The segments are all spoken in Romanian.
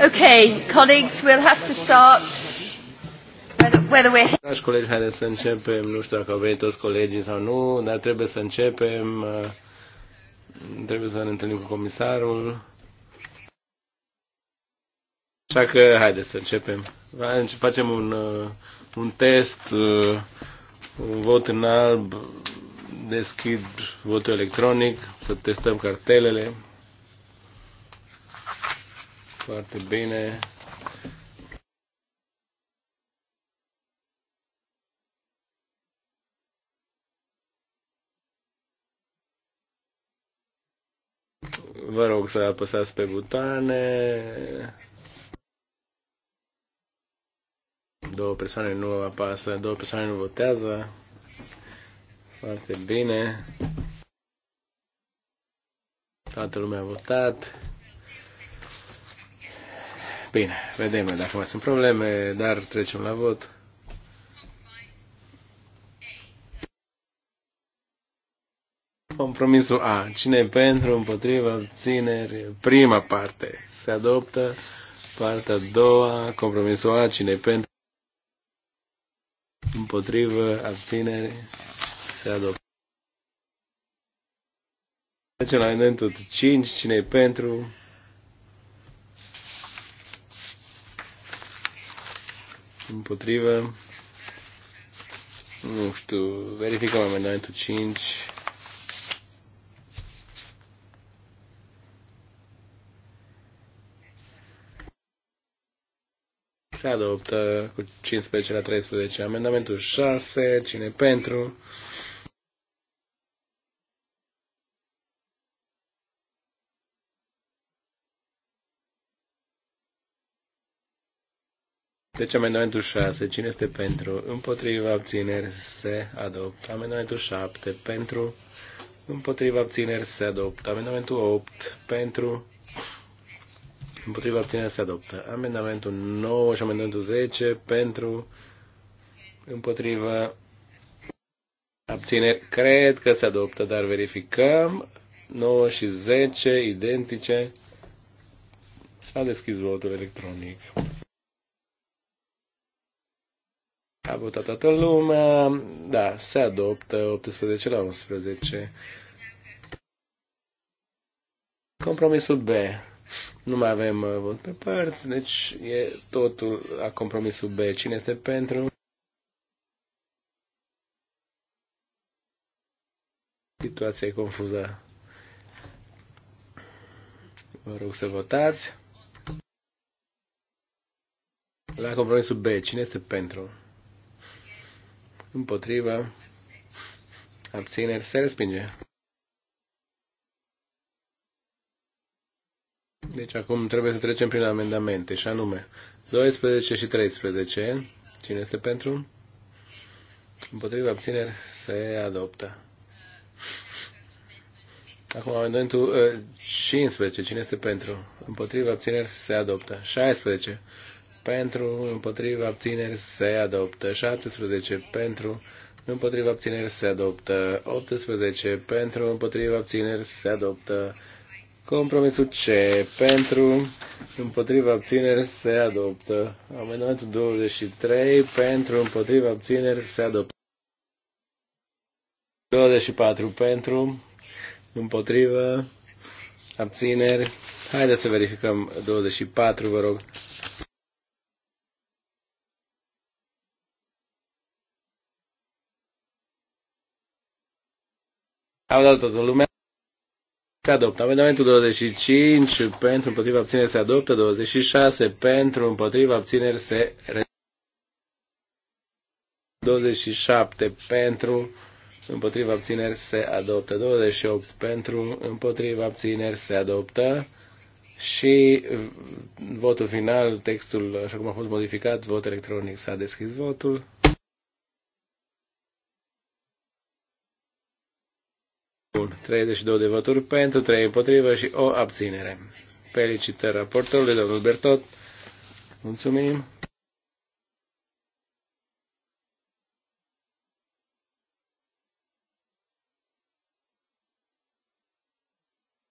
Okay, colleagues, we'll have to start. Whether we're... Dragi colegi, haideți să începem. Nu știu dacă au venit toți colegii sau nu, dar trebuie să începem. Uh, trebuie să ne întâlnim cu comisarul. Așa că haideți să începem. Facem un, uh, un test, uh, un vot în alb, deschid votul electronic, să testăm cartelele. Foarte bine. Vă rog să apăsați pe butoane. Două persoane nu apasă, două persoane nu votează. Foarte bine. Toată lumea a votat. Bine, vedem dacă mai sunt probleme, dar trecem la vot. Compromisul A. Cine e pentru, împotriva, abțineri? Prima parte. Se adoptă. Partea a doua. Compromisul A. Cine e pentru? împotriva abțineri? Se adoptă. Trecem la amendamentul 5. Cine e pentru? împotrivă, nu știu, verificăm amendamentul 5. Se adoptă cu 15 la 13. Amendamentul 6, cine pentru? Deci amendamentul 6, cine este pentru? Împotriva abțineri se adoptă. Amendamentul 7, pentru. Împotriva abțineri se adoptă. Amendamentul 8, pentru. Împotriva abțineri se adoptă. Amendamentul 9 și amendamentul 10, pentru. Împotriva abțineri. Cred că se adoptă, dar verificăm. 9 și 10, identice. S-a deschis votul electronic. A votat toată lumea. Da, se adoptă 18 la 11. Compromisul B. Nu mai avem uh, vot pe părți, deci e totul la compromisul B. Cine este pentru? Situația e confuză. Vă rog să votați. La compromisul B, cine este pentru? împotriva, abțineri, se respinge. Deci acum trebuie să trecem prin amendamente, și anume 12 și 13. Cine este pentru? Împotriva abțineri se adoptă. Acum amendamentul 15. Uh, Cine este pentru? Împotriva abțineri se adoptă. 16 pentru, împotriva abțineri se adoptă. 17 pentru, împotriva abțineri se adoptă. 18 pentru, împotriva abțineri se adoptă. Compromisul C pentru, împotriva abțineri se adoptă. Amendamentul 23 pentru, împotriva abțineri se adoptă. 24 pentru, împotriva, abțineri. Haideți să verificăm 24, vă rog. Am dat toată lumea. Se adoptă. Amendamentul 25 pentru împotriva abțineri se adoptă. 26 pentru împotriva abțineri se 27 pentru împotriva abțineri se adoptă. 28 pentru împotriva abțineri se adoptă. Și votul final, textul așa cum a fost modificat, vot electronic s-a deschis votul. Bun, 32 de voturi pentru, 3 împotrivă și o abținere. Felicitări raportorului, domnul Bertot. Mulțumim.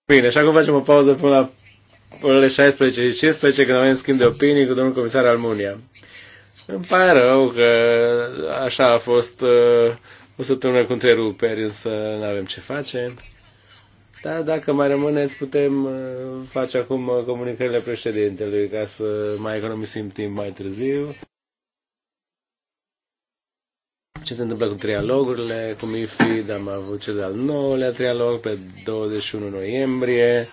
Bine, așa cum facem o pauză până la orele 16 și 15, când avem schimb de opinii cu domnul comisar Almunia. Îmi pare rău că așa a fost uh, o săptămână cu întreruperi, însă nu avem ce face. Dar dacă mai rămâneți, putem uh, face acum uh, comunicările președintelui ca să mai economisim timp mai târziu. Ce se întâmplă cu trialogurile, cu MIFID, am avut cel de-al nouălea trialog pe 21 noiembrie.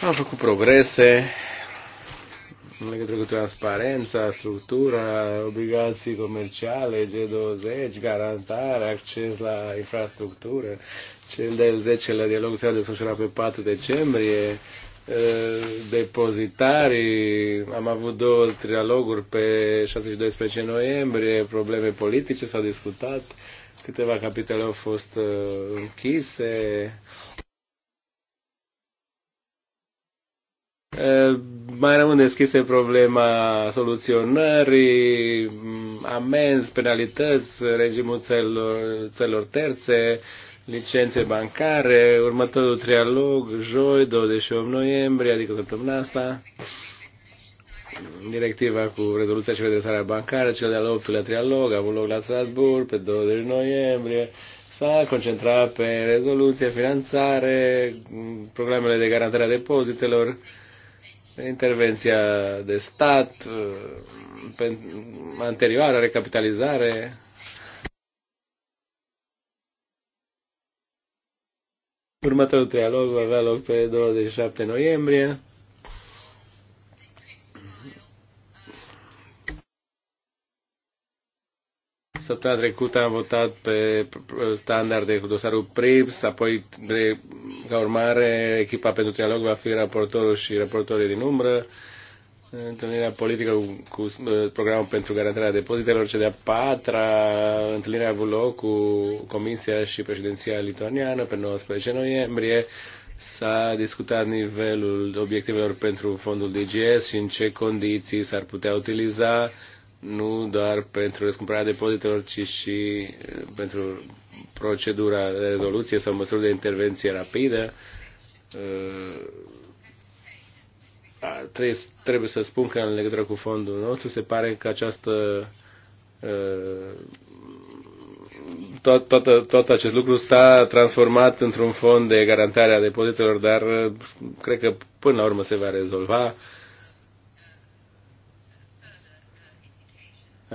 Am făcut progrese în legătură cu transparența, structura, obligații comerciale, G20, garantare, acces la infrastructură. Cel de-al 10 la dialog se va desfășura pe 4 decembrie depozitarii, am avut două trialoguri pe 6 și 12 noiembrie, probleme politice s-au discutat, câteva capitole au fost închise, Mai rămân deschise problema soluționării, amenzi, penalități, regimul țelor, țelor terțe, licențe bancare, următorul trialog, joi, 28 noiembrie, adică săptămâna asta, directiva cu rezoluția și redresarea bancară, cel de-al 8-lea trialog, avut loc la Strasburg pe 20 noiembrie, s-a concentrat pe rezoluție, finanțare, programele de garantare a depozitelor, intervenția de stat uh, anterioară, recapitalizare. Următorul trialog va avea loc pe 27 noiembrie. Săptămâna trecută am votat pe standarde cu dosarul PRIPS, apoi, de, ca urmare, echipa pentru dialog va fi raportorul și raportorii din umbră, întâlnirea politică cu, cu eh, programul pentru garantarea depozitelor, cea de-a patra, întâlnirea a avut loc cu Comisia și președinția lituaniană pe 19 noiembrie, S-a discutat nivelul obiectivelor pentru fondul DGS și în ce condiții s-ar putea utiliza nu doar pentru răscumpărarea depozitelor, ci și eh, pentru procedura de rezoluție sau măsuri de intervenție rapidă. Eh, trebuie să spun că în legătură cu fondul nostru se pare că această eh, tot, tot, tot acest lucru s-a transformat într-un fond de garantare a depozitelor, dar cred că până la urmă se va rezolva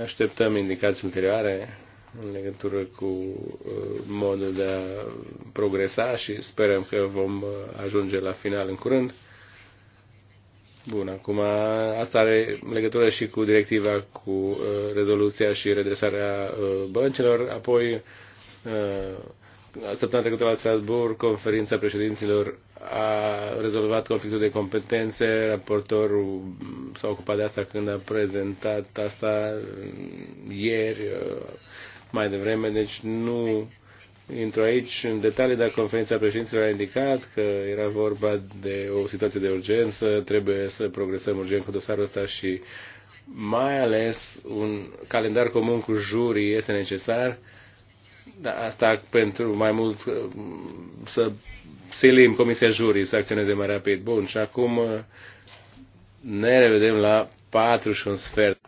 Așteptăm indicații ulterioare în legătură cu uh, modul de a progresa și sperăm că vom uh, ajunge la final în curând. Bun, acum asta are legătură și cu directiva cu uh, rezoluția și redresarea băncilor, apoi săptămâna trecută la Strasbourg, conferința președinților a rezolvat conflictul de competențe, raportorul s-a ocupat de asta când a prezentat asta ieri, mai devreme, deci nu intru aici în detalii, dar conferința președinților a indicat că era vorba de o situație de urgență, trebuie să progresăm urgent cu dosarul ăsta și mai ales un calendar comun cu jurii este necesar da, asta pentru mai mult uh, să silim Comisia Jurii să acționeze mai rapid. Bun, și acum uh, ne revedem la 4 și un sfert.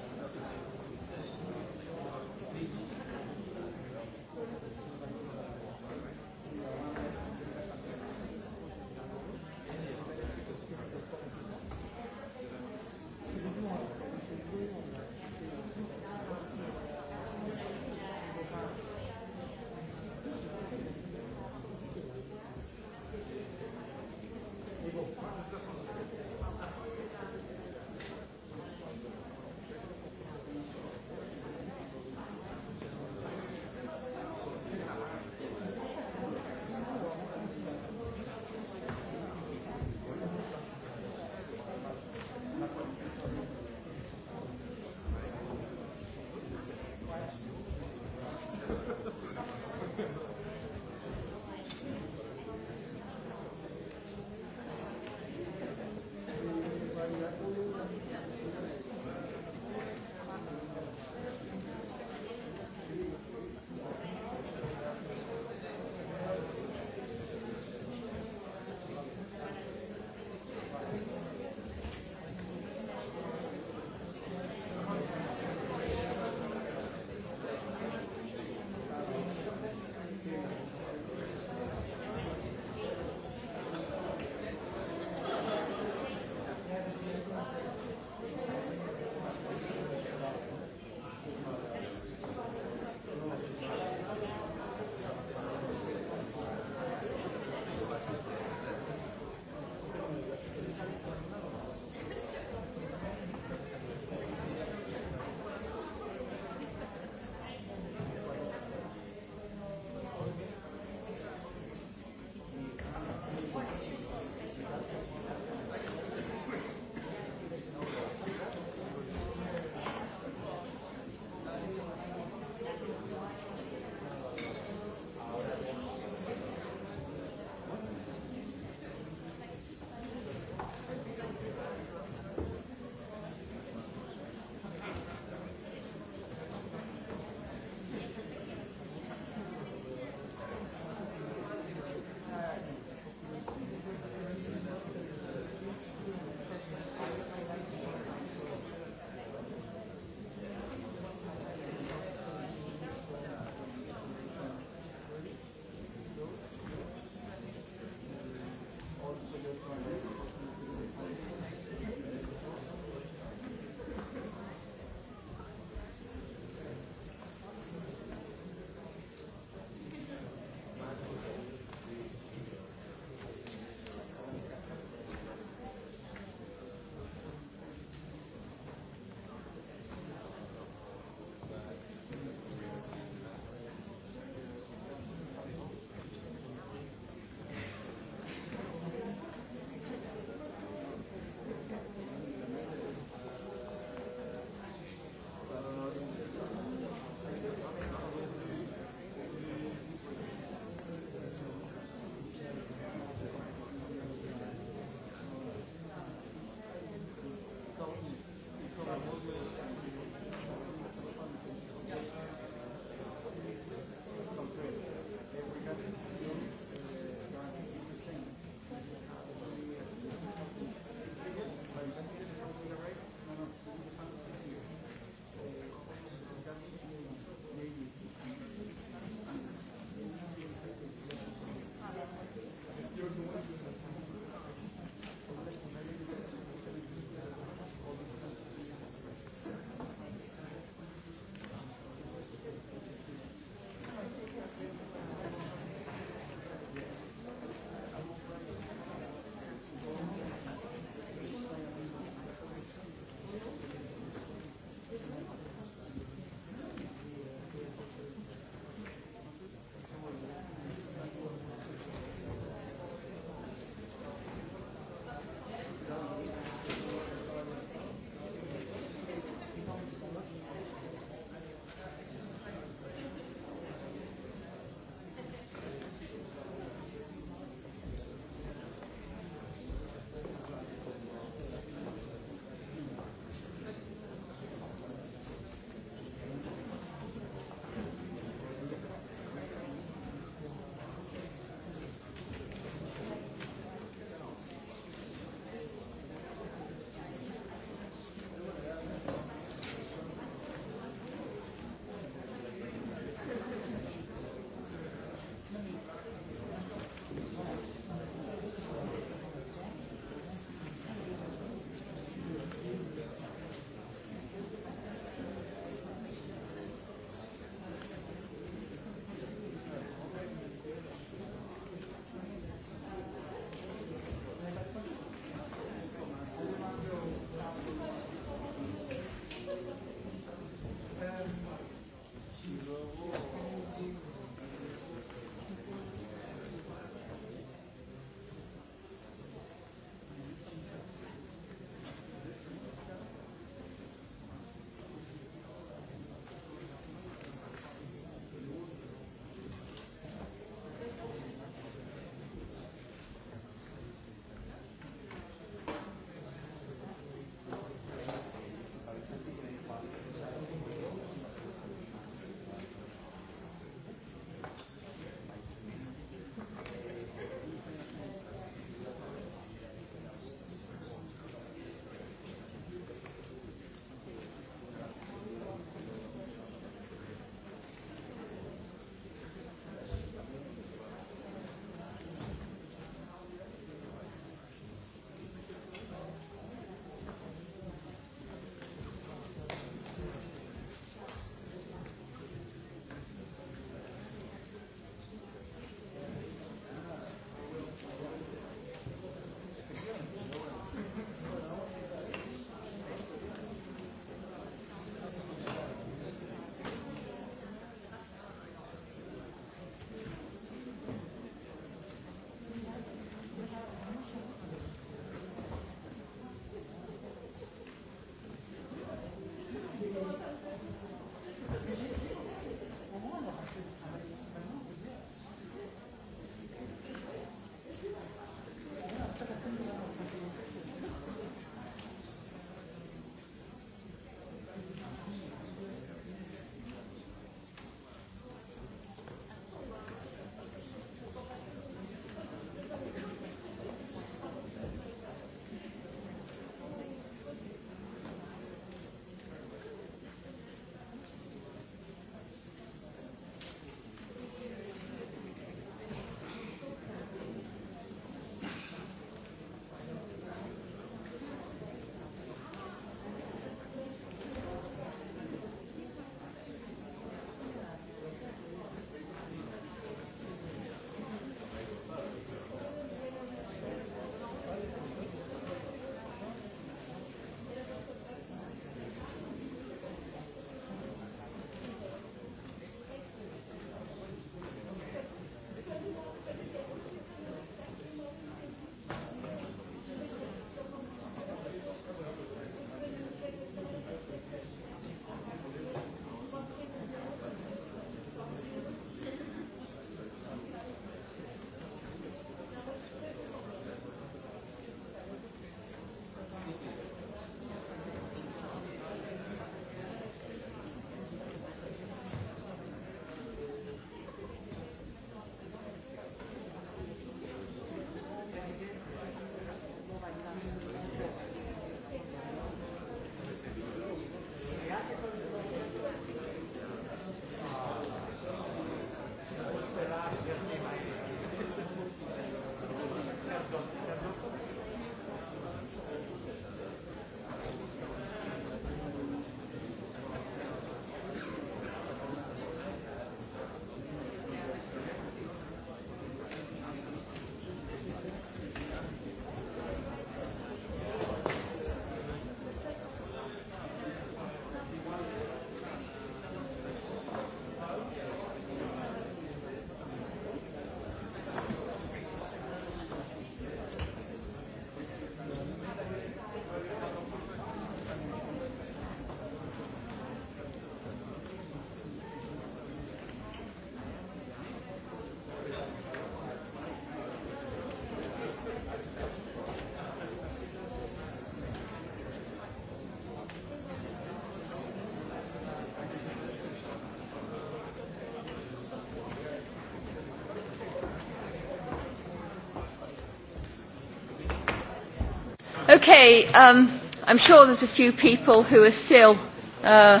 Okay, um, I'm sure there's a few people who are still uh,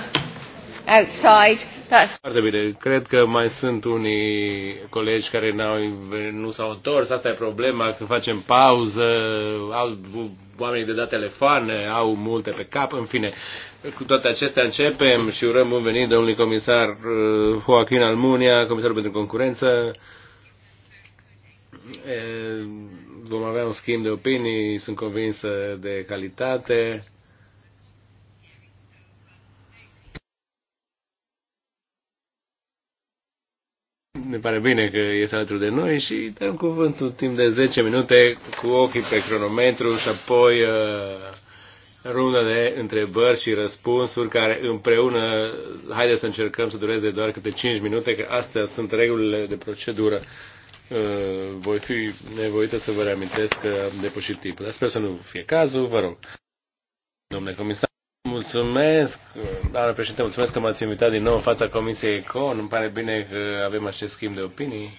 outside. That's... Foarte bine. Cred că mai sunt unii colegi care au nu s-au întors. Asta e problema când facem pauză, au oamenii de dat telefon, au multe pe cap, în fine. Cu toate acestea începem și urăm bun venit domnului comisar uh, Joaquin Almunia, comisarul pentru concurență. schimb de opinii, sunt convinsă de calitate. Ne pare bine că este alături de noi și dăm cuvântul timp de 10 minute cu ochii pe cronometru și apoi uh, rundă de întrebări și răspunsuri care împreună, haideți să încercăm să dureze doar câte 5 minute, că astea sunt regulile de procedură. Eh, voi fi nevoită să vă reamintesc că am depășit timpul. Dar sper să nu fie cazul, vă rog. Domnule comisar, mulțumesc, doamnă președinte, mulțumesc că m-ați invitat din nou în fața Comisiei Econ. Îmi pare bine că avem acest schimb de opinii.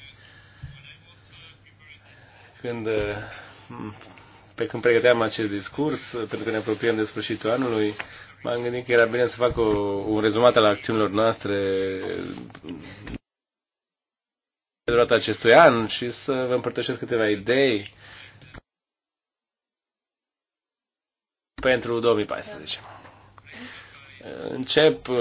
Când, eh, pe când pregăteam acest discurs, pentru că ne apropiem de sfârșitul anului, m-am gândit că era bine să fac o, un rezumat al acțiunilor noastre de durata acestui an și să vă împărtășesc câteva idei pentru 2014. Încep uh,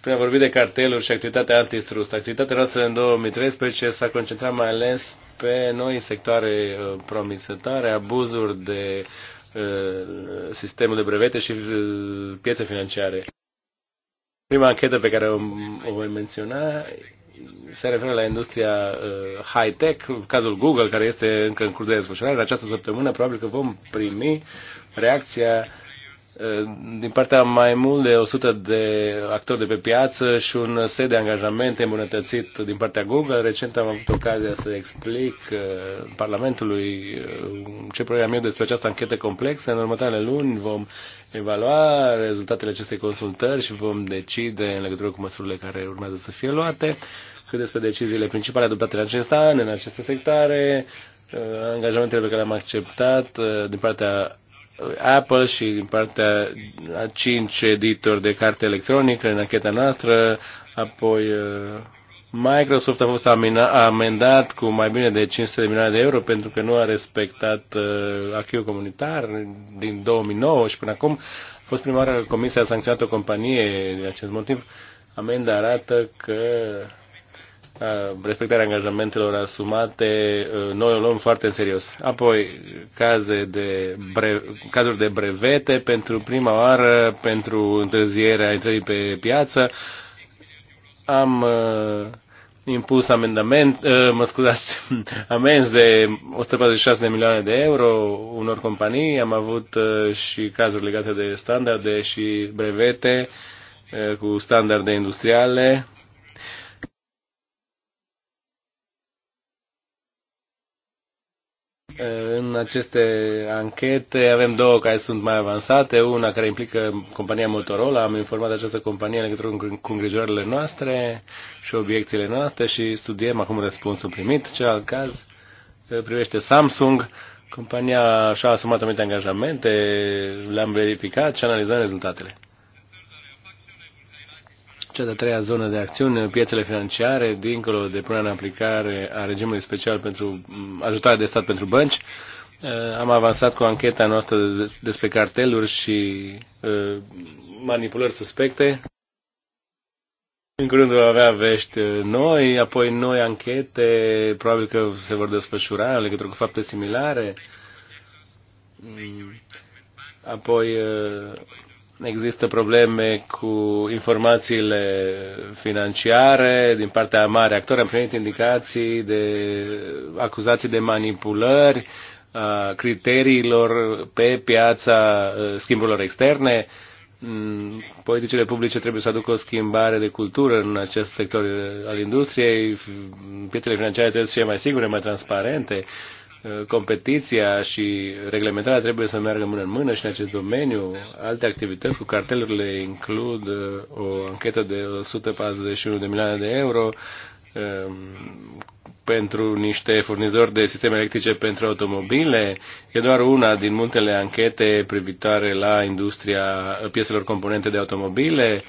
prin a vorbi de carteluri și activitatea antitrust. Activitatea noastră în 2013 s-a concentrat mai ales pe noi sectoare uh, promisătoare, abuzuri de uh, sistemul de brevete și piețe financiare. Prima anchetă pe care o, o voi menționa se referă la industria uh, high-tech, cazul Google, care este încă în curs de desfășurare. În această săptămână probabil că vom primi reacția Eh, din partea mai mult de 100 de actori de pe piață și un set de angajamente îmbunătățit din partea Google. Recent am avut ocazia să explic eh, Parlamentului eh, ce părere am eu despre această anchetă complexă. În următoarele luni vom evalua rezultatele acestei consultări și vom decide în legătură cu măsurile care urmează să fie luate. Cât despre deciziile principale adoptate în acest an, în aceste sectare, angajamentele pe care le-am acceptat din partea Apple și din partea a cinci editori de carte electronică în acheta noastră, apoi uh, Microsoft a fost amendat cu mai bine de 500 de milioane de euro pentru că nu a respectat uh, acquis comunitar din 2009 și până acum a fost prima oară comisia a sancționat o companie din acest motiv. Amenda arată că respectarea angajamentelor asumate, noi o luăm foarte în serios. Apoi, caze de bre, cazuri de brevete pentru prima oară, pentru întârzierea intrării pe piață. Am uh, impus amendament, uh, mă scuzați, amenzi de 146 de milioane de euro unor companii. Am avut uh, și cazuri legate de standarde și brevete uh, cu standarde industriale În aceste anchete avem două care sunt mai avansate, una care implică compania Motorola, am informat această companie în legătură cu îngrijorările noastre și obiecțiile noastre și studiem acum răspunsul primit. Celălalt caz uh, privește Samsung, compania și-a asumat anumite angajamente, le-am verificat și analizăm rezultatele. Cea de-a treia zonă de acțiune, piețele financiare, dincolo de punerea în aplicare a regimului special pentru mm, ajutare de stat pentru bănci, eh, am avansat cu ancheta noastră despre carteluri și eh, manipulări suspecte. În curând vom avea vești eh, noi, apoi noi anchete, probabil că se vor desfășura în legătură cu fapte similare. Mm. Apoi Există probleme cu informațiile financiare din partea mare actori. Am primit indicații de acuzații de manipulări a criteriilor pe piața ă, schimburilor externe. Mm, politicile publice trebuie să aducă o schimbare de cultură în acest sector ă, al industriei. Piețele financiare trebuie să fie mai sigure, mai transparente competiția și reglementarea trebuie să meargă mână în mână și în acest domeniu. Alte activități cu cartelurile includ uh, o anchetă de 141 de milioane de euro um, pentru niște furnizori de sisteme electrice pentru automobile. E doar una din multele anchete privitoare la industria pieselor componente de automobile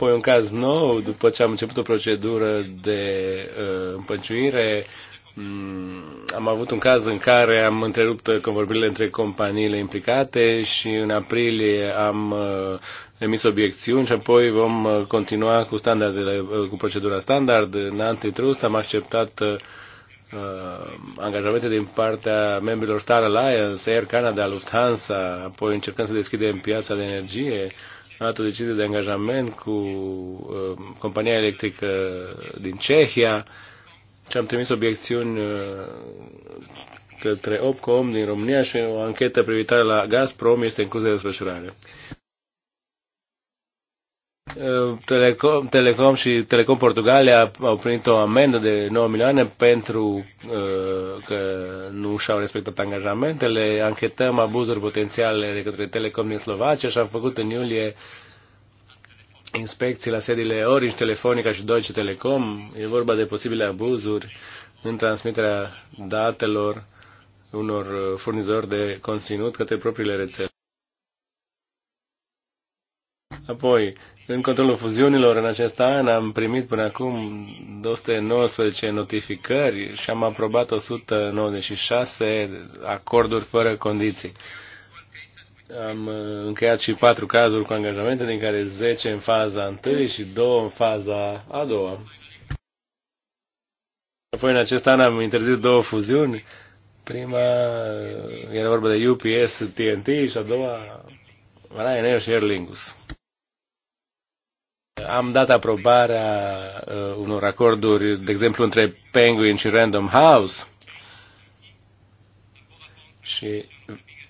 apoi un caz nou, după ce am început o procedură de uh, împăciuire, mm, am avut un caz în care am întrerupt convorbirile între companiile implicate și în aprilie am uh, emis obiecțiuni și apoi vom uh, continua cu standardele, uh, cu procedura standard. În antitrust am acceptat uh, angajamente din partea membrilor Star Alliance, Air Canada, Lufthansa, apoi încercăm să deschidem piața de energie, a luat o decizie de angajament cu uh, compania electrică din Cehia și am trimis obiecțiuni uh, către OPCOM din România și o anchetă privitoare la Gazprom este în curs de desfășurare. Telecom, Telecom și Telecom Portugalia au primit o amendă de 9 milioane pentru uh, că nu și-au respectat angajamentele. Anchetăm abuzuri potențiale de către Telecom din Slovacia și am făcut în iulie inspecții la sediile Orange, Telefonica și Deutsche Telecom. E vorba de posibile abuzuri în transmiterea datelor unor furnizori de conținut către propriile rețele. Apoi, în controlul fuziunilor, în acest an am primit până acum 219 notificări și am aprobat 196 acorduri fără condiții. Am uh, încheiat și patru cazuri cu angajamente, din care 10 în faza 1 și 2 în faza a doua. Apoi în acest an am interzis două fuziuni. Prima uh, era vorba de UPS TNT și a doua Ryanair și Aer Lingus. Am dat aprobarea uh, unor acorduri, de exemplu, între Penguin și Random House și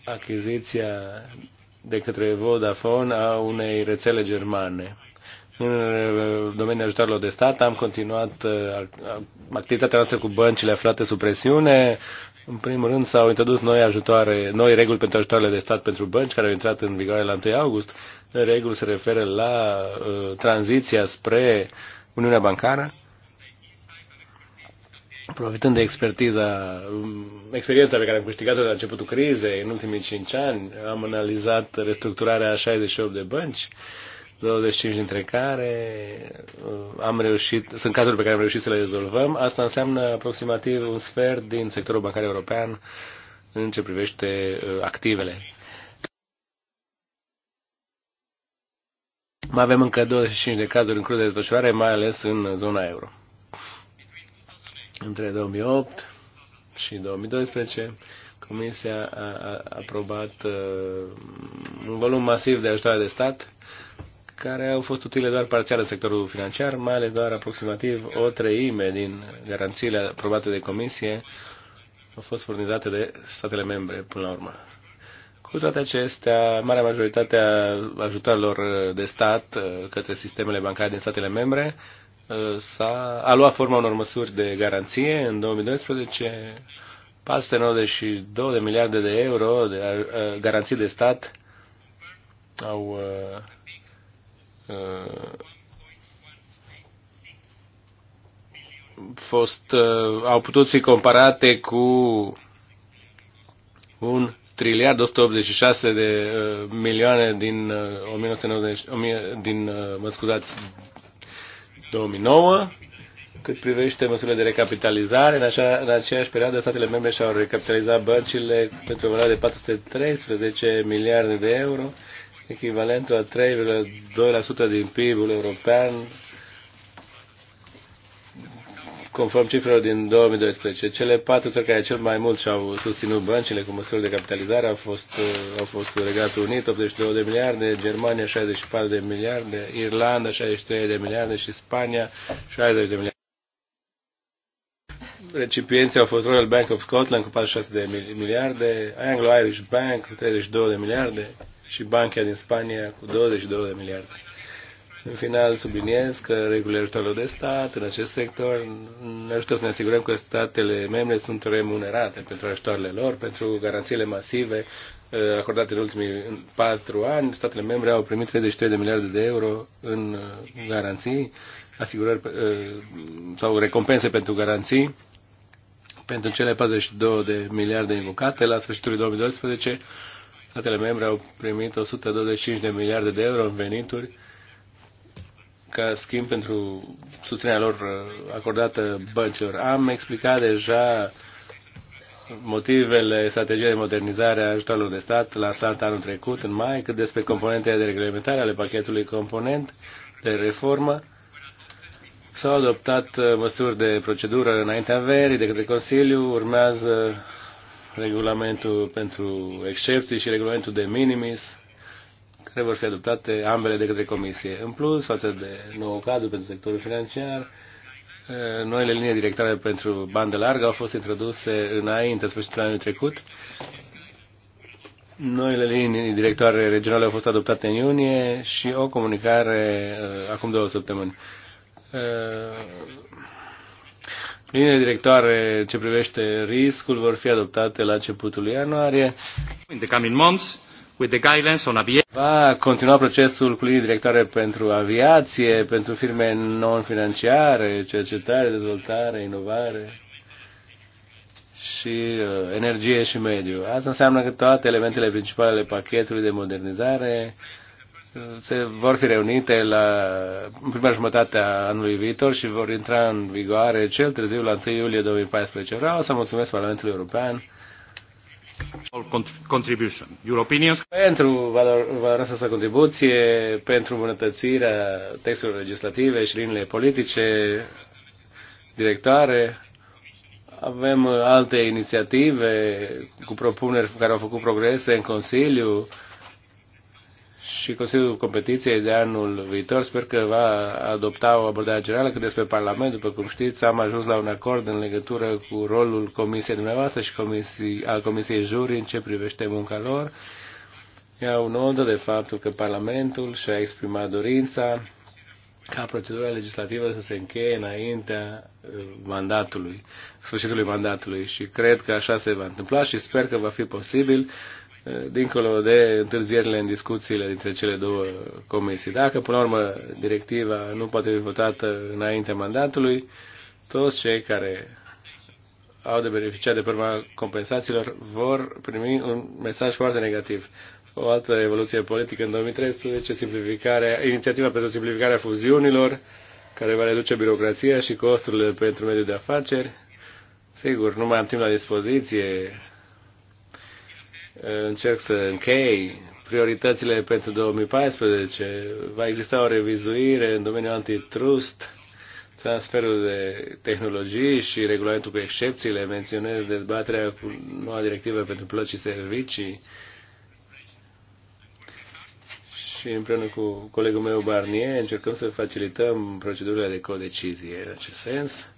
achiziția de către Vodafone a unei rețele germane. În uh, domeniul ajutorilor de stat am continuat uh, activitatea noastră cu băncile aflate sub presiune. În primul rând s-au introdus noi ajutoare, noi reguli pentru ajutoarele de stat pentru bănci care au intrat în vigoare la 1 august reguli se referă la uh, tranziția spre Uniunea Bancară, profitând de expertiza, um, experiența pe care am câștigat-o de la începutul crizei, în ultimii 5 ani, am analizat restructurarea 68 de bănci, 25 dintre care uh, am reușit, sunt cazuri pe care am reușit să le rezolvăm. Asta înseamnă aproximativ un sfert din sectorul bancar european în ce privește uh, activele. Mai avem încă 25 de cazuri în curs de desfășurare, mai ales în zona euro. Între 2008 și 2012, Comisia a aprobat uh, un volum masiv de ajutoare de stat, care au fost utile doar parțial în sectorul financiar, mai ales doar aproximativ o treime din garanțiile aprobate de Comisie au fost furnizate de statele membre până la urmă. Cu toate acestea, marea majoritate a ajutorilor de stat uh, către sistemele bancare din statele membre uh, a a luat forma unor măsuri de garanție. În 2012, 492 de miliarde de euro de uh, garanții de stat au fost, au putut fi comparate cu un triliard 186 de uh, milioane din, uh, 1990, din uh, mă scuzați, 2009. Cât privește măsurile de recapitalizare, în, așa, în aceeași perioadă statele membre și-au recapitalizat băncile pentru o valoare de 413 miliarde de euro, echivalentul a 3,2% din PIB-ul european conform cifrelor din 2012, cele patru țări care cel mai mult și-au susținut băncile cu măsuri de capitalizare au fost, uh, au fost Regatul Unit, 82 de miliarde, Germania 64 de miliarde, Irlanda 63 de miliarde și Spania 60 de miliarde. Recipienții au fost Royal Bank of Scotland cu 46 de miliarde, Anglo-Irish Bank cu 32 de miliarde și Banca din Spania cu 22 de miliarde. Și în final subliniez că regulile ajutorului de stat în acest sector ne ajută să ne asigurăm că statele membre sunt remunerate pentru ajutoarele lor, pentru garanțiile masive uh, acordate în ultimii patru ani. Statele membre au primit 33 de miliarde de euro în uh, garanții, asigurări uh, sau recompense pentru garanții pentru cele 42 de miliarde invocate. La sfârșitul 2012, statele membre au primit 125 de miliarde de euro în venituri ca schimb pentru susținerea lor uh, acordată băncilor. Am explicat deja motivele strategiei de modernizare a ajutoarelor de stat lansat anul trecut, în mai, cât despre componentele de reglementare ale pachetului component de reformă. S-au adoptat uh, măsuri de procedură înaintea verii de către Consiliu, urmează regulamentul pentru excepții și regulamentul de minimis care vor fi adoptate ambele de către Comisie. În plus, față de nou cadru pentru sectorul financiar, eh, noile linii directoare pentru bandă largă au fost introduse înainte, în sfârșitul anului trecut. Noile linii directoare regionale au fost adoptate în iunie și o comunicare eh, acum două săptămâni. Eh, linii directoare ce privește riscul vor fi adoptate la începutul ianuarie. In the coming months, with the guidelines on aviation. Va continua procesul cu linii directoare pentru aviație, pentru firme non-financiare, cercetare, dezvoltare, inovare și uh, energie și mediu. Asta înseamnă că toate elementele principale ale pachetului de modernizare uh, se vor fi reunite la prima jumătate a anului viitor și vor intra în vigoare cel târziu la 1 iulie 2014. Vreau să mulțumesc Parlamentului European pentru valoarea sa contribuție, pentru îmbunătățirea textelor legislative și linile politice, directoare, avem alte inițiative cu propuneri care au făcut progrese în Consiliu, și Consiliul Competiției de anul viitor sper că va adopta o abordare generală, că despre Parlament, după cum știți, am ajuns la un acord în legătură cu rolul Comisiei dumneavoastră și comisii, al Comisiei Juri în ce privește munca lor. un notă de faptul că Parlamentul și-a exprimat dorința ca procedura legislativă să se încheie înaintea uh, mandatului, sfârșitului mandatului și cred că așa se va întâmpla și sper că va fi posibil dincolo de întârzierile în discuțiile dintre cele două comisii. Dacă, până la urmă, directiva nu poate fi votată înaintea mandatului, toți cei care au de beneficiat de urma compensațiilor vor primi un mesaj foarte negativ. O altă evoluție politică în 2013, simplificarea, inițiativa pentru simplificarea fuziunilor, care va reduce birocrația și costurile pentru mediul de afaceri. Sigur, nu mai am timp la dispoziție încerc să închei prioritățile pentru 2014. Va exista o revizuire în domeniul antitrust, transferul de tehnologii și regulamentul cu excepțiile, menționez dezbaterea cu noua directivă pentru plăci și servicii și împreună cu colegul meu Barnier încercăm să facilităm procedurile de codecizie în acest sens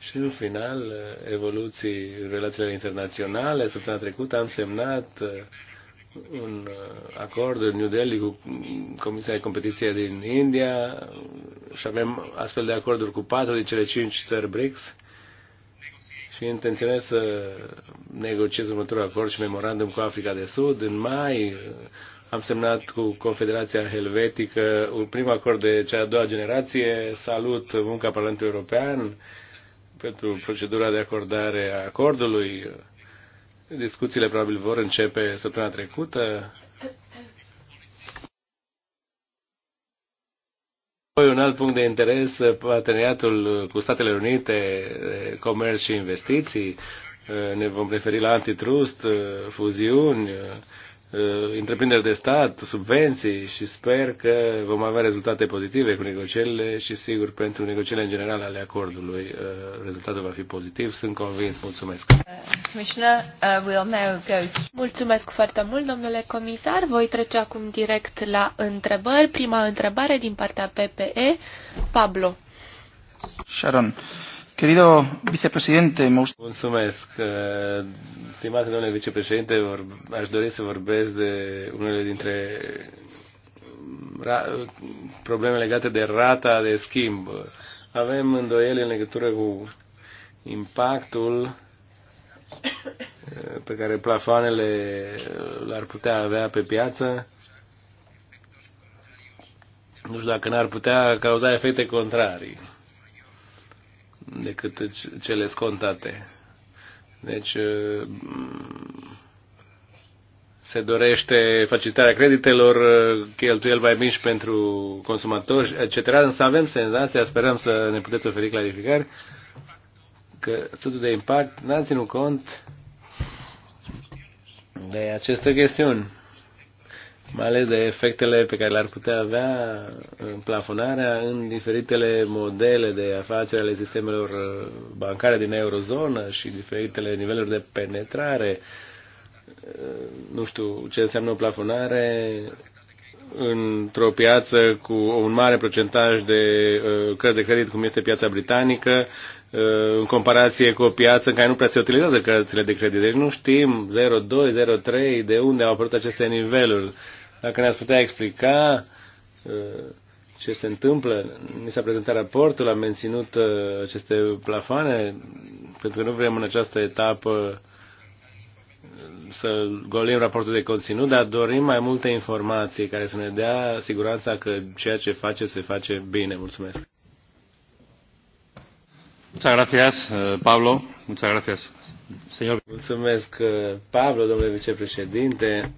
și în final, evoluții în relațiile internaționale. Săptămâna trecută am semnat uh, un uh, acord în New Delhi cu Comisia de Competiție din India și avem astfel de acorduri cu patru din cele cinci țări BRICS și intenționez să negociez următorul acord și memorandum cu Africa de Sud. În mai uh, am semnat cu Confederația Helvetică un prim acord de cea a doua generație. Salut munca Parlamentului European pentru procedura de acordare a acordului. Discuțiile probabil vor începe săptămâna trecută. Apoi un alt punct de interes, parteneriatul cu Statele Unite, comerț și investiții. Ne vom referi la antitrust, fuziuni, Uh, întreprinderi de stat, subvenții și sper că vom avea rezultate pozitive cu negocierile și sigur pentru negocierile în general ale acordului uh, rezultatul va fi pozitiv, sunt convins, mulțumesc. Uh, mulțumesc foarte mult, domnule comisar. Voi trece acum direct la întrebări. Prima întrebare din partea PPE, Pablo. Sharon, Querido vicepreședinte, Mulțumesc. Eh, stimate domnule vicepreședinte, aș dori să vorbesc de unele dintre probleme legate de rata de schimb. Avem îndoieli în legătură cu impactul eh, pe care plafoanele eh, l-ar putea avea pe piață. Nu știu dacă n-ar putea cauza efecte contrarii decât cele scontate. Deci uh, se dorește facilitarea creditelor, uh, cheltuieli mai mici pentru consumatori, etc. Însă avem senzația, sperăm să ne puteți oferi clarificări, că studiul de impact n-a ținut cont de aceste chestiuni mai ales de efectele pe care le-ar putea avea în uh, plafonarea în diferitele modele de afaceri ale sistemelor uh, bancare din eurozonă și diferitele niveluri de penetrare. Uh, nu știu ce înseamnă o plafonare într-o piață cu un mare procentaj de cărți de credit, cum este piața britanică, în comparație cu o piață în care nu prea se utilizează cărțile de credit. Deci nu știm 0,2, 0,3 de unde au apărut aceste niveluri. Dacă ne-ați putea explica uh, ce se întâmplă, ni s-a prezentat raportul, am menținut uh, aceste plafane, pentru că nu vrem în această etapă uh, să golim raportul de conținut, dar dorim mai multe informații care să ne dea siguranța că ceea ce face se face bine. Mulțumesc. Muchas gracias, Pablo. Muchas gracias. Señor. Mulțumesc, Pablo, domnule vicepreședinte.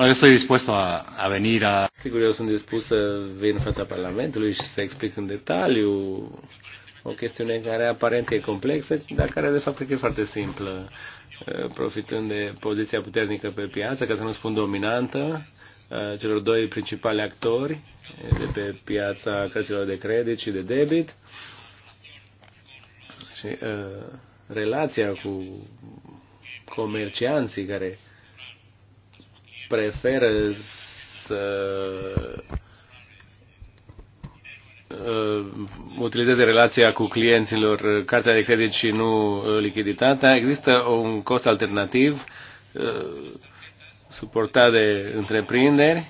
Bueno, yo estoy dispuesto a, a venir a... Sigur, eu sunt dispus să vin în fața Parlamentului și să explic în detaliu o chestiune care aparent e complexă, dar care de fapt cred e foarte simplă. Eh, profitând de poziția puternică pe piață, ca să nu spun dominantă, eh, celor doi principali actori eh, de pe piața cărților de credit și de debit și uh, relația cu comercianții care preferă să uh, utilizeze relația cu clienților, cartea de credit și nu uh, lichiditatea. Există un cost alternativ uh, suportat de întreprinderi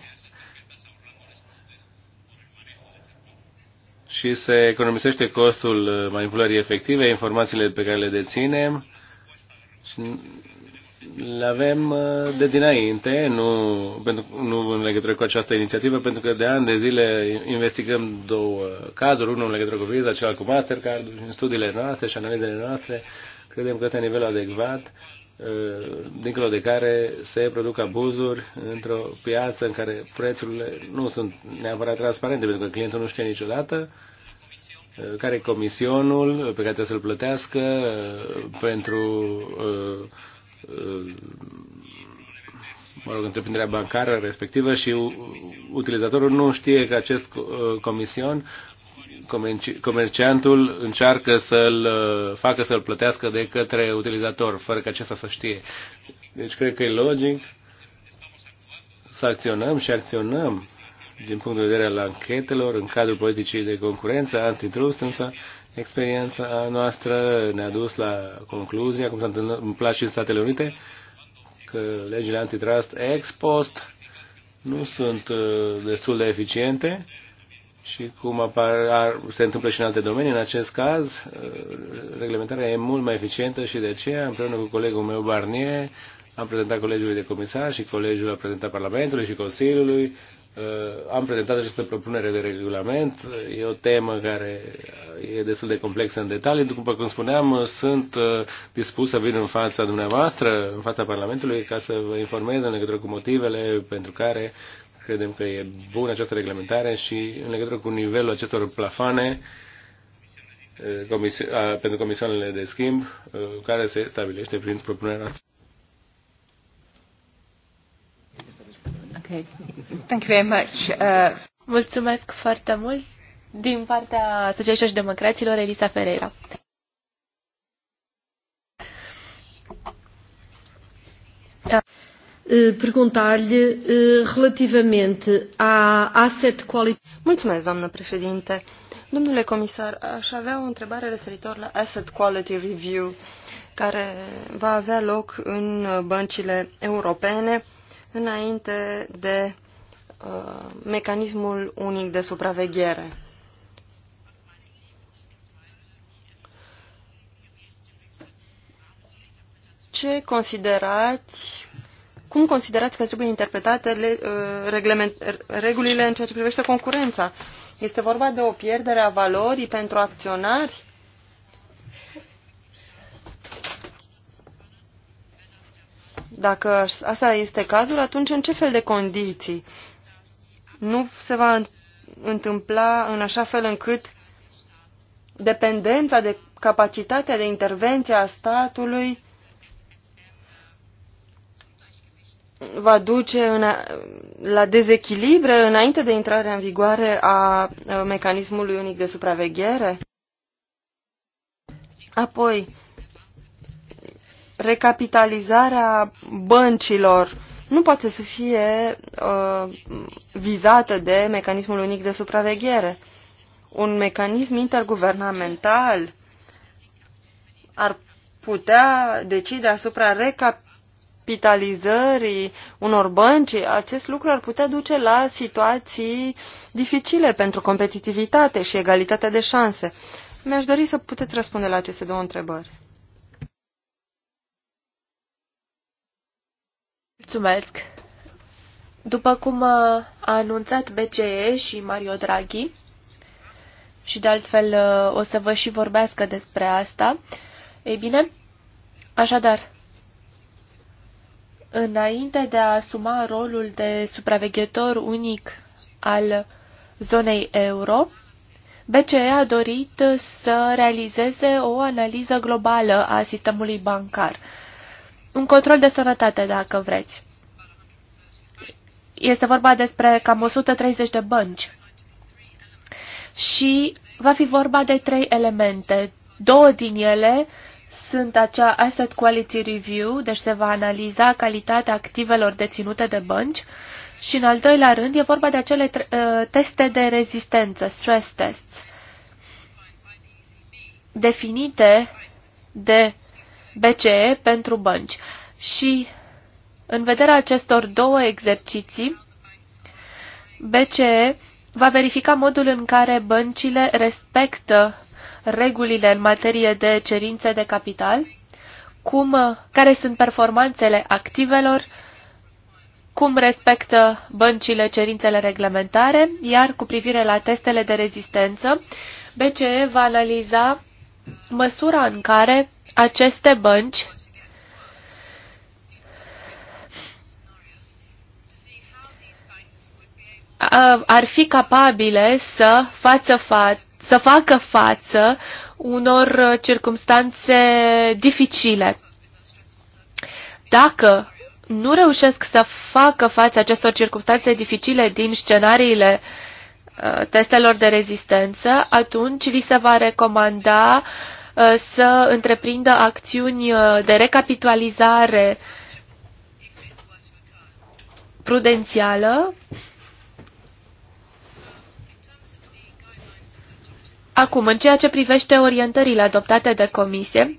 și se economisește costul manipulării efective, informațiile pe care le deținem și le avem uh, de dinainte, nu, pentru, nu în legătură cu această inițiativă, pentru că de ani de zile investigăm două cazuri, unul în legătură cu viza, celălalt cu Mastercard, în studiile noastre și analizele noastre, credem că este nivelul adecvat, uh, dincolo de care se produc abuzuri într-o piață în care prețurile nu sunt neapărat transparente, pentru că clientul nu știe niciodată uh, care e comisionul pe care trebuie să-l plătească pentru mă rog, întreprinderea bancară respectivă și utilizatorul nu știe că acest comision comerciantul încearcă să-l facă să-l plătească de către utilizator, fără ca acesta să știe. Deci cred că e logic să acționăm și acționăm din punct de vedere al anchetelor în cadrul politicii de concurență, antitrust, însă Experiența noastră ne-a dus la concluzia, cum s-a întâmplat și în Statele Unite, că legile antitrust ex post nu sunt uh, destul de eficiente și cum apar, ar, se întâmplă și în alte domenii, în acest caz, uh, reglementarea e mult mai eficientă și de aceea, împreună cu colegul meu Barnier, am prezentat colegiului de comisar și colegiul a prezentat Parlamentului și Consiliului Uh, am prezentat această propunere de regulament. E o temă care e destul de complexă în detalii. După cum spuneam, sunt uh, dispus să vin în fața dumneavoastră, în fața Parlamentului, ca să vă informez în legătură cu motivele pentru care credem că e bună această reglementare și în legătură cu nivelul acestor plafane uh, pentru comisioanele de schimb care se stabilește prin propunerea. Okay. Thank you very much. Uh... Mulțumesc foarte mult din partea Asociației și Democraților, Elisa Ferreira. Eh, perguntar-lhe eh, relativamente à asset quality. Mulțumesc, doamnă președinte. Domnule comisar, aș avea o întrebare referitor la Asset Quality Review, care va avea loc în eh, băncile europene înainte de uh, mecanismul unic de supraveghere. Ce considerați, cum considerați că trebuie interpretate le, uh, regulile în ceea ce privește concurența? Este vorba de o pierdere a valorii pentru acționari? Dacă asta este cazul, atunci în ce fel de condiții? Nu se va întâmpla în așa fel încât dependența de capacitatea de intervenție a statului va duce în a, la dezechilibre înainte de intrarea în vigoare a mecanismului unic de supraveghere? Apoi, recapitalizarea băncilor nu poate să fie uh, vizată de mecanismul unic de supraveghere. Un mecanism interguvernamental ar putea decide asupra recapitalizării unor bănci. Acest lucru ar putea duce la situații dificile pentru competitivitate și egalitatea de șanse. Mi-aș dori să puteți răspunde la aceste două întrebări. Mulțumesc. După cum uh, a anunțat BCE și Mario Draghi, și de altfel uh, o să vă și vorbească despre asta, ei bine, așadar, înainte de a asuma rolul de supraveghetor unic al zonei euro, BCE a dorit să realizeze o analiză globală a sistemului bancar un control de sănătate, dacă vreți. Este vorba despre cam 130 de bănci. Și va fi vorba de trei elemente. Două din ele sunt acea Asset Quality Review, deci se va analiza calitatea activelor deținute de bănci, și în al doilea rând e vorba de acele ă, teste de rezistență, stress tests, definite de BCE pentru bănci. Și în vederea acestor două exerciții, BCE va verifica modul în care băncile respectă regulile în materie de cerințe de capital, cum, care sunt performanțele activelor, cum respectă băncile cerințele reglementare, iar cu privire la testele de rezistență, BCE va analiza măsura în care aceste bănci ar fi capabile să, față fa- să facă față unor uh, circumstanțe dificile. Dacă nu reușesc să facă față acestor circunstanțe dificile din scenariile uh, testelor de rezistență, atunci li se va recomanda uh, Uh, să întreprindă acțiuni uh, de recapitalizare prudențială. Acum, în ceea ce privește orientările adoptate de comisie,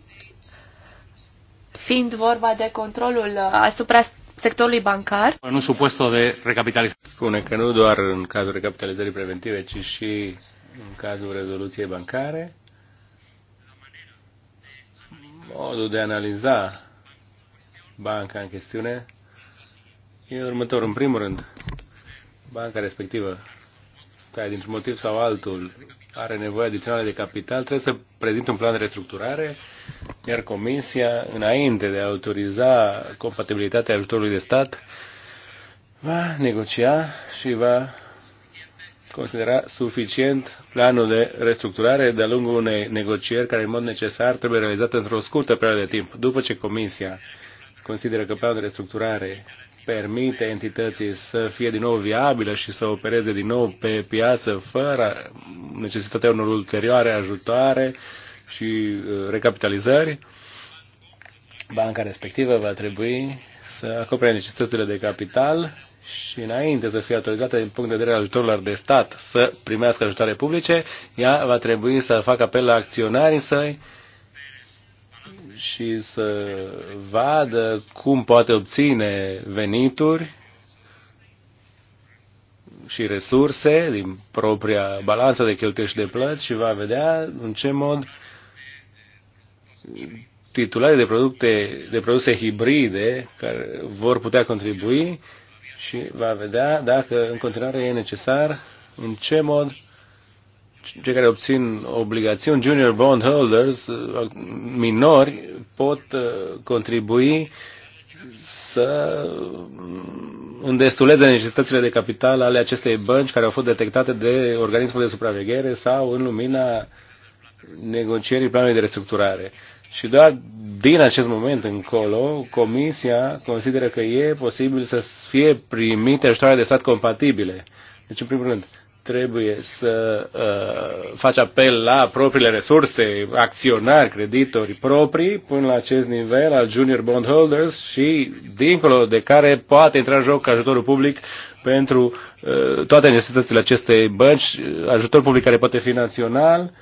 fiind vorba de controlul uh, asupra sectorului bancar. În un supuesto de recapitalizare. Spune că nu doar în cazul recapitalizării preventive, ci și în cazul rezoluției bancare modul de a analiza banca în chestiune e următor. În primul rând, banca respectivă, care dintr-un motiv sau altul are nevoie adițională de capital, trebuie să prezinte un plan de restructurare, iar Comisia, înainte de a autoriza compatibilitatea ajutorului de stat, va negocia și va considera suficient planul de restructurare de-a lungul unei negocieri care, în mod necesar, trebuie realizată într-o scurtă perioadă de timp. După ce Comisia consideră că planul de restructurare permite entității să fie din nou viabilă și să opereze din nou pe piață fără necesitatea unor ulterioare ajutoare și uh, recapitalizări, banca respectivă va trebui să acopere necesitățile de capital și înainte să fie autorizată din punct de vedere ajutorilor de stat să primească ajutoare publice, ea va trebui să facă apel la acționarii săi și să vadă cum poate obține venituri și resurse din propria balanță de cheltuieli și de plăți și va vedea în ce mod titularii de, producte, de produse hibride care vor putea contribui și va vedea dacă în continuare e necesar, în ce mod cei care obțin obligațiuni, junior bondholders, uh, minori, pot uh, contribui să mm, îndestuleze necesitățile de capital ale acestei bănci care au fost detectate de organismul de supraveghere sau în lumina negocierii planului de restructurare. Și doar din acest moment încolo, Comisia consideră că e posibil să fie primite ajutoare de stat compatibile. Deci, în primul rând, trebuie să uh, faci apel la propriile resurse, acționari, creditori proprii, până la acest nivel al junior bondholders și dincolo de care poate intra în joc ajutorul public pentru uh, toate necesitățile acestei bănci, ajutor public care poate fi național, uh,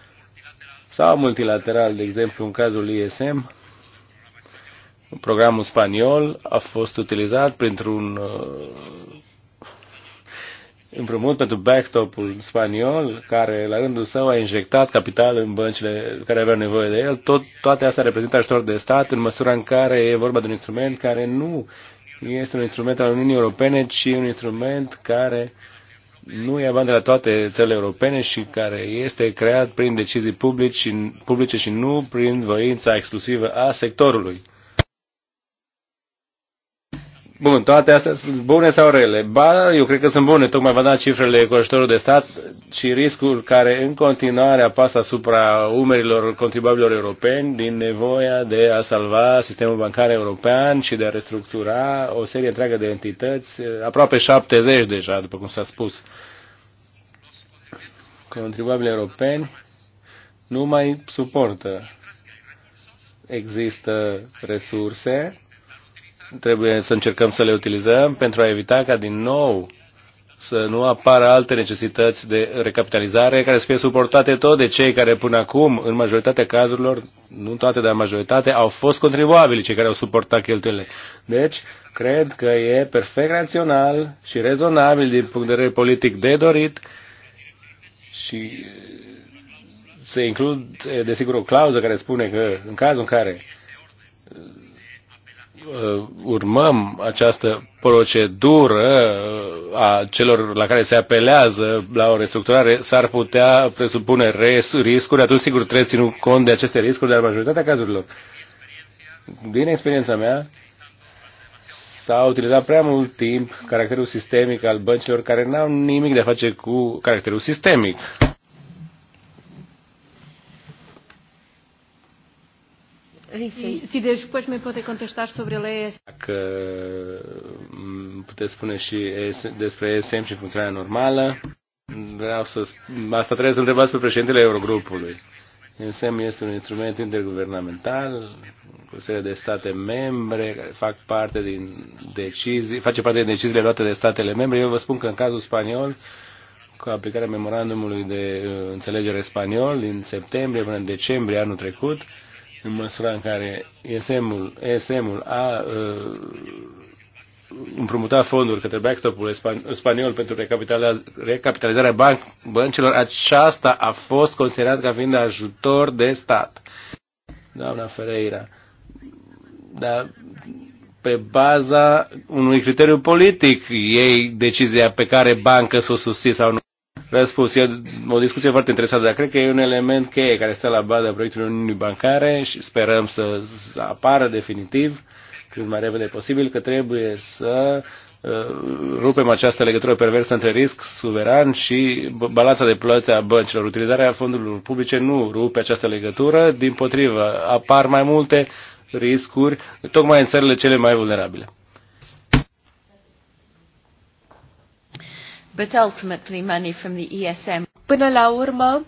sau multilateral, de exemplu în cazul ISM, programul spaniol a fost utilizat printr-un uh, împrumut pentru backstop-ul spaniol, care la rândul său a injectat capital în băncile care aveau nevoie de el. Tot, toate astea reprezintă ajutor de stat în măsura în care e vorba de un instrument care nu este un instrument al Uniunii Europene, ci un instrument care uh, nu ia bani de la toate țările europene și care este creat prin decizii publici, publice și nu prin voința exclusivă a sectorului. Bun, toate astea sunt bune sau rele? Ba, eu cred că sunt bune, tocmai v-am dat cifrele cu ajutorul de stat și riscul care în continuare apasă asupra umerilor contribuabililor europeni din nevoia de a salva sistemul bancar european și de a restructura o serie întreagă de entități, aproape 70 deja, după cum s-a spus. contribuabili europeni nu mai suportă. Există resurse trebuie să încercăm să le utilizăm pentru a evita ca din nou să nu apară alte necesități de recapitalizare care să fie suportate tot de cei care până acum, în majoritatea cazurilor, nu toate, dar majoritatea au fost contribuabili cei care au suportat cheltuielile. Deci, cred că e perfect rațional și rezonabil din punct de vedere politic de dorit și eh, se includ, eh, desigur, o clauză care spune că în cazul în care Uh, urmăm această procedură uh, a celor la care se apelează la o restructurare, s-ar putea presupune riscuri, atunci sigur trebuie ținut cont de aceste riscuri, dar majoritatea cazurilor. Din experiența mea, s-a utilizat prea mult timp caracterul sistemic al băncilor care n-au nimic de a face cu caracterul sistemic. Risei. Se depois me pode contestar sobre ele ESM. Dacă mm, puteți spune și despre ESM și funcționarea normală, vreau să asta trebuie să întrebați pe președintele Eurogrupului. ESM este un instrument interguvernamental cu serie de state membre care fac parte din decizii, face parte din deciziile luate de statele membre. Eu vă spun că în cazul spaniol cu aplicarea memorandumului de uh, înțelegere spaniol din septembrie până în decembrie anul trecut, în măsura în care ESM-ul, ESM-ul a uh, împrumutat fonduri către backstop-ul spaniol pentru recapitalizarea banc, băncilor, aceasta a fost considerat ca fiind ajutor de stat. Doamna Ferreira, dar pe baza unui criteriu politic ei decizia pe care bancă să o susții sau nu. Dar spus, e o discuție foarte interesantă, dar cred că e un element cheie care stă la baza proiectului Uniunii Bancare și sperăm să apară definitiv cât mai repede posibil că trebuie să uh, rupem această legătură perversă între risc suveran și balanța de plăți a băncilor. Utilizarea fondurilor publice nu rupe această legătură, din potrivă apar mai multe riscuri, tocmai în țările cele mai vulnerabile. but ultimately money from the ESM. Până la urmă,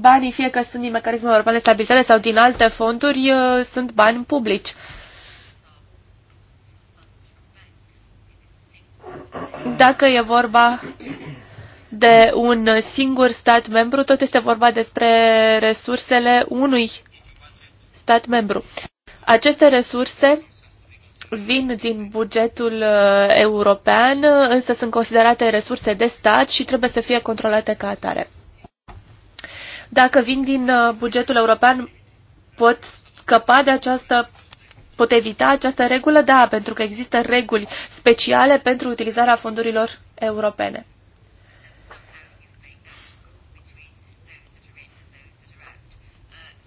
banii, fie că sunt din mecanismul european de stabilizare sau din alte fonduri, uh, sunt bani publici. Dacă e vorba de un singur stat membru, tot este vorba despre resursele unui stat membru. Aceste resurse vin din bugetul uh, european, uh, însă sunt considerate resurse de stat și trebuie să fie controlate ca atare. Dacă vin din uh, bugetul european, pot scăpa de această pot evita această regulă? Da, pentru că există reguli speciale pentru utilizarea fondurilor europene.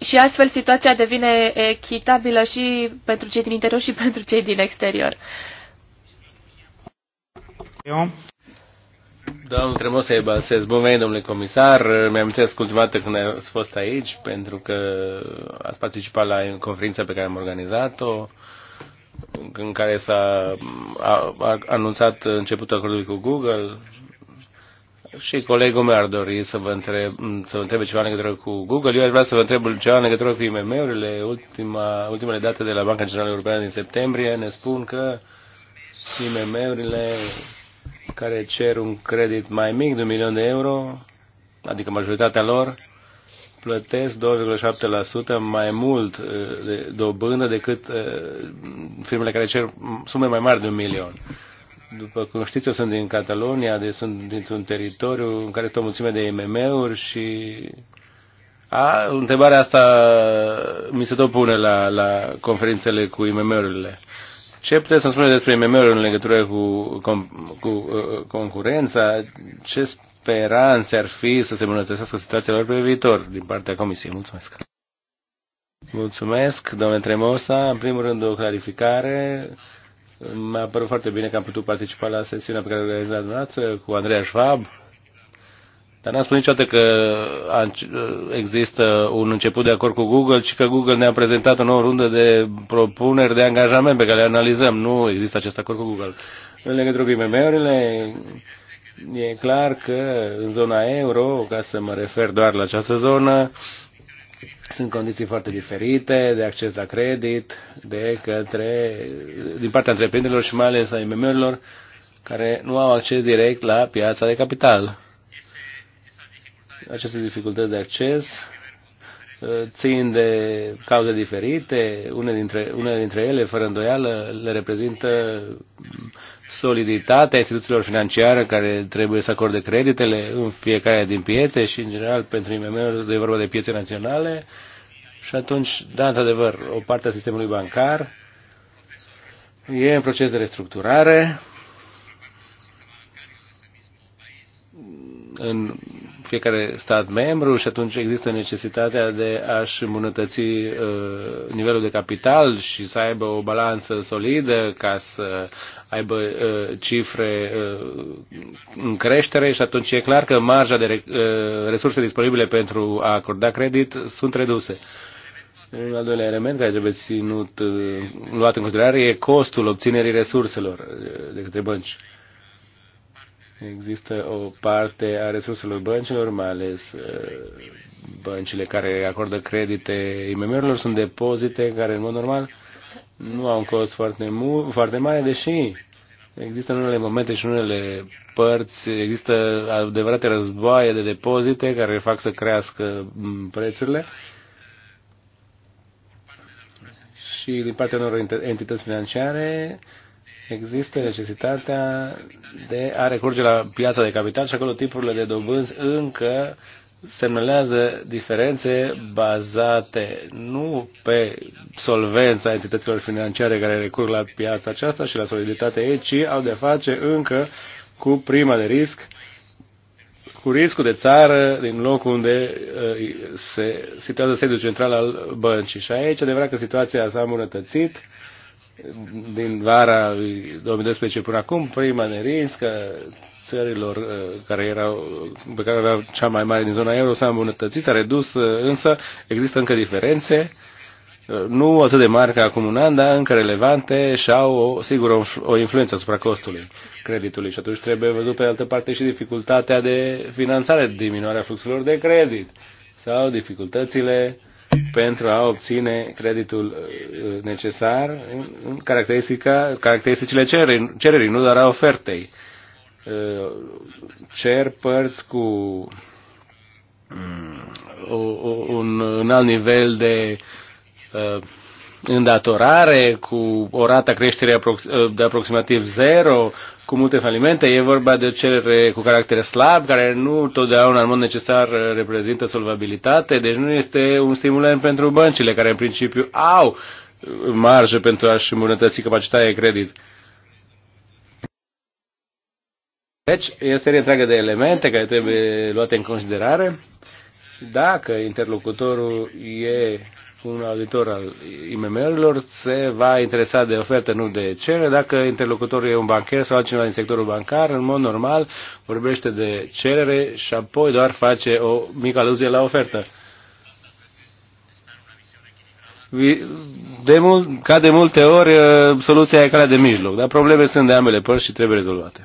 Și astfel situația devine echitabilă și pentru cei din interior și pentru cei din exterior. Eu. Domnul da, Tremose Basez, bun venit, domnule comisar. Mi-am că ultima dată când ați fost aici, pentru că ați participat la conferința pe care am organizat-o, în care s-a anunțat începutul acordului cu Google și colegul meu ar dori să vă, întreb, să vă întrebe ceva în legătură cu Google. Eu aș vrea să vă întreb ceva în legătură cu IMM-urile. Ultima, ultimele date de la Banca Centrală Europeană din septembrie ne spun că IMM-urile care cer un credit mai mic de un milion de euro, adică majoritatea lor, plătesc 2,7% mai mult uh, de dobândă decât uh, firmele care cer sume mai mari de un milion. După cum știți, eu sunt din Catalonia, de, sunt dintr-un teritoriu în care este o mulțime de MM-uri și a, întrebarea asta mi se tot pune la, la conferințele cu mm urile Ce puteți să-mi spuneți despre mm uri în legătură cu, com, cu uh, concurența? Ce speranțe ar fi să se îmbunătățească situația lor pe viitor din partea Comisiei? Mulțumesc! Mulțumesc, domnule Tremosa. În primul rând, o clarificare. Mi-a părut foarte bine că am putut participa la sesiunea pe care a realizat dumneavoastră cu Andreea Schwab. Dar n-am spus niciodată că există un început de acord cu Google, ci că Google ne-a prezentat o nouă rundă de propuneri de angajament pe care le analizăm. Nu există acest acord cu Google. În legătură cu IMM-urile, e clar că în zona euro, ca să mă refer doar la această zonă, uh, sunt condiții foarte diferite de acces la credit de către, din partea întreprinderilor și mai ales a IMM-urilor care nu au acces direct la piața de capital. Aceste dificultăți de acces uh, țin de cauze diferite, unele dintre, unele dintre ele, fără îndoială, le reprezintă soliditatea instituțiilor financiare care trebuie să acorde creditele în fiecare din piețe și, în general, pentru IMM-uri de vorba de piețe naționale. Și atunci, da, într-adevăr, o parte a sistemului bancar e în proces de restructurare. În fiecare stat membru și atunci există necesitatea de a-și îmbunătăți uh, nivelul de capital și să aibă o balanță solidă ca să aibă uh, cifre uh, în creștere și atunci e clar că marja de resurse disponibile pentru a acorda credit sunt reduse. Un al doilea element care trebuie ținut, luat în considerare e costul obținerii resurselor de către bănci există o parte a resurselor băncilor, mai ales uh, băncile care acordă credite IMM-urilor, sunt depozite care, în mod normal, nu au un cost foarte, mu- foarte mare, deși există în unele momente și în unele părți, există adevărate războaie de depozite care fac să crească prețurile. Și din partea unor entități financiare, uh, există necesitatea de a recurge la piața de capital și acolo tipurile de dobânzi încă semnalează diferențe bazate nu pe solvența entităților financiare care recurg la piața aceasta și la soliditatea ei, ci au de face încă cu prima de risc, cu riscul de țară din locul unde uh, se situează sediul central al băncii. Și aici, adevărat că situația s-a îmbunătățit, din vara 2012 până acum, prima nerinscă țărilor uh, care erau, pe care aveau cea mai mare din zona euro s-a îmbunătățit, s-a redus, uh, însă există încă diferențe, uh, nu atât de mari ca acum un an, dar încă relevante și au, o, sigur, o, o influență asupra costului creditului. Și atunci trebuie văzut pe altă parte și dificultatea de finanțare, diminuarea fluxurilor de credit sau dificultățile uh, pentru a obține creditul uh, necesar în caracteristica, caracteristicile cererii, cererii, nu doar a ofertei. Uh, cer părți cu mm, un, un alt nivel de uh, îndatorare cu o rată creștere de aproximativ zero, cu multe falimente. E vorba de o cerere cu caracter slab, care nu totdeauna în mod necesar reprezintă solvabilitate, deci nu este un stimulant pentru băncile, care în principiu au marjă pentru a-și îmbunătăți capacitatea de credit. Deci, e o serie întreagă de elemente care trebuie luate în considerare. Dacă interlocutorul e un auditor al IMM-urilor se va interesa de ofertă, nu de cerere. Dacă interlocutorul e un bancher sau altcineva din sectorul bancar, în mod normal vorbește de cerere și apoi doar face o mică aluzie la ofertă. De mult, ca de multe ori, uh, soluția e calea de mijloc, dar probleme sunt de ambele părți și trebuie rezolvate.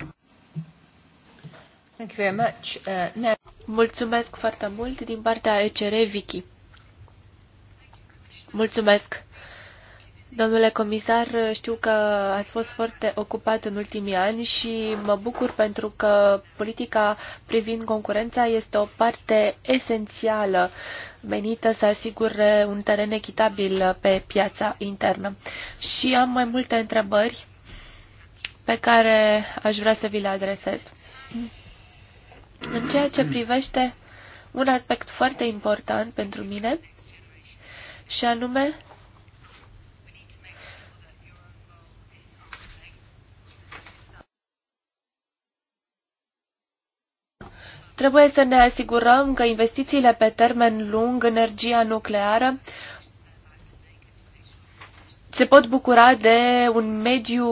Uh, Mulțumesc foarte mult din partea ECR Vicky. Mulțumesc! Domnule comisar, știu că ați fost foarte ocupat în ultimii ani și mă bucur pentru că politica privind concurența este o parte esențială menită să asigure un teren echitabil pe piața internă. Și am mai multe întrebări pe care aș vrea să vi le adresez. În ceea ce privește un aspect foarte important pentru mine, și anume Trebuie să ne asigurăm că investițiile pe termen lung, energia nucleară, se pot bucura de un mediu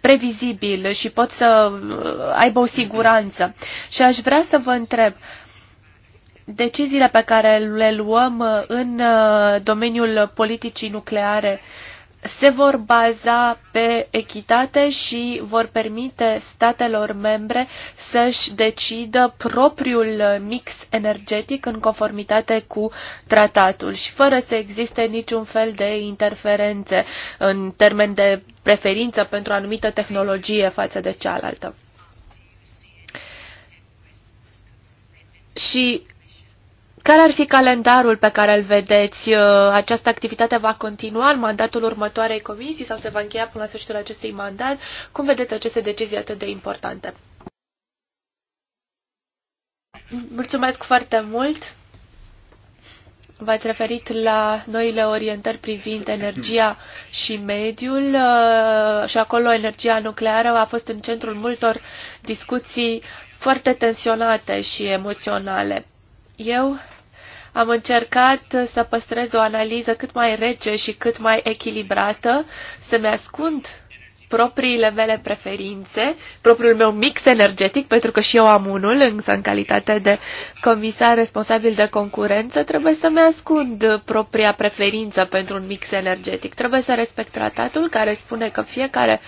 previzibil și pot să uh, aibă o siguranță. Și aș vrea să vă întreb, uh, deciziile pe care le luăm uh, în uh, domeniul politicii nucleare se vor baza pe echitate și vor permite statelor membre să-și decidă propriul mix energetic în conformitate cu tratatul și fără să existe niciun fel de interferențe în termen de preferință pentru o anumită tehnologie față de cealaltă. Și care ar fi calendarul pe care îl vedeți? Uh, această activitate va continua în mandatul următoarei comisii sau se va încheia până la sfârșitul acestui mandat? Cum vedeți aceste decizii atât de importante? Mulțumesc foarte mult! V-ați referit la noile orientări privind energia și mediul uh, și acolo energia nucleară a fost în centrul multor discuții foarte tensionate și emoționale. Eu am încercat să păstrez o analiză cât mai rece și cât mai echilibrată, să-mi ascund propriile mele preferințe, propriul meu mix energetic, pentru că și eu am unul, însă în calitate de comisar responsabil de concurență, trebuie să-mi ascund propria preferință pentru un mix energetic. Trebuie să respect tratatul care spune că fiecare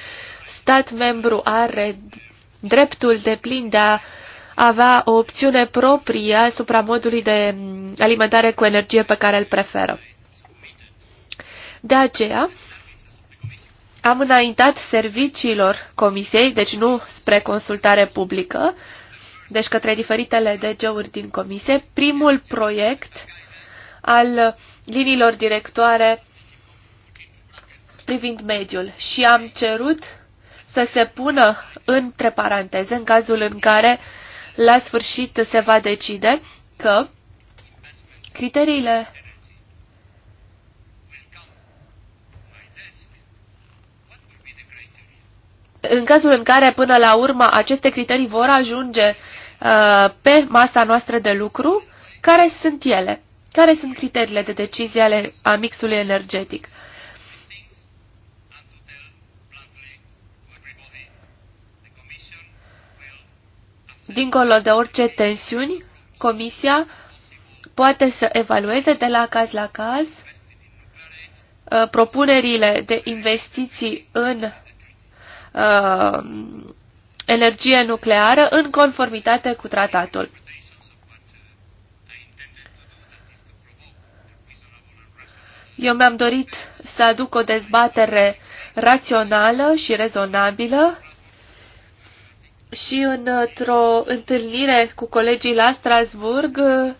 stat membru are dreptul de plin de a uh, avea o opțiune proprie asupra modului de alimentare cu energie pe care îl preferă. De aceea, am înaintat serviciilor comisiei, deci nu spre consultare publică, deci către diferitele DG-uri din comisie, primul proiect al liniilor directoare privind mediul și am cerut să se pună între paranteze în cazul în care uh, la sfârșit se va decide că criteriile în cazul în care până la urmă aceste criterii vor ajunge uh, pe masa noastră de lucru, care sunt ele? Care sunt criteriile de decizie ale amixului energetic? dincolo de orice tensiuni, Comisia poate să evalueze de la caz la caz uh, propunerile de investiții în uh, energie nucleară în conformitate cu tratatul. Eu mi-am dorit să aduc o dezbatere rațională și rezonabilă și într-o întâlnire cu colegii la Strasburg uh,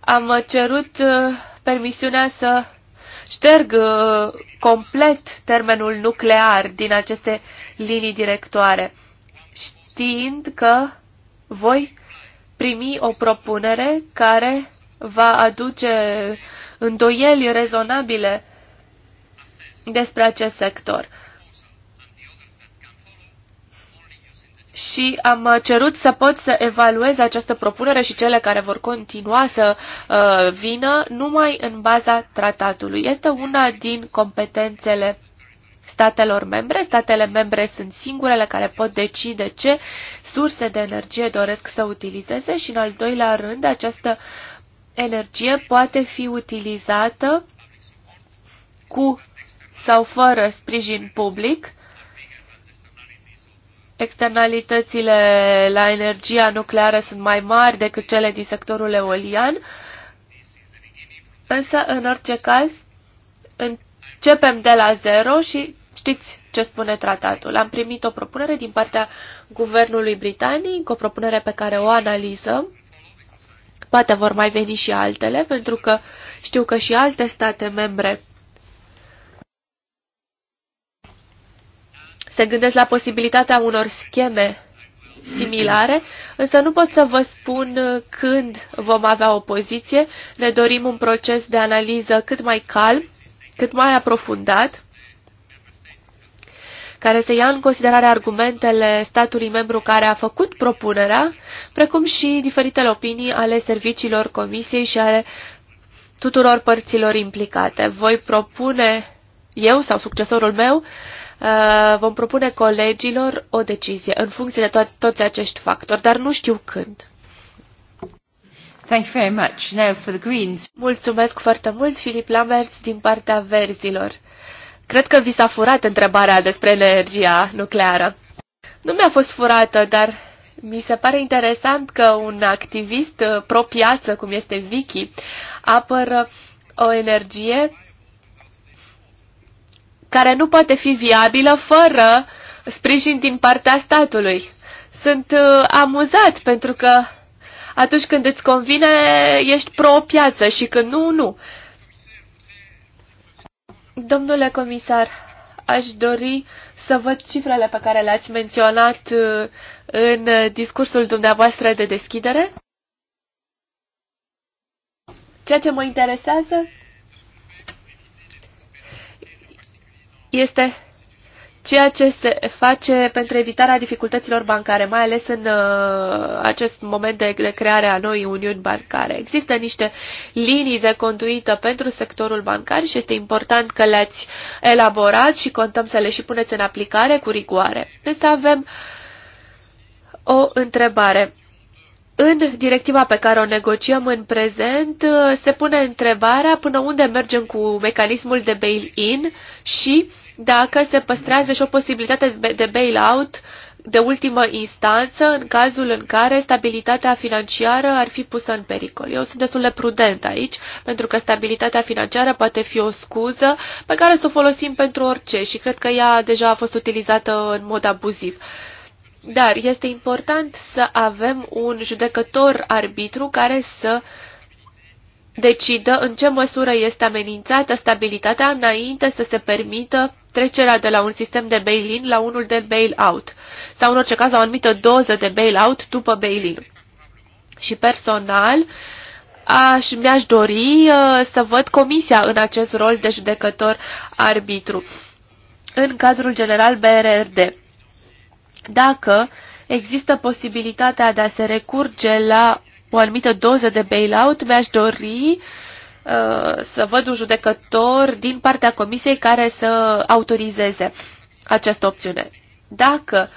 am cerut uh, permisiunea să șterg uh, complet termenul nuclear din aceste linii directoare, știind că voi primi o propunere care va aduce îndoieli rezonabile despre acest sector. și am uh, cerut să pot să evaluez această propunere și cele care vor continua să uh, vină numai în baza tratatului. Este una din competențele statelor membre. Statele membre sunt singurele care pot decide ce surse de energie doresc să utilizeze și, în al doilea rând, această energie poate fi utilizată cu sau fără sprijin public externalitățile la energia nucleară sunt mai mari decât cele din sectorul eolian, însă, în orice caz, începem de la zero și știți ce spune tratatul. Am primit o propunere din partea guvernului britanic, o propunere pe care o analizăm. Poate vor mai veni și altele, pentru că știu că și alte state membre se gândesc la posibilitatea unor scheme similare, însă nu pot să vă spun când vom avea o poziție. Ne dorim un proces de analiză cât mai calm, cât mai aprofundat, care să ia în considerare argumentele statului membru care a făcut propunerea, precum și diferitele opinii ale serviciilor comisiei și ale tuturor părților implicate. Voi propune eu sau succesorul meu Uh, vom propune colegilor o decizie în funcție de to toți acești factori, dar nu știu când. Thank you very much. Now for the Greens. Mulțumesc foarte mult, Filip Lamberts, din partea verzilor. Cred că vi s-a furat întrebarea despre energia nucleară. Nu mi-a fost furată, dar mi se pare interesant că un activist uh, pro-piață, cum este Vicky, apără o energie care nu poate fi viabilă fără sprijin din partea statului. Sunt uh, amuzat pentru că atunci când îți convine, ești pro-piață și când nu, nu. Domnule comisar, aș dori să văd cifrele pe care le-ați menționat uh, în discursul dumneavoastră de deschidere. Ceea ce mă interesează este ceea ce se face pentru evitarea dificultăților bancare, mai ales în uh, acest moment de, de creare a noii uniuni bancare. Există niște linii de conduită pentru sectorul bancar și este important că le-ați elaborat și contăm să le și puneți în aplicare cu rigoare. Însă avem o întrebare. În directiva pe care o negociăm în prezent, uh, se pune întrebarea până unde mergem cu mecanismul de bail-in și uh, dacă se păstrează și o posibilitate de bailout de ultimă instanță în cazul în care stabilitatea financiară ar fi pusă în pericol. Eu sunt destul de prudent aici, pentru că stabilitatea financiară poate fi o scuză pe care să o folosim pentru orice și cred că ea deja a fost utilizată în mod abuziv. Dar este important să avem un judecător arbitru care să uh, decidă în ce măsură este amenințată stabilitatea înainte să se permită trecerea de la un sistem de bail-in la unul de bail-out sau în orice caz la o anumită doză de bail-out după bail-in. Și personal, aș, mi-aș dori uh, să văd comisia în acest rol de judecător arbitru în cadrul general BRRD. Dacă există posibilitatea de a se recurge la o anumită doză de bailout, mi-aș dori uh, să văd un judecător din partea comisiei care să autorizeze această opțiune. Dacă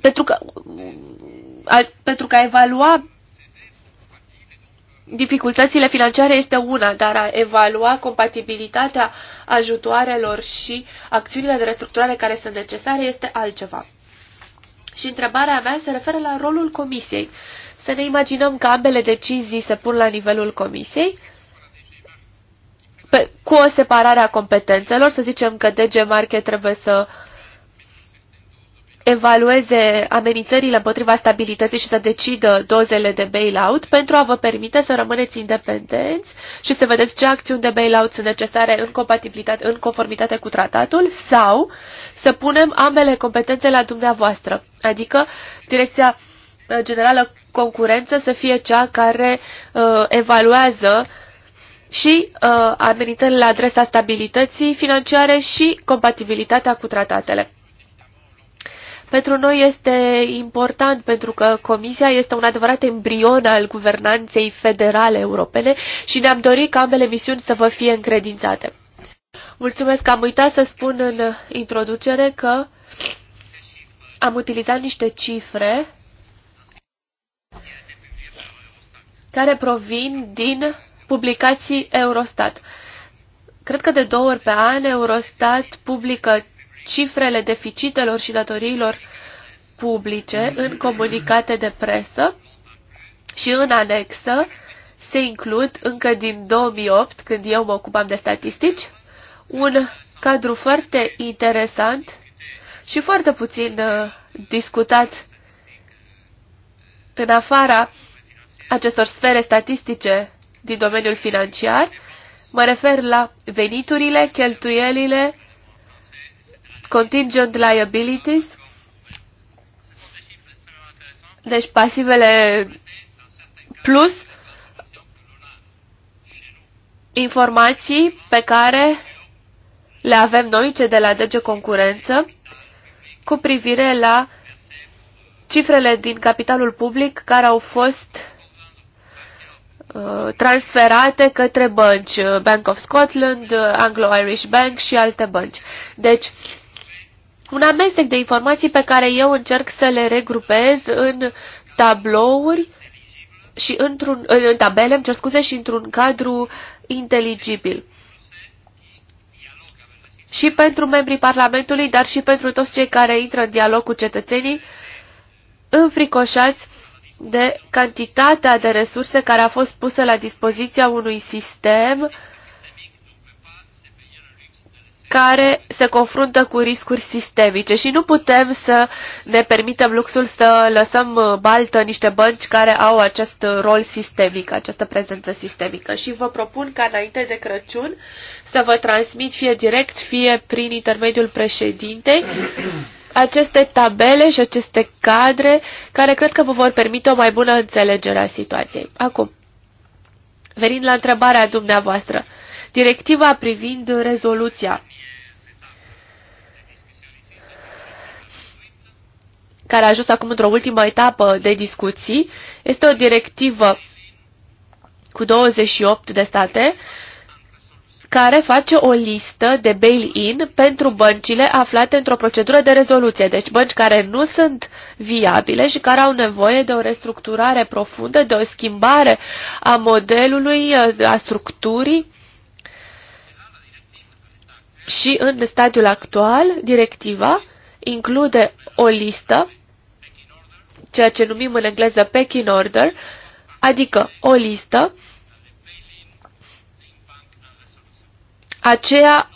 pentru că, a, pentru că a evalua dificultățile financiare este una, dar a evalua compatibilitatea ajutoarelor și acțiunile de restructurare care sunt necesare este altceva. Și întrebarea mea se referă la rolul comisiei. Să ne imaginăm că ambele decizii se pun la nivelul comisiei, pe, cu o separare a competențelor, să zicem că DG Market trebuie să uh, evalueze amenințările împotriva stabilității și să decidă dozele de bailout pentru a vă permite să rămâneți independenți și să vedeți ce acțiuni de bailout sunt necesare în, compatibilitate, în conformitate cu tratatul sau să punem ambele competențe la dumneavoastră, adică direcția uh, generală concurență să fie cea care uh, evaluează și uh, amenințările la adresa stabilității financiare și compatibilitatea cu tratatele. Pentru noi este important pentru că Comisia este un adevărat embrion al guvernanței federale europene și ne-am dorit ca ambele misiuni să vă fie încredințate. Mulțumesc, am uitat să spun în introducere că am utilizat niște cifre care provin din publicații Eurostat. Cred că de două ori pe an Eurostat publică cifrele deficitelor și datoriilor publice în comunicate de presă și în anexă se includ încă din 2008, când eu mă ocupam de statistici, un cadru foarte interesant și foarte puțin uh, discutat în afara acestor sfere statistice din domeniul financiar. Mă refer la veniturile, cheltuielile Contingent liabilities, deci pasivele plus informații pe care le avem noi, ce de la DG Concurență, cu privire la cifrele din capitalul public care au fost uh, transferate către bănci, uh, Bank of Scotland, uh, Anglo-Irish Bank și alte bănci. Deci, un amestec de informații pe care eu încerc să le regrupez în tablouri și într-un, în tabele, îmi cer scuze, și într-un cadru inteligibil. Și pentru membrii Parlamentului, dar și pentru toți cei care intră în dialog cu cetățenii, înfricoșați de cantitatea de resurse care a fost pusă la dispoziția unui sistem uh, care se confruntă cu riscuri sistemice și nu putem să ne permitem luxul să lăsăm uh, baltă niște bănci care au acest uh, rol sistemic, această prezență sistemică. Și vă propun ca înainte de Crăciun să vă transmit fie direct, fie prin intermediul președintei aceste tabele și aceste cadre care cred că vă vor permite o mai bună înțelegere a situației. Acum, venind la întrebarea dumneavoastră, directiva privind rezoluția. care a ajuns acum într-o ultimă etapă de discuții. Este o directivă cu 28 de state care face o listă de bail-in pentru băncile aflate într-o procedură de rezoluție, deci bănci care nu sunt viabile și care au nevoie de o restructurare profundă, de o schimbare a modelului, a structurii și în stadiul actual, directiva include o listă, ceea ce numim în engleză Pecking order, adică o listă aceea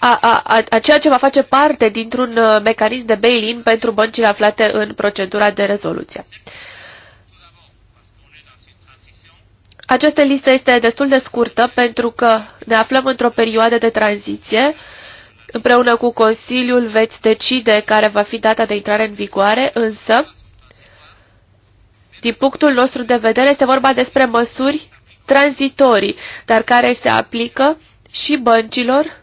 a, a, a, a ceea ce va face parte dintr-un uh, mecanism de bail-in pentru băncile aflate în procedura de rezoluție. Această listă este destul de scurtă pentru că ne aflăm într-o perioadă de tranziție. Împreună cu Consiliul veți decide care va fi data de intrare în vigoare, însă, din punctul nostru de vedere, este vorba despre măsuri tranzitorii, dar care se aplică și băncilor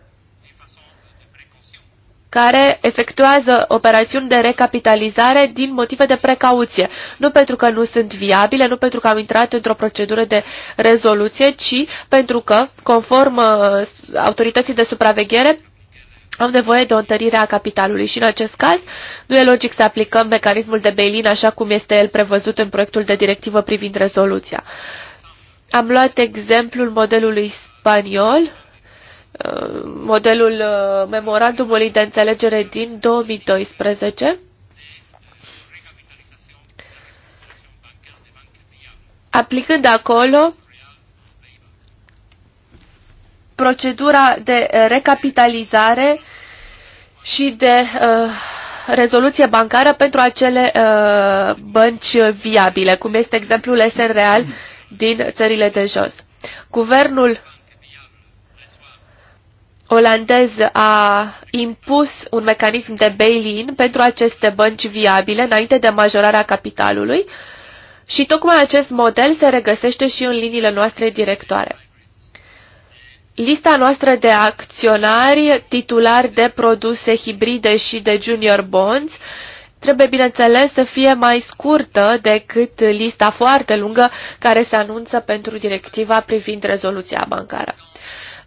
care efectuează operațiuni de recapitalizare din motive de precauție. Nu pentru că nu sunt viabile, nu pentru că am intrat într-o procedură de rezoluție, ci pentru că, conform uh, autorității de supraveghere, am nevoie de o întărire a capitalului și în acest caz nu e logic să aplicăm mecanismul de bail-in așa cum este el prevăzut în proiectul de directivă privind rezoluția. Am luat exemplul modelului spaniol modelul uh, memorandumului de înțelegere din 2012. aplicând acolo procedura de recapitalizare și de uh, rezoluție bancară pentru acele uh, bănci viabile, cum este exemplul SNREAL din țările de jos. Guvernul olandez a impus un mecanism de bail-in pentru aceste bănci viabile înainte de majorarea capitalului și tocmai acest model se regăsește și în liniile noastre directoare. Lista noastră de acționari titulari de produse hibride și de junior bonds trebuie, bineînțeles, să fie mai scurtă decât lista foarte lungă care se anunță pentru directiva privind rezoluția bancară.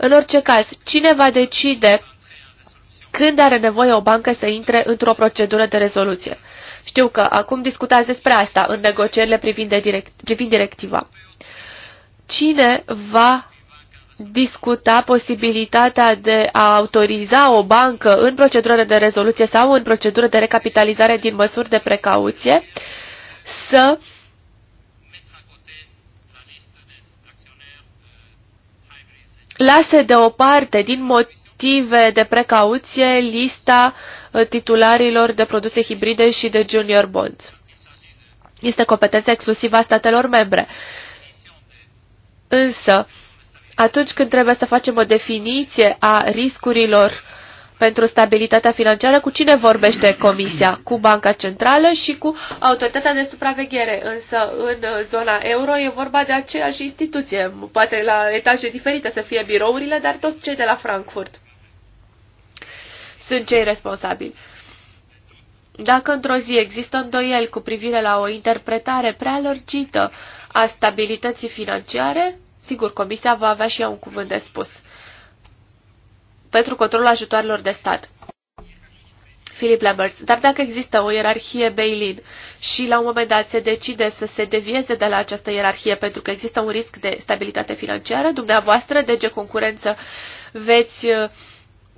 În orice caz, cine va decide când are nevoie o bancă să intre într-o procedură de rezoluție? Știu că acum discutați despre asta în negocierile privind, de direct, privind directiva. Cine va discuta posibilitatea de a autoriza o bancă în procedură de rezoluție sau în procedură de recapitalizare din măsuri de precauție să uh, lase deoparte din motive de precauție lista uh, titularilor de produse hibride și de junior bonds. Este competența exclusivă a statelor membre. Însă, atunci când trebuie să facem o definiție a riscurilor pentru stabilitatea financiară, cu cine vorbește Comisia? Cu Banca Centrală și cu Autoritatea de Supraveghere. Însă în zona euro e vorba de aceeași instituție. Poate la etaje diferite să fie birourile, dar tot cei de la Frankfurt sunt cei responsabili. Dacă într-o zi există îndoieli cu privire la o interpretare prea lărgită a stabilității financiare, sigur, Comisia va avea și ea un cuvânt de spus pentru controlul ajutoarelor de stat. Philip Lamberts. Dar dacă există o ierarhie bail-in și la un moment dat se decide să se devieze de la această ierarhie pentru că există un risc de stabilitate financiară, dumneavoastră, ce Concurență, veți uh,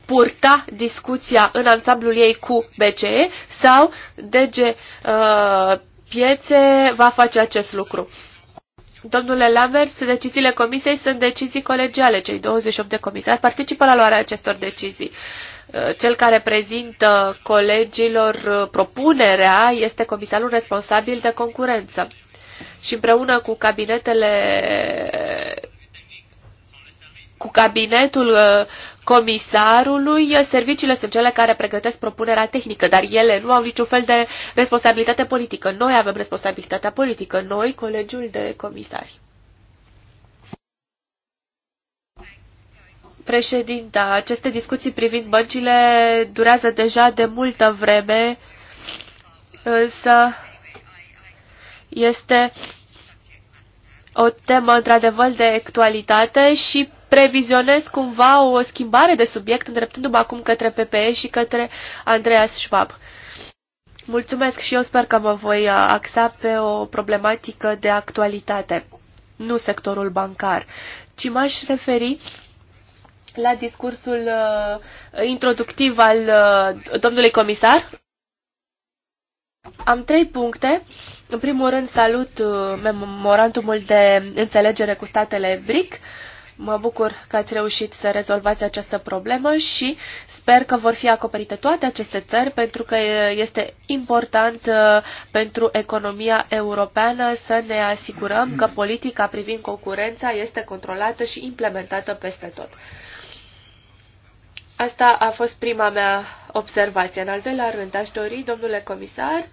purta discuția în ansamblul ei cu BCE sau DG uh, Piețe va face acest lucru. Domnule Lambert, deciziile comisiei sunt decizii colegiale. Cei 28 de comisari participă la luarea acestor decizii. Uh, cel care prezintă colegilor uh, propunerea este comisarul responsabil de concurență. Și împreună cu cabinetele cu cabinetul uh, comisarului. Eh, serviciile sunt cele care pregătesc propunerea tehnică, dar ele nu au niciun fel de responsabilitate politică. Noi avem responsabilitatea politică, noi, colegiul de comisari. Președinta, aceste discuții privind băncile durează deja de multă vreme, însă este o temă într-adevăr de actualitate și previzionez cumva o schimbare de subiect, îndreptându-mă acum către PPE și către Andreas Schwab. Mulțumesc și eu sper că mă voi uh, axa pe o problematică de actualitate, nu sectorul bancar, ci m-aș referi la discursul uh, introductiv al uh, domnului comisar. Am trei puncte. În primul rând salut uh, memorandumul de înțelegere cu statele BRIC. Uh, Mă bucur că ați reușit să rezolvați această problemă și sper că vor fi acoperite toate aceste țări pentru că este important uh, pentru economia europeană să ne asigurăm că politica privind concurența este controlată și implementată peste tot. Asta a fost prima mea observație. În al doilea rând, aș dori, domnule comisar,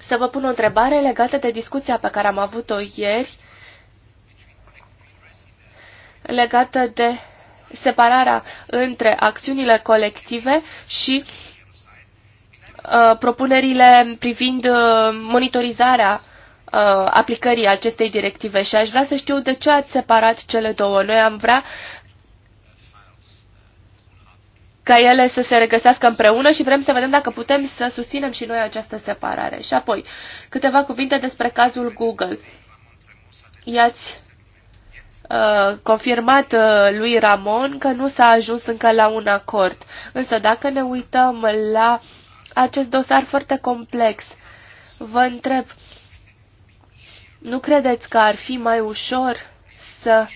să vă pun o întrebare legată de discuția pe care am avut-o ieri legată de separarea între acțiunile colective și uh, propunerile privind uh, monitorizarea uh, aplicării acestei directive și aș vrea să știu de ce ați separat cele două. Noi am vrea ca ele să se regăsească împreună și vrem să vedem dacă putem să susținem și noi această separare. Și apoi, câteva cuvinte despre cazul Google. I-ați Uh, confirmat uh, lui Ramon că nu s-a ajuns încă la un acord. Însă dacă ne uităm la acest dosar foarte complex, vă întreb, nu credeți că ar fi mai ușor să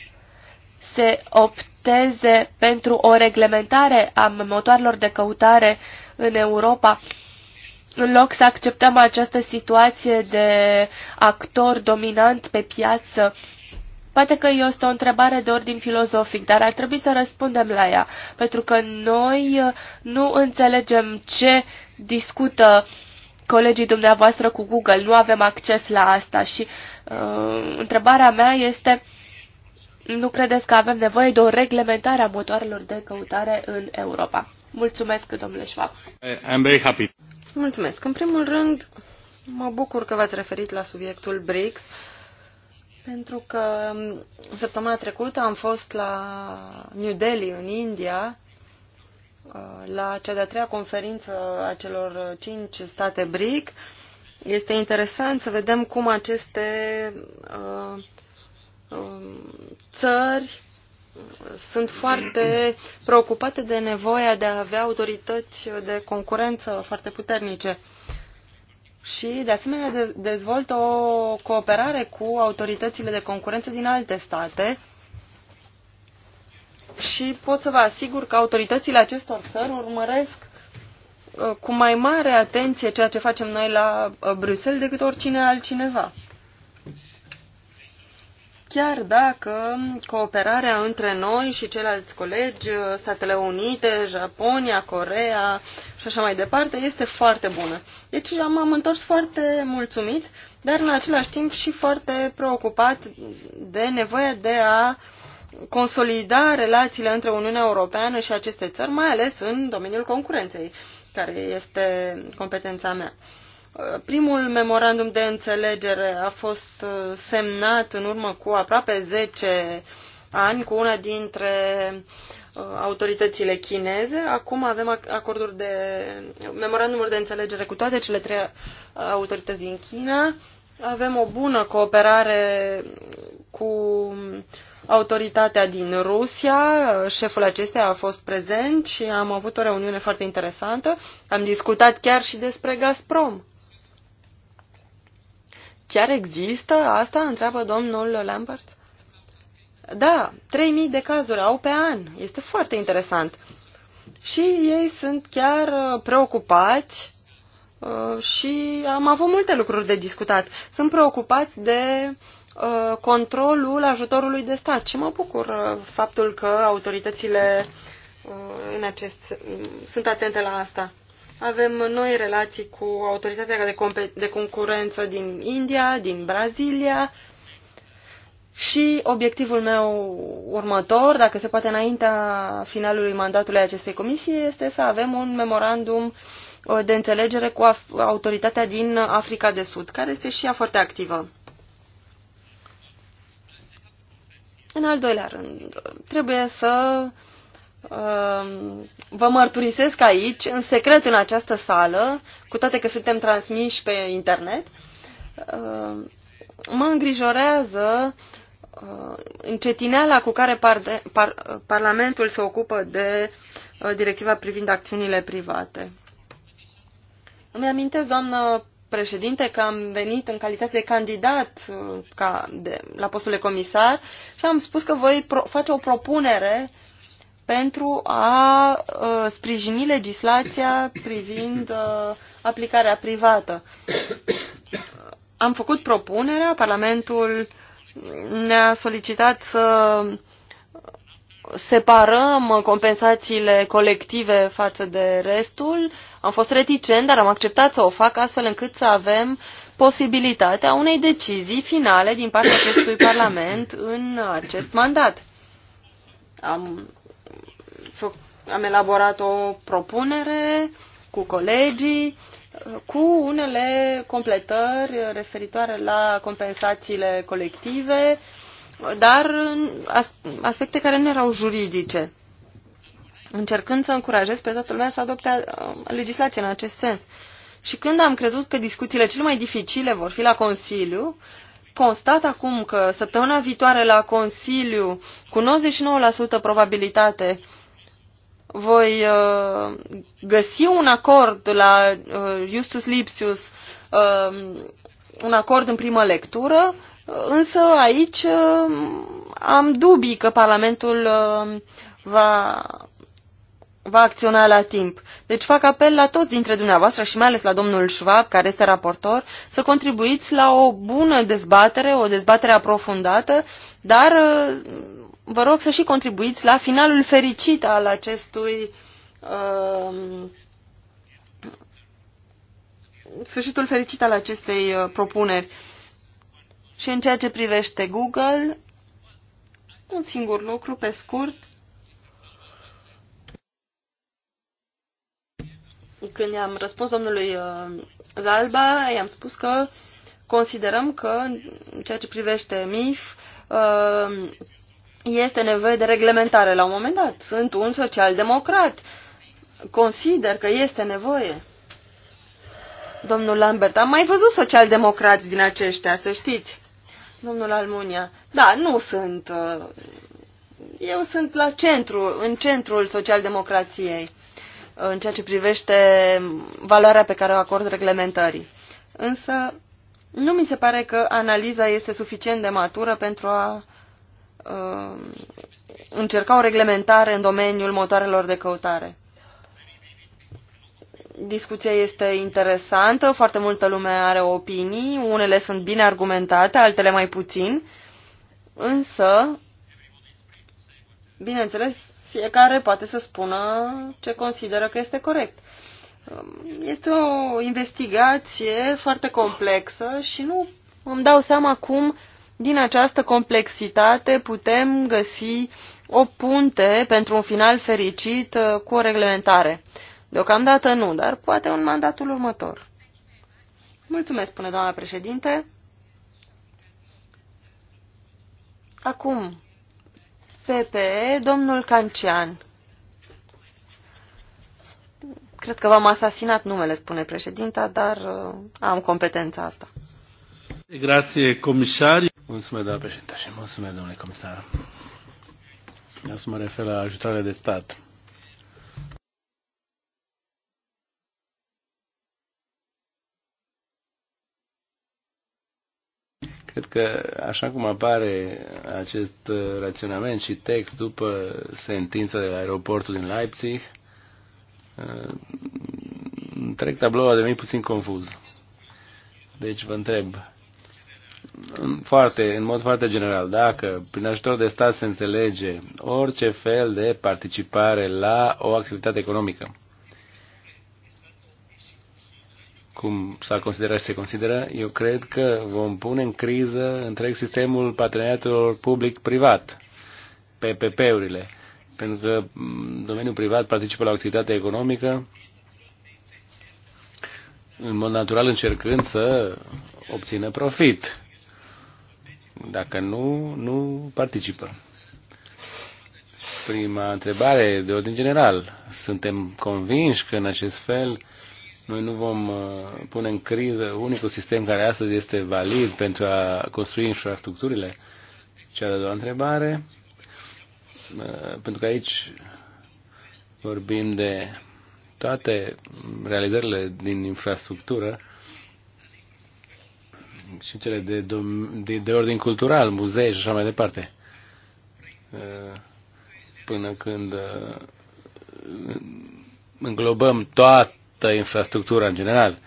se opteze pentru o reglementare a motoarelor de căutare în Europa? în loc să acceptăm această situație de actor dominant pe piață Poate că este o întrebare de ordin filozofic, dar ar trebui să răspundem la ea, pentru că noi uh, nu înțelegem ce discută colegii dumneavoastră cu Google, nu avem acces la asta și uh, întrebarea mea este, nu credeți că avem nevoie de o reglementare a motoarelor de căutare în Europa? Mulțumesc, domnule Schwab. Uh, I'm very happy. Mulțumesc. În primul rând, mă bucur că v-ați referit la subiectul BRICS pentru că um, săptămâna trecută am fost la New Delhi, în India, uh, la cea de-a treia conferință a celor cinci state BRIC. Este interesant să vedem cum aceste uh, um, țări sunt foarte preocupate de nevoia de a avea autorități de concurență foarte puternice și, de asemenea, dezvoltă o cooperare cu autoritățile de concurență din alte state și pot să vă asigur că autoritățile acestor țări urmăresc uh, cu mai mare atenție ceea ce facem noi la uh, Bruxelles decât oricine altcineva chiar dacă cooperarea între noi și ceilalți colegi, Statele Unite, Japonia, Corea și așa mai departe, este foarte bună. Deci m-am întors foarte mulțumit, dar în același timp și foarte preocupat de nevoia de a consolida relațiile între Uniunea Europeană și aceste țări, mai ales în domeniul concurenței, care este competența mea. Primul memorandum de înțelegere a fost uh, semnat în urmă cu aproape 10 ani cu una dintre uh, autoritățile chineze. Acum avem acorduri de memorandumuri de înțelegere cu toate cele trei uh, autorități din China. Avem o bună cooperare cu autoritatea din Rusia. Șeful acesteia a fost prezent și am avut o reuniune foarte interesantă. Am discutat chiar și despre Gazprom. Chiar există asta? Întreabă domnul Lambert. Da, 3000 de cazuri au pe an. Este foarte interesant. Și ei sunt chiar uh, preocupați uh, și am avut multe lucruri de discutat. Sunt preocupați de uh, controlul ajutorului de stat și mă bucur faptul că autoritățile în acest, sunt atente la asta. Avem noi relații cu autoritatea de, de concurență din India, din Brazilia și obiectivul meu următor, dacă se poate înaintea finalului mandatului acestei comisii, este să avem un memorandum uh, de înțelegere cu autoritatea din Africa de Sud, care este și ea foarte activă. În al doilea rând, trebuie să Ehm, vă mărturisesc aici, în secret, în această sală, cu toate că suntem transmiși pe internet, ehm, mă îngrijorează ehm, încetineala cu care par de, par, Parlamentul se ocupă de eh, directiva privind acțiunile private. Îmi amintesc, doamnă președinte, că am venit în calitate de candidat eh, ca de, la postul de comisar și am spus că voi face o propunere uh, pentru a uh, sprijini legislația privind uh, aplicarea privată. Am făcut propunerea, Parlamentul ne-a solicitat să separăm compensațiile colective față de restul. Am fost reticent, dar am acceptat să o fac astfel încât să avem posibilitatea unei decizii finale din partea acestui Parlament în acest mandat. Am am elaborat o propunere cu colegii, cu unele completări referitoare la compensațiile colective, dar aspecte care nu erau juridice, încercând să încurajez pe toată lumea să adopte uh, legislație în acest sens. Și când am crezut că discuțiile cele mai dificile vor fi la Consiliu, constat acum că săptămâna viitoare la Consiliu, cu 99% probabilitate, voi uh, găsi un acord la uh, Justus Lipsius, uh, un acord în primă lectură, uh, însă aici uh, am dubii că Parlamentul uh, va, va acționa la timp. Deci fac apel la toți dintre dumneavoastră și mai ales la domnul Schwab, care este raportor, să contribuiți la o bună dezbatere, o dezbatere aprofundată, dar uh, vă rog să și contribuiți la finalul fericit al acestui uh, sfârșitul fericit al acestei uh, propuneri. Și în ceea ce privește Google, un singur lucru pe scurt. Când i-am răspuns domnului uh, Zalba, i-am spus că considerăm că, în ceea ce privește MIF, uh, este nevoie de reglementare la un moment dat. Sunt un social-democrat. Consider că este nevoie. Domnul Lambert, am mai văzut social-democrați din aceștia, să știți. Domnul Almunia, da, nu sunt. Uh, eu sunt la centru, în centrul social-democrației, uh, în ceea ce privește valoarea pe care o acord reglementării. Însă, nu mi se pare că analiza este suficient de matură pentru a uh, încerca o reglementare în domeniul motoarelor de căutare. Discuția este interesantă, foarte multă lume are opinii, unele sunt bine argumentate, altele mai puțin, însă, bineînțeles, fiecare poate să spună ce consideră că este corect. Um, este o investigație foarte complexă și nu îmi dau seama cum din această complexitate putem găsi o punte pentru un final fericit uh, cu o reglementare. Deocamdată nu, dar poate în mandatul următor. Mulțumesc, spune doamna președinte. Acum, PPE, domnul Cancian. Cred că v-am asasinat numele, spune președinta, dar uh, am competența asta. Grație, comisari. Mulțumesc, doamna președinte, și mulțumesc, domnule comisar. Eu să mă refer la ajutoarele de stat. Cred că așa cum apare acest uh, raționament și text după sentința de la aeroportul din Leipzig, uh, întreg tabloua a devenit puțin confuz. Deci vă întreb, în, foarte, în mod foarte general, dacă prin ajutor de stat se înțelege orice fel de participare la o activitate economică, cum s-a considerat și se consideră, eu cred că vom pune în criză întreg sistemul parteneriatelor public-privat, PPP-urile, pentru că mm, domeniul privat participă la o activitate economică, în mod natural încercând să obțină profit dacă nu, nu participă. Prima întrebare de ordin general. Suntem convinși că în acest fel noi nu vom uh, pune în criză unicul sistem care astăzi este valid pentru a construi infrastructurile? Cea de-a doua întrebare, uh, pentru că aici vorbim de toate realizările din infrastructură și cele de, de, de ordin cultural, muzee și așa mai departe. Până când înglobăm toată infrastructura în general.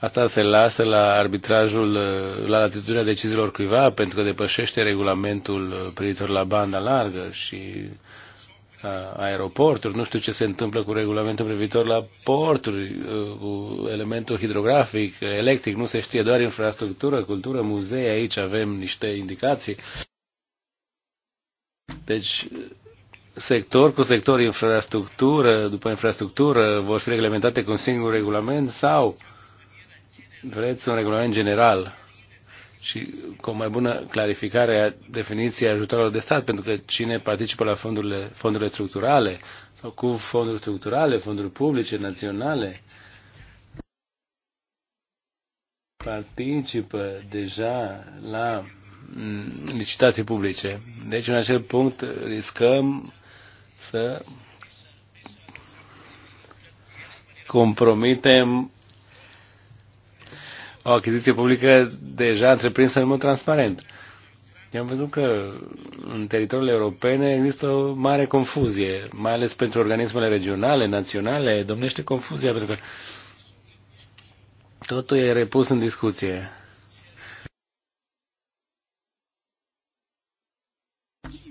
Asta se lasă la arbitrajul, la latitudinea deciziilor cuiva, pentru că depășește regulamentul privitor la banda largă și aeroporturi, nu știu ce se întâmplă cu regulamentul privitor la porturi, uh, cu elementul hidrografic, electric, nu se știe, doar infrastructură, cultură, muzee, aici avem niște indicații. Deci, sector cu sector, infrastructură, după infrastructură, vor fi reglementate cu un singur regulament sau vreți un regulament general? și cu o mai bună clarificare a definiției ajutorilor de stat, pentru că cine participă la fondurile, fondurile structurale sau cu fonduri structurale, fonduri publice, naționale, participă deja la mm, licitații publice. Deci, în acel punct, riscăm să compromitem o achiziție publică deja întreprinsă în mod transparent. Eu am văzut că în teritoriile europene există o mare confuzie, mai ales pentru organismele regionale, naționale, domnește confuzia, pentru că totul e repus în discuție.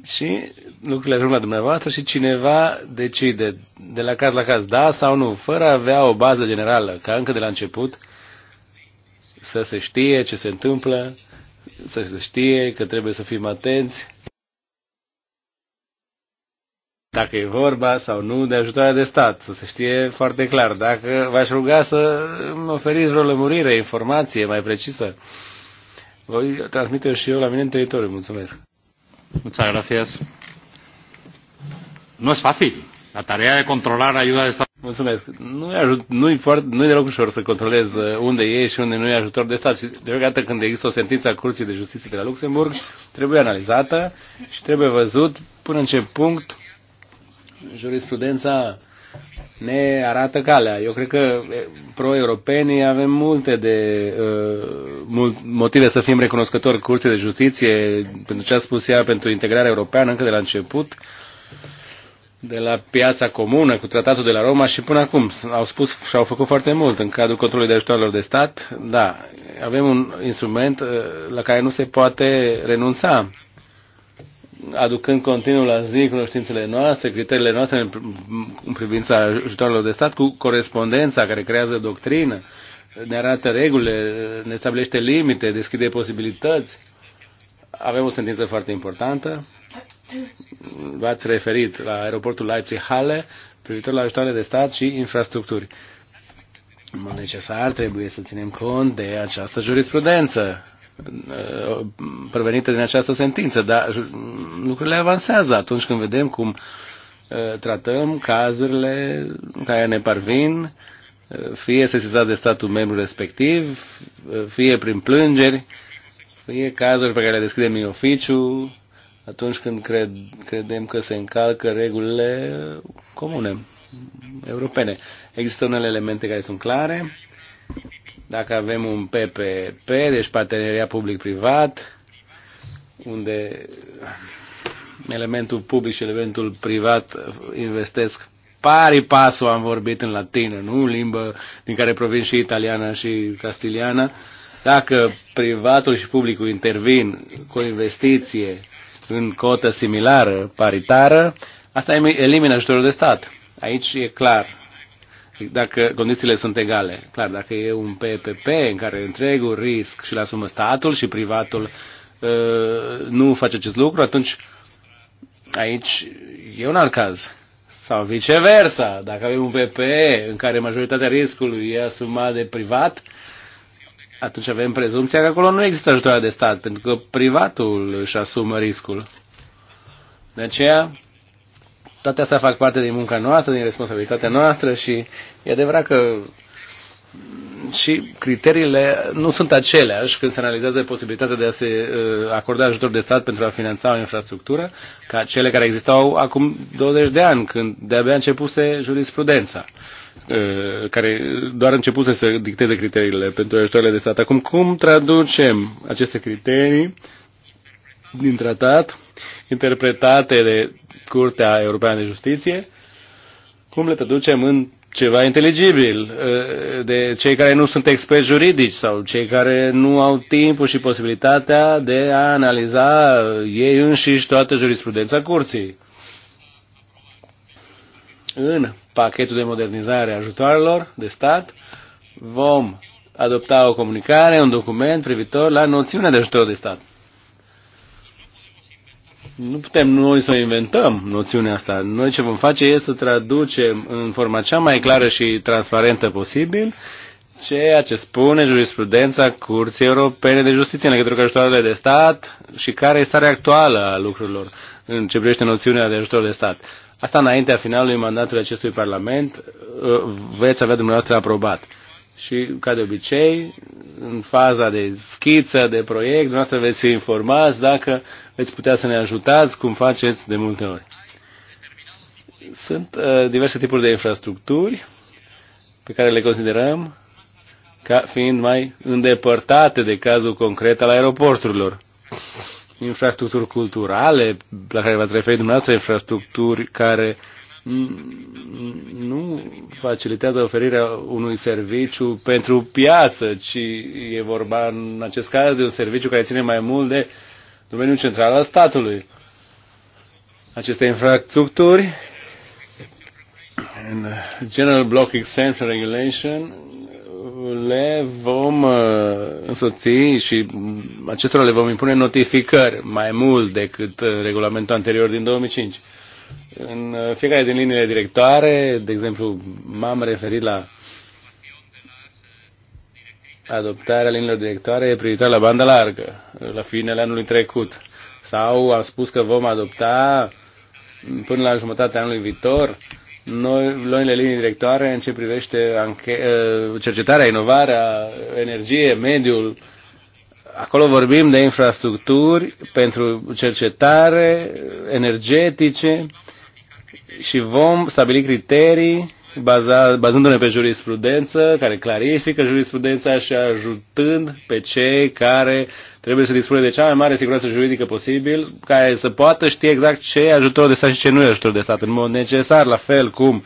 Și lucrurile ajung la dumneavoastră și cineva decide de la caz la caz da sau nu, fără a avea o bază generală, ca încă de la început, să se știe ce se întâmplă, să se știe că trebuie să fim atenți dacă e vorba sau nu de ajutoare de stat, să se știe foarte clar. Dacă v-aș ruga să îmi oferiți vreo lămurire, informație mai precisă, voi transmite și eu la mine în teritoriu. Mulțumesc. Mulțumesc. gracias. e fácil. La tarea de controlar ayuda de stat. Mulțumesc. Nu e, ajut, nu, e foarte, nu e deloc ușor să controlez uh, unde e și unde nu e ajutor de stat. Și deocamdată când există o sentință a Curții de Justiție de la Luxemburg, trebuie analizată și trebuie văzut până în ce punct jurisprudența ne arată calea. Eu cred că pro-europenii avem multe de uh, mult, motive să fim recunoscători Curții de Justiție pentru ce a spus ea pentru integrarea europeană încă de la început. Uh, de la piața comună cu tratatul de la Roma și până acum au spus și au făcut foarte mult în cadrul controlului de ajutoarelor de stat. Da, avem un instrument uh, la care nu se poate renunța aducând continuu la zi cunoștințele noastre, criteriile noastre în, în privința ajutoarelor de stat cu corespondența care creează doctrină, ne arată regulile, ne stabilește limite, deschide posibilități. Avem o sentință foarte importantă V-ați referit la aeroportul Leipzig-Halle privitor la ajutoare de stat și infrastructuri. În mod necesar trebuie să ținem cont de această jurisprudență uh, prevenită din această sentință, dar lucrurile avansează atunci când vedem cum uh, tratăm cazurile care ne parvin, uh, fie sesizați de statul membru respectiv, fie prin plângeri, fie cazuri pe care le deschidem în oficiu, atunci când cred, credem că se încalcă regulile comune, europene. Există unele elemente care sunt clare. Dacă avem un PPP, deci parteneria public-privat, unde elementul public și elementul privat investesc pari pasul, am vorbit în latină, nu? Limbă din care provin și italiana și castiliana. Dacă privatul și publicul intervin cu o investiție în cotă similară, paritară, asta elimină ajutorul de stat. Aici e clar, dacă condițiile sunt egale. Clar, dacă e un PPP în care întregul risc și-l asumă statul și privatul ă, nu face acest lucru, atunci aici e un alt caz. Sau viceversa, dacă avem un PP în care majoritatea riscului e asumat de privat, uh, atunci avem prezumția că acolo nu există ajutoare de stat, pentru că privatul își asumă riscul. De aceea, toate astea fac parte din munca noastră, din responsabilitatea noastră și e adevărat că și criteriile nu sunt aceleași când se analizează posibilitatea de a se uh, acorda ajutor de stat pentru a finanța o infrastructură ca cele care existau acum 20 de ani, când de-abia începuse jurisprudența. Uh, care doar începuse să dicteze criteriile pentru ajutoarele de stat. Acum, cum traducem aceste criterii din tratat, interpretate de Curtea Europeană de Justiție, cum le traducem în ceva inteligibil uh, de cei care nu sunt experți juridici sau cei care nu au timpul și posibilitatea de a analiza ei înșiși toată jurisprudența curții. În pachetul de modernizare a ajutoarelor de stat, vom adopta o comunicare, un document privitor la noțiunea de ajutor de stat. Nu putem noi să inventăm noțiunea asta. Noi ce vom face este să traducem în forma cea mai clară și transparentă posibil ceea ce spune jurisprudența Curții Europene de Justiție în legătură cu ajutoarele de stat și care este starea actuală a lucrurilor în ce privește noțiunea de ajutor de stat. Asta înaintea finalului mandatului acestui Parlament uh, veți avea dumneavoastră aprobat. Și, ca de obicei, în faza de schiță, de proiect, dumneavoastră veți fi informați dacă veți putea să ne ajutați, cum faceți de multe ori. Sunt uh, diverse tipuri de infrastructuri pe care le considerăm ca fiind mai îndepărtate de cazul concret al aeroporturilor infrastructuri culturale la care v-ați referit dumneavoastră, infrastructuri care nu facilitează oferirea unui serviciu pentru piață, ci e vorba în acest caz de un serviciu care ține mai mult de domeniul central al statului. Aceste infrastructuri în General Block Exemption Regulation le vom uh, însoți și acestora le vom impune notificări mai mult decât uh, regulamentul anterior din 2005. În uh, fiecare din liniile directoare, de exemplu, m-am referit la adoptarea liniilor directoare privitoare la banda largă, la finele anului trecut. Sau am spus că vom adopta până la jumătatea anului viitor noi, noile linii directoare în ce privește anche, eh, cercetarea, inovarea, energie, mediul. Acolo vorbim de infrastructuri pentru cercetare energetice și vom stabili criterii bazându-ne pe jurisprudență, care clarifică jurisprudența și ajutând pe cei care Trebuie să dispună de cea mai mare siguranță juridică posibil, care să poată ști exact ce e ajutor de stat și ce nu e ajutor de stat, în mod necesar, la fel cum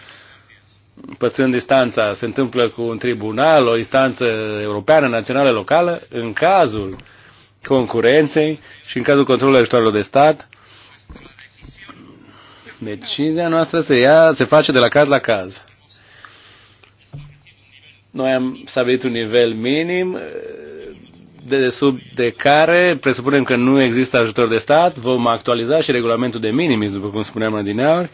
păstrând distanța, se întâmplă cu un tribunal, o instanță europeană, națională, locală, în cazul concurenței și în cazul controlului ajutoarelor de stat, decizia noastră se, ia, se face de la caz la caz. Noi am stabilit un nivel minim dedesubt de care presupunem că nu există ajutor de stat, vom actualiza și regulamentul de minimis, după cum spuneam adineauri,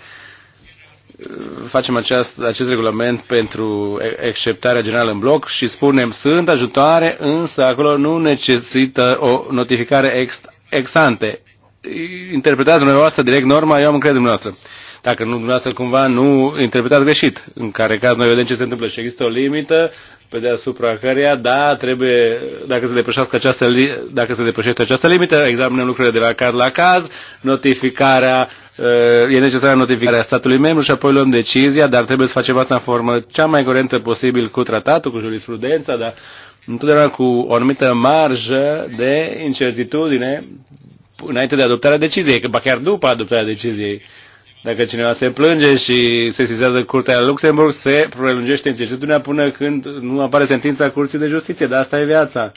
facem acest, acest regulament pentru acceptarea generală în bloc și spunem sunt ajutoare, însă acolo nu necesită o notificare ex, ex ante. Interpretați dumneavoastră direct norma, eu am încredere dumneavoastră. Dacă nu, dumneavoastră cumva nu interpretați greșit, în care caz noi vedem ce se întâmplă și există o limită pe deasupra căreia, da, trebuie, dacă se, depășească această, dacă se depășește această limită, examinăm lucrurile de la caz la caz, notificarea, uh, e necesară notificarea statului membru și apoi luăm decizia, dar trebuie să facem asta în formă cea mai coerentă posibil cu tratatul, cu jurisprudența, dar întotdeauna cu o anumită marjă de incertitudine înainte de adoptarea deciziei, că chiar după adoptarea deciziei. Dacă cineva se plânge și se sizează Curtea Luxemburg, se prelungește incertitudinea până când nu apare sentința Curții de Justiție, dar asta e viața.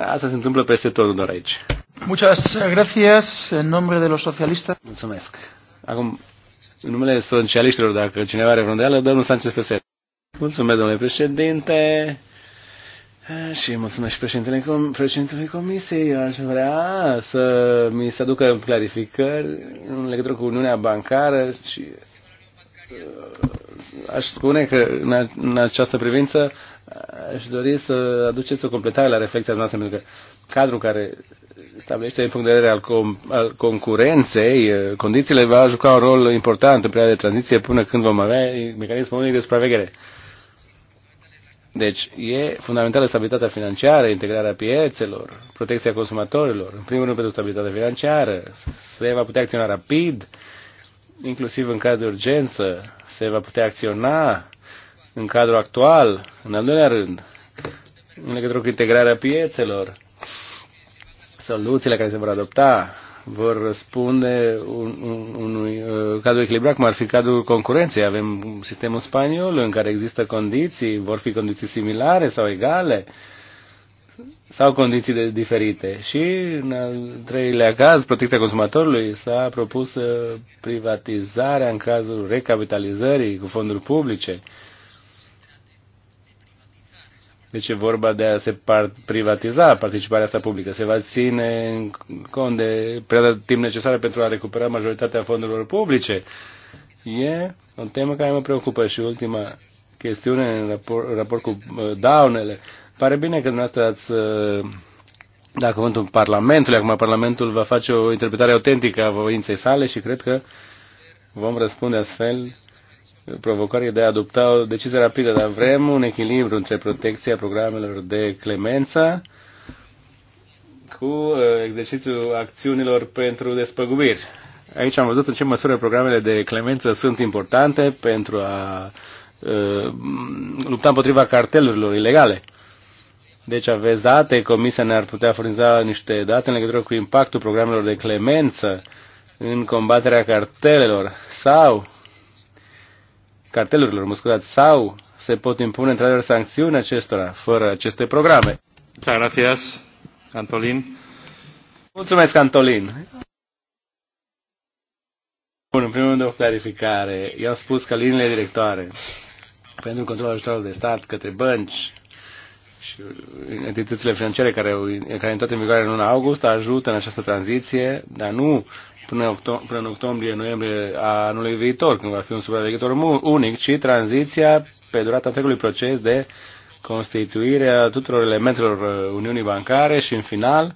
Asta se întâmplă peste tot, doar aici. Muchas gracias en nombre de los socialistas. Mulțumesc. Acum, în numele socialiștilor, dacă cineva are vreo îndoială, domnul Sanchez Pesel. Mulțumesc, domnule președinte. Și mulțumesc și președintele, com președintele Comisiei. Eu aș vrea să mi se aducă în clarificări în legătură cu Uniunea Bancară și uh, aș spune că în această privință aș dori să aduceți o completare la reflecția noastră, pentru că cadrul care stabilește din punct de vedere al, com- al concurenței, uh, condițiile va juca un rol important în perioada de tranziție până când vom avea mecanismul unic de supraveghere. Deci e fundamentală stabilitatea financiară, integrarea piețelor, protecția consumatorilor, în primul rând pentru stabilitatea financiară, se va putea acționa rapid, inclusiv în caz de urgență, se va putea acționa în cadrul actual, în al doilea rând, în legătură cu integrarea piețelor, soluțiile care se vor adopta, vor răspunde un, un, unui uh, cadru echilibrat, cum ar fi cadrul concurenței. Avem sistemul spaniol în care există condiții, vor fi condiții similare sau egale sau condiții de diferite. Și în al treilea caz, protecția consumatorului, s-a propus uh, privatizarea în cazul recapitalizării cu fonduri publice. Uh, deci e vorba de a se part privatiza participarea asta publică. Se va ține în cont de perioada de timp necesară pentru a recupera majoritatea fondurilor publice. E o temă care mă preocupă și ultima chestiune în raport, în raport cu uh, daunele. Pare bine că dumneavoastră ați da cuvântul Parlamentului. Acum Parlamentul va face o interpretare autentică a voinței sale și cred că vom răspunde astfel provocare de a adopta o decizie rapidă, dar vrem un echilibru între protecția programelor de clemență cu uh, exercițiul acțiunilor pentru despăgubiri. Aici am văzut în ce măsură programele de clemență sunt importante pentru a uh, lupta împotriva cartelurilor ilegale. Deci aveți date, Comisia ne-ar putea furniza niște date în legătură cu impactul programelor de clemență în combaterea cartelelor sau cartelurilor, musculați sau se pot impune într-adevăr sancțiuni acestora fără aceste programe. Gracias, Antolin. Mulțumesc, Antolin. Bun, în primul rând o clarificare. Eu am spus că liniile directoare pentru controlul ajutorului de stat către bănci și uh, entitățile financiare care, care în toate în vigoare în luna august ajută în această tranziție, dar nu până, octom- până în octombrie, noiembrie a anului viitor, când va fi un supraveghetor unic, ci tranziția pe durata întregului proces de a tuturor elementelor uh, Uniunii Bancare și, în final,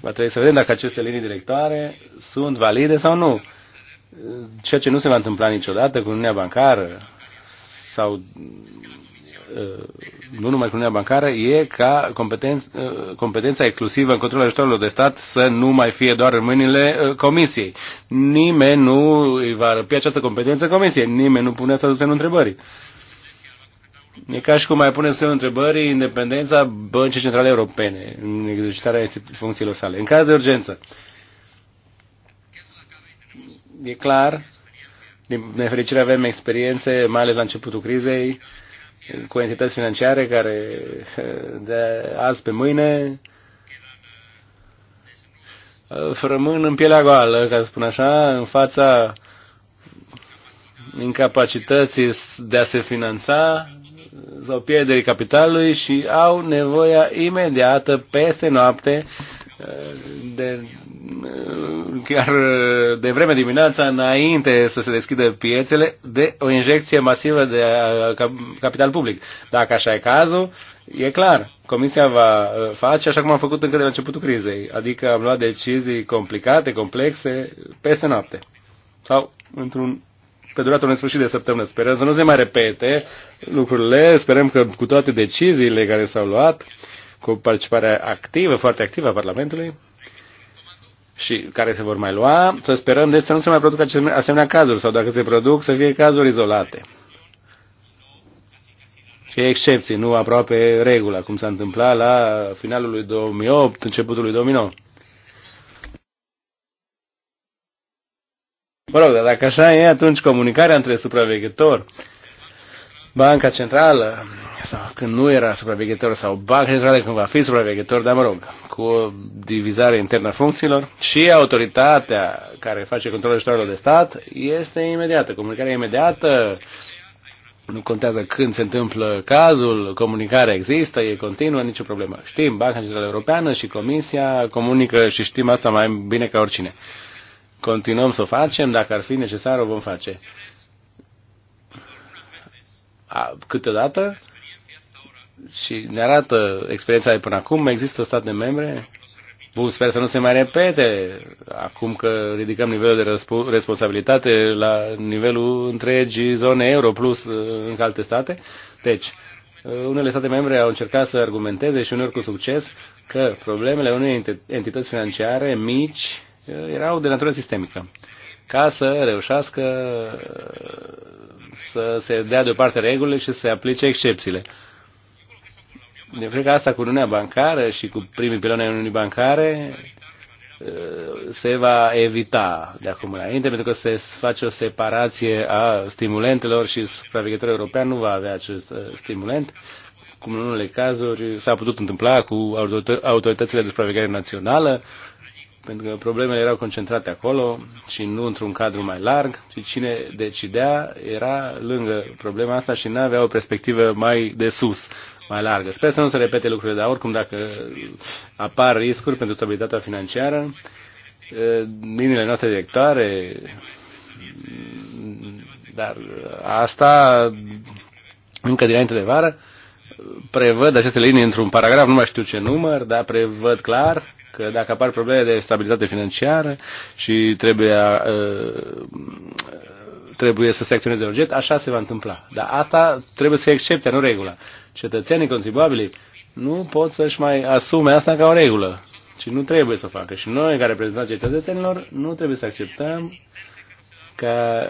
va trebui să vedem dacă aceste linii directoare sunt valide sau nu. Ceea ce nu se va întâmpla niciodată cu Uniunea Bancară sau Uh, nu numai cu Uniunea Bancară, e ca competenț, uh, competența exclusivă în controlul ajutorilor de stat să nu mai fie doar în mâinile uh, Comisiei. Nimeni nu îi va răpi această competență Comisiei, nimeni nu pune asta în întrebări. E ca și cum mai pune semnul întrebării independența Băncii Centrale Europene în exercitarea funcțiilor sale. În caz de urgență, e clar, din nefericire avem experiențe, mai ales la începutul crizei, cu entități financiare care de azi pe mâine rămân în pielea goală, ca să spun așa, în fața incapacității de a se finanța sau pierderii capitalului și au nevoia imediată, peste noapte, de, chiar de vreme dimineața, înainte să se deschidă piețele, de o injecție masivă de uh, capital public. Dacă așa e cazul, e clar, Comisia va uh, face așa cum am făcut încă de la începutul crizei, adică am luat decizii complicate, complexe, peste noapte. Sau într-un pe durata unui sfârșit de săptămână. Sperăm să nu se mai repete lucrurile, sperăm că cu toate deciziile care s-au luat, uh, cu participarea activă, foarte activă a Parlamentului și care se vor mai lua, să sperăm deci să nu se mai producă asemenea cazuri sau dacă se produc să fie cazuri izolate. Și excepții, nu aproape regula, cum s-a întâmplat la finalul lui 2008, începutul lui 2009. Mă rog, dar dacă așa e, atunci comunicarea între supraveghetor Banca Centrală, sau când nu era supraveghetor, sau Banca Centrală când va fi supraveghetor, dar mă rog, cu o divizare internă a funcțiilor, și autoritatea care face controlul ajutorilor de stat este imediată, comunicarea imediată, nu contează când se întâmplă cazul, comunicarea există, e continuă, nicio problemă. Știm, Banca Centrală Europeană și Comisia comunică și știm asta mai bine ca oricine. Continuăm să o facem, dacă ar fi necesar o vom face câteodată și ne arată experiența de până acum, există state membre Bun, sper să nu se mai repete acum că ridicăm nivelul de responsabilitate la nivelul întregii zone euro plus uh, în alte state. Deci, uh, unele state membre au încercat să argumenteze și uneori cu succes că problemele unei entități financiare mici uh, erau de natură sistemică ca să reușească să se dea deoparte regulile și să se aplice excepțiile. Eu cred că asta cu Uniunea Bancară și cu primii piloni ai Uniunii Bancare uh, se va evita de acum înainte, pentru că se face o separație a stimulentelor și supraveghetorul european nu va avea acest uh, stimulent, cum în unele cazuri s-a putut întâmpla cu autoritățile de supraveghere națională, pentru că problemele erau concentrate acolo și nu într-un cadru mai larg, și cine decidea era lângă problema asta și nu avea o perspectivă mai de sus, mai largă. Sper să nu se repete lucrurile, dar oricum dacă apar riscuri pentru stabilitatea financiară, liniile noastre directoare, dar asta încă dinainte de vară, prevăd aceste linii într-un paragraf, nu mai știu ce număr, dar prevăd clar că dacă apar probleme de stabilitate financiară și trebuie, trebuie să se acționeze urgent, așa se va întâmpla. Dar asta trebuie să fie excepția, nu regula. Cetățenii contribuabili nu pot să-și mai asume asta ca o regulă. Și nu trebuie să o facă. Și noi, care reprezentăm cetățenilor, nu trebuie să acceptăm ca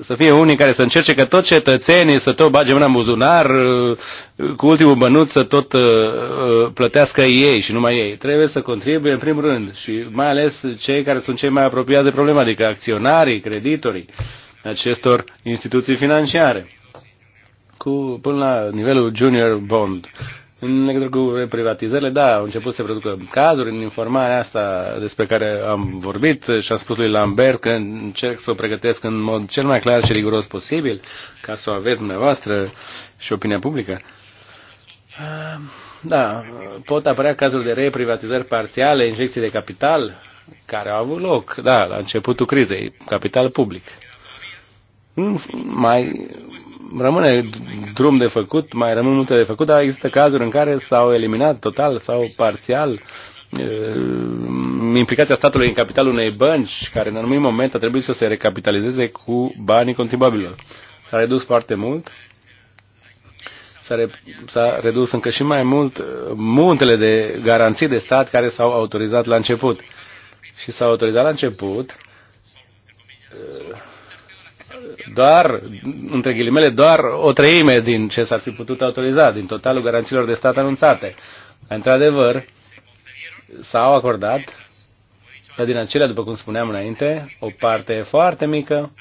să fie unii care să încerce că tot cetățenii să tot bage mâna în buzunar, uh, cu ultimul bănuț să tot uh, uh, plătească ei și numai ei. Trebuie să contribuie în primul rând și mai ales cei care sunt cei mai apropiați de problema adică acționarii, creditorii acestor instituții financiare, cu, până la nivelul junior bond. În legătură cu privatizările, da, au început să se producă cazuri în informarea asta despre care am vorbit și am spus lui Lambert că încerc să o pregătesc în mod cel mai clar și riguros posibil ca să o aveți dumneavoastră și opinia publică. Ah, da, pot apărea cazuri de reprivatizări parțiale, injecții de capital care au avut loc, da, la începutul crizei, capital public. Mai rămâne drum de făcut, mai rămân multe de făcut, dar există cazuri în care s-au eliminat total sau parțial mm, implicația statului în capitalul unei bănci, care în anumit moment a trebuit să se recapitalizeze cu banii contribuabililor. S-a redus foarte mult, s-a, re, redus încă și mai mult muntele de garanții de stat care s-au autorizat la început. Și s-au autorizat la început doar, între ghilimele, doar o treime din ce s-ar fi putut autoriza, din totalul garanțiilor de stat anunțate. Într-adevăr, s-au acordat, dar din acelea, după cum spuneam înainte, o parte foarte mică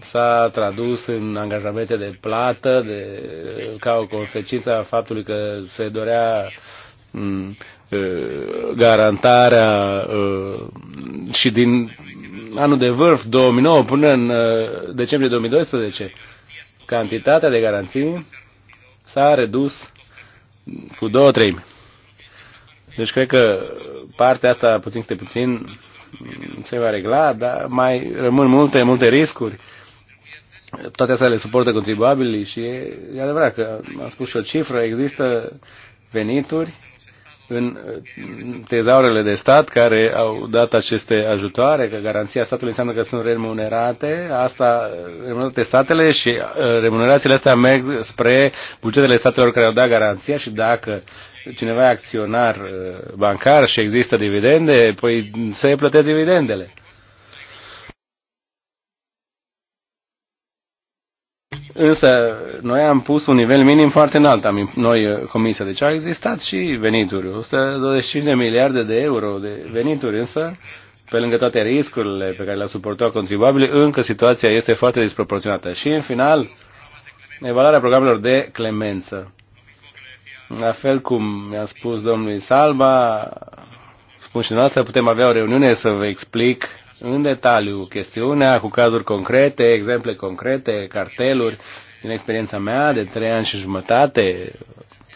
s-a tradus în angajamente de plată de, ca o consecință a faptului că se dorea mm, garantarea și din anul de vârf 2009 până în uh, decembrie 2012, cantitatea de garanții s-a redus cu două treimi. Deci cred că partea asta, puțin câte puțin, mm, se va regla, dar mai rămân multe, multe riscuri. Toate astea le suportă contribuabilii și e adevărat că, am spus și o cifră, există venituri în tezaurele de stat care au dat aceste ajutoare, că garanția statului înseamnă că sunt remunerate, asta, remunerate statele și uh, remunerațiile astea merg spre bugetele statelor care au dat garanția și dacă cineva e acționar uh, bancar și există dividende, păi se plătesc dividendele. Însă noi am pus un nivel minim foarte înalt, am, noi uh, comisia, deci au existat și venituri, 125 de miliarde de euro de venituri, însă pe lângă toate riscurile pe care le au suportat contribuabilii, încă situația este foarte disproporționată. Și în final, evaluarea programelor de clemență. La fel cum mi-a spus domnului Salba, spun și noastră, putem avea o reuniune să vă explic în detaliu chestiunea cu cazuri concrete, exemple concrete, carteluri. Din experiența mea de trei ani și jumătate,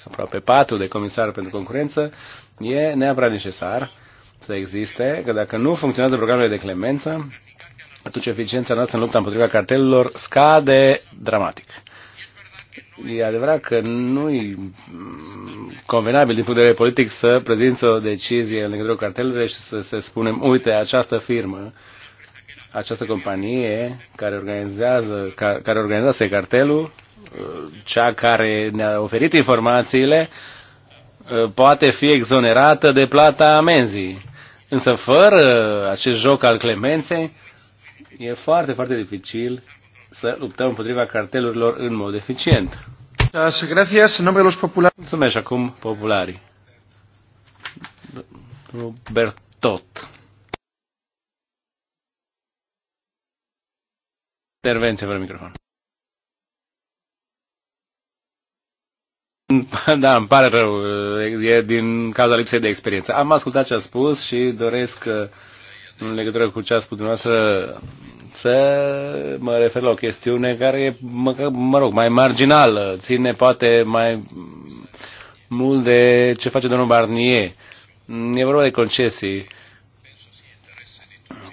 aproape patru de comisar pentru concurență, e neapărat necesar să existe, că dacă nu funcționează programele de clemență, atunci eficiența noastră în lupta împotriva cartelurilor scade dramatic e adevărat că nu-i convenabil din punct de vedere politic să prezinți o decizie în legătură cu cartelele și să, se spunem, uite, această firmă, această companie care organizează, ca, care organizează cartelul, cea care ne-a oferit informațiile, poate fi exonerată de plata amenzii. Însă fără acest joc al clemenței, e foarte, foarte dificil să luptăm împotriva cartelurilor în mod eficient. Gracias, în numele los populari. Mulțumesc acum popularii. Bertot. Intervenție fără microfon. Da, îmi pare rău, e din cauza lipsei de experiență. Am ascultat ce a spus și doresc uh, în legătură cu ce a spus dumneavoastră să mă refer la o chestiune care e, mă, mă rog, mai marginală, ține poate mai mult de ce face domnul Barnier. E vorba de concesii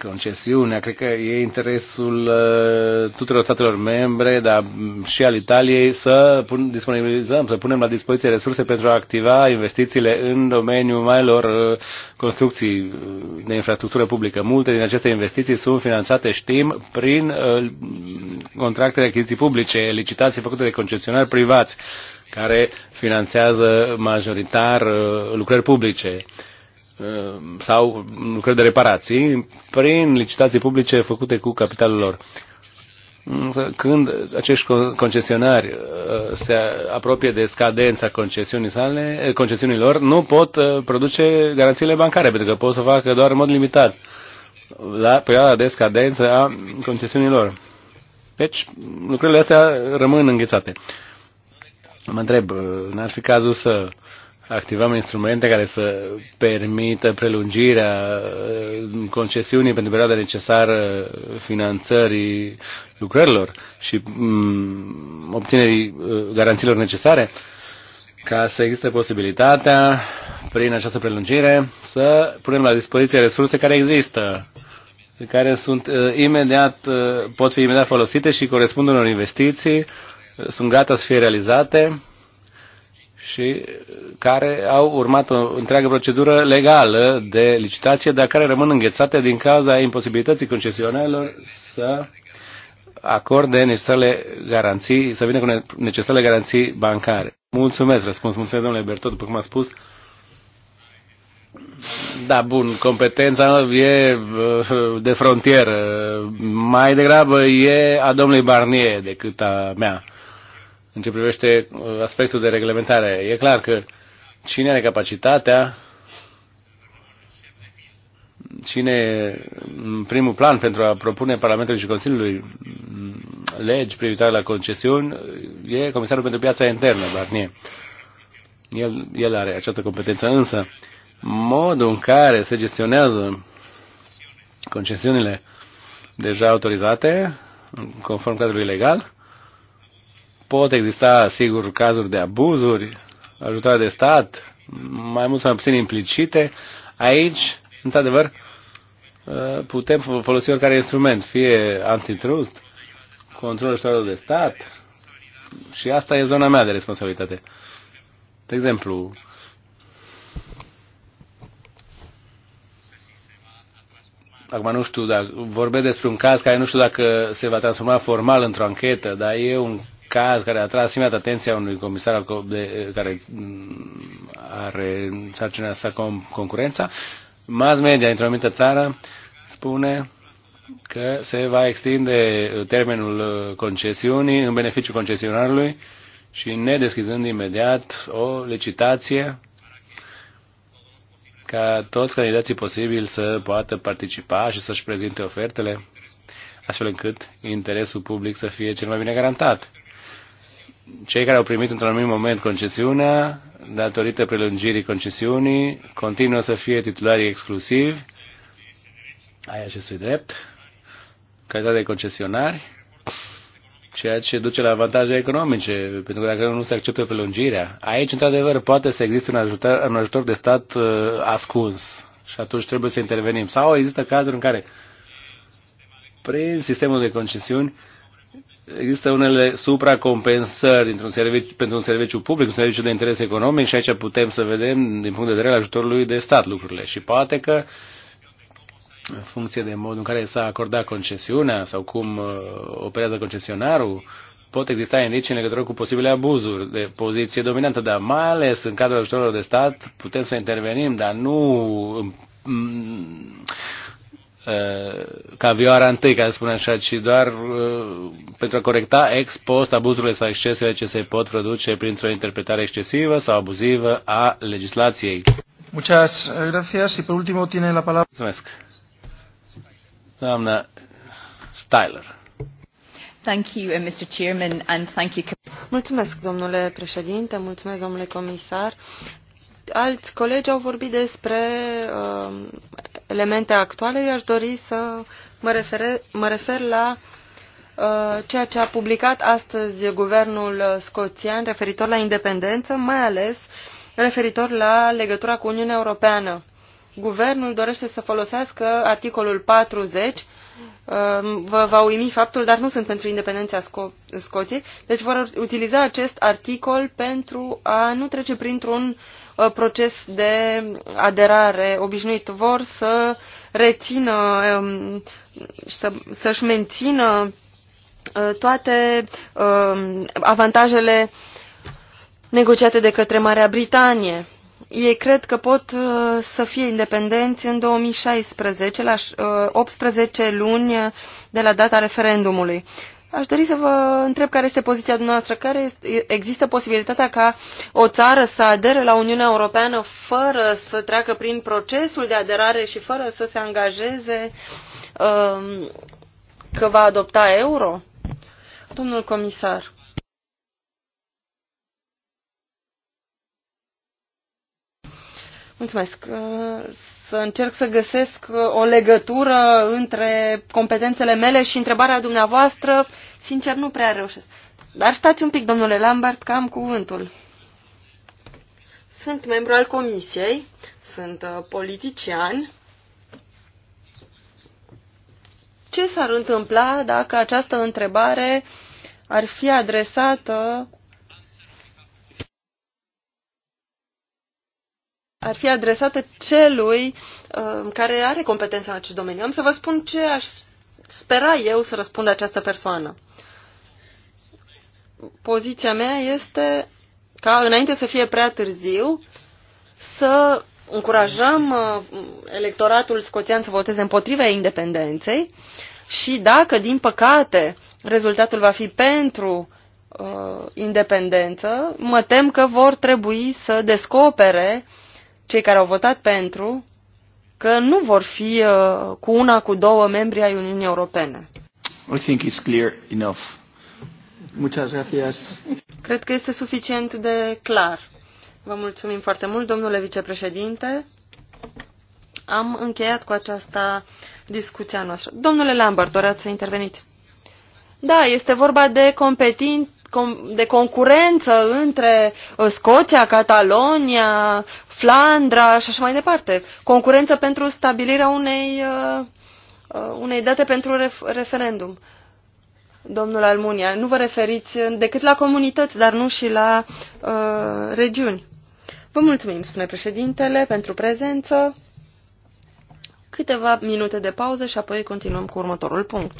concesiunea. Cred că e interesul uh, tuturor statelor membre, dar mm, și al Italiei, să pun, disponibilizăm, să punem la dispoziție resurse pentru a activa investițiile în domeniul mailor uh, construcții uh, de infrastructură publică. Multe din aceste investiții sunt finanțate, știm, prin contracte de achiziții publice, licitații făcute de concesionari privați care finanțează majoritar lucrări publice. Ehm, sau lucrări de reparații prin licitații publice făcute cu capitalul lor. Când acești concesionari eh, se apropie de scadența concesiunii sale, eh, concesiunilor, nu pot eh, produce garanțiile bancare, pentru că pot să facă doar în mod limitat la perioada de scadență a concesiunilor. Deci, lucrurile astea rămân înghețate. Mă întreb, n-ar fi cazul să uh, activăm instrumente care să permită prelungirea uh, concesiunii pentru perioada necesară finanțării lucrărilor și mm, obținerii uh, garanțiilor necesare ca să existe posibilitatea, prin această prelungire, să punem la dispoziție resurse care există, care sunt uh, imediat, uh, pot fi imediat folosite și corespund unor investiții, uh, sunt gata să fie realizate și uh, care au urmat o întreagă procedură legală de licitație, dar care rămân înghețate din cauza imposibilității concesionarilor să acorde necesarele garanții, să vină cu necesarele garanții bancare. Mulțumesc, răspuns. Mulțumesc, domnule Bertot, după cum a spus. Da, bun, competența e uh, de frontieră. Mai degrabă e a domnului Barnier decât a mea în ce privește uh, aspectul de reglementare. E clar că cine are capacitatea, cine e în primul plan pentru a propune Parlamentului și Consiliului mm, legi privitoare la concesiuni e Comisarul pentru Piața Internă, Barnier. El, el are această competență, însă modul în care se gestionează concesiunile deja autorizate, conform cadrului legal, Pot exista, sigur, cazuri de abuzuri, ajutoare de stat, mai mult sau mai puțin implicite. Aici, într-adevăr, uh, putem folosi oricare instrument, fie antitrust, controlul ajutorului de stat, și asta e zona mea de responsabilitate. De exemplu, acum nu știu dacă vorbesc despre un caz care nu știu dacă se va transforma formal într-o anchetă, dar e un caz care a tras imediat atenția unui comisar al, de, care mm, are sarcina sa com, concurența. Mass media într-o anumită țară spune că se va extinde uh, termenul uh, concesiunii în beneficiu concesionarului și nedeschizând imediat o licitație ca toți candidații posibili să poată participa și să-și prezinte ofertele, astfel încât interesul public să fie cel mai bine garantat cei care au primit într-un anumit moment concesiunea, datorită prelungirii concesiunii, continuă să fie titulari exclusivi ai acestui drept, calitate de concesionari, ceea ce duce la avantaje economice, pentru că dacă nu se acceptă prelungirea. Aici, într-adevăr, poate să existe un ajutor, un ajutor de stat uh, ascuns și atunci trebuie să intervenim. Sau există cazuri în care, prin sistemul de concesiuni, uh, există unele supracompensări într-un serviciu, pentru un serviciu public, un serviciu de interes economic și aici putem să vedem din punct de vedere al ajutorului de stat lucrurile. Și poate că în funcție de modul în care s-a acordat concesiunea sau cum uh, operează concesionarul, pot exista indicii în legătură cu posibile abuzuri de poziție dominantă, dar mai ales în cadrul ajutorilor de stat putem să intervenim, dar nu mm, cavioara întâi, ca să spun așa, ci doar pentru a corecta ex post abuzurile sau excesele ce se pot produce printr-o interpretare excesivă sau abuzivă a legislației. Muchas gracias y por último tiene la palabra. Mulțumesc. Doamna Styler. Thank you, uh, Mr. Chairman, and thank you. Mulțumesc, domnule președinte, mulțumesc, domnule comisar. Alți colegi au vorbit despre uh, elemente actuale. Eu aș dori să mă, refer mă refer la uh, ceea ce a publicat astăzi guvernul scoțian referitor la independență, mai ales referitor la legătura cu Uniunea Europeană. Guvernul dorește să folosească articolul 40 um, vă va uimi faptul, dar nu sunt pentru independența Sco Scoției, deci vor utiliza acest articol pentru a nu trece printr-un Uh, proces de aderare obișnuit. Vor să rețină, um, să, să-și mențină uh, toate um, avantajele negociate de către Marea Britanie. Ei cred că pot uh, să fie independenți în 2016, la 18 luni de la data referendumului. Aș dori să vă întreb care este poziția dumneavoastră. Care există posibilitatea ca o țară să adere la Uniunea Europeană fără să treacă prin procesul de aderare și fără să se angajeze um, că va adopta euro? Domnul comisar. Mulțumesc. Uh, să încerc să găsesc uh, o legătură între competențele mele și întrebarea dumneavoastră, sincer nu prea reușesc. Dar stați un pic, domnule Lambert, că am cuvântul. Sunt membru al comisiei, sunt uh, politician. Ce s-ar întâmpla dacă această întrebare ar fi adresată ar fi adresată celui uh, care are competența în acest domeniu. Am să vă spun ce aș spera eu să răspundă această persoană. Poziția mea este ca, înainte să fie prea târziu, să încurajăm uh, electoratul scoțian să voteze împotriva independenței și dacă, din păcate, rezultatul va fi pentru uh, independență, mă tem că vor trebui să descopere uh, cei care au votat pentru că nu vor fi uh, cu una, cu două membri ai Uniunii Europene. I think it's clear enough. Muchas gracias. Cred că este suficient de clar. Vă mulțumim foarte mult, domnule vicepreședinte. Am încheiat cu aceasta discuția noastră. Domnule Lambert, doreați să interveniți. Da, este vorba de competin, de concurență între uh, Scoția, Catalonia, Flandra și așa mai departe. Concurență pentru stabilirea unei, uh, uh, unei date pentru referendum. Domnul Almunia, nu vă referiți decât la comunități, dar nu și la uh, regiuni. Vă mulțumim, spune președintele, pentru prezență. Câteva minute de pauză și apoi continuăm cu următorul punct.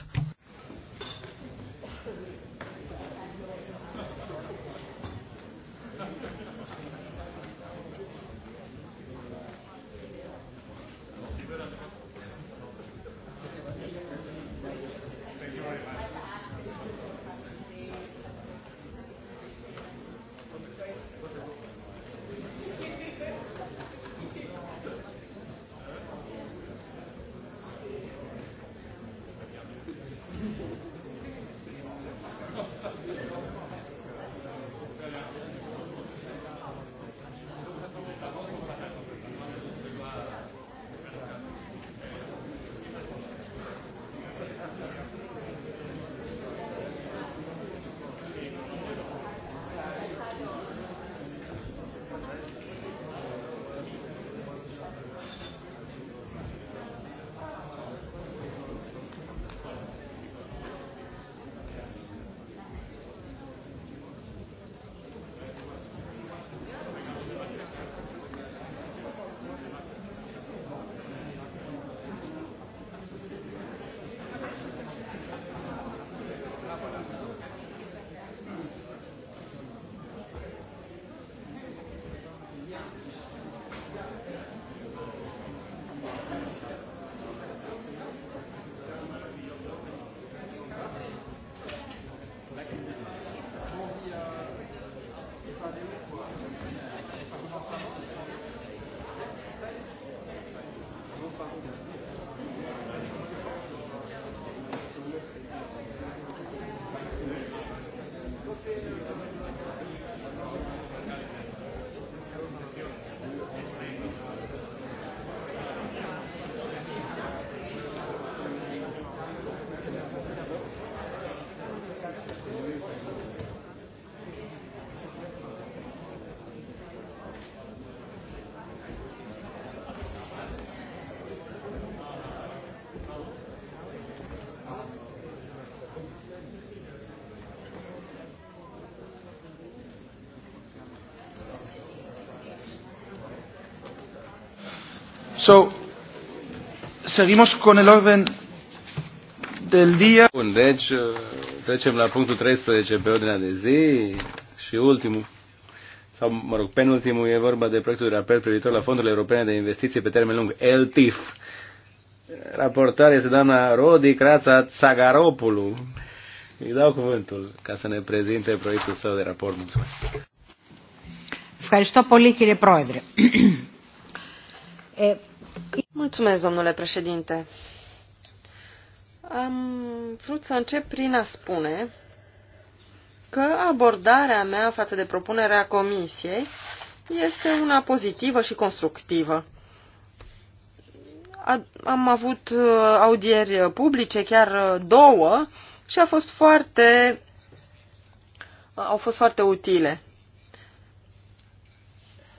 So, seguimos con el orden del día. Bun, deci uh, trecem la punctul 13 pe ordinea de zi și ultimul sau, mă rog, penultimul e vorba de proiectul de rapel privitor la fondurile europene de investiții pe termen lung, LTIF. Raportarea este doamna Rodi Crața Tsagaropulu. Îi dau cuvântul ca să ne prezinte proiectul său de raport. Mulțumesc. Ευχαριστώ πολύ κύριε Πρόεδρε domnule președinte. Am vrut să încep prin a spune că abordarea mea față de propunerea comisiei este una pozitivă și constructivă. Am avut uh, audieri publice, chiar uh, două, și a fost foarte, au fost foarte utile.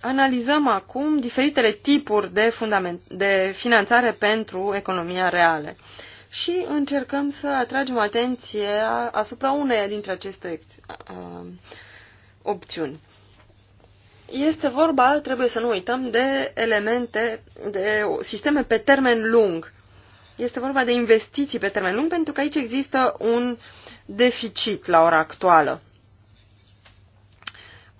Analizăm acum diferitele tipuri de, fundament, de finanțare pentru economia reală și încercăm să atragem atenție asupra uneia dintre aceste uh, opțiuni. Este vorba, trebuie să nu uităm, de elemente, de sisteme pe termen lung. Este vorba de investiții pe termen lung pentru că aici există un deficit la ora actuală.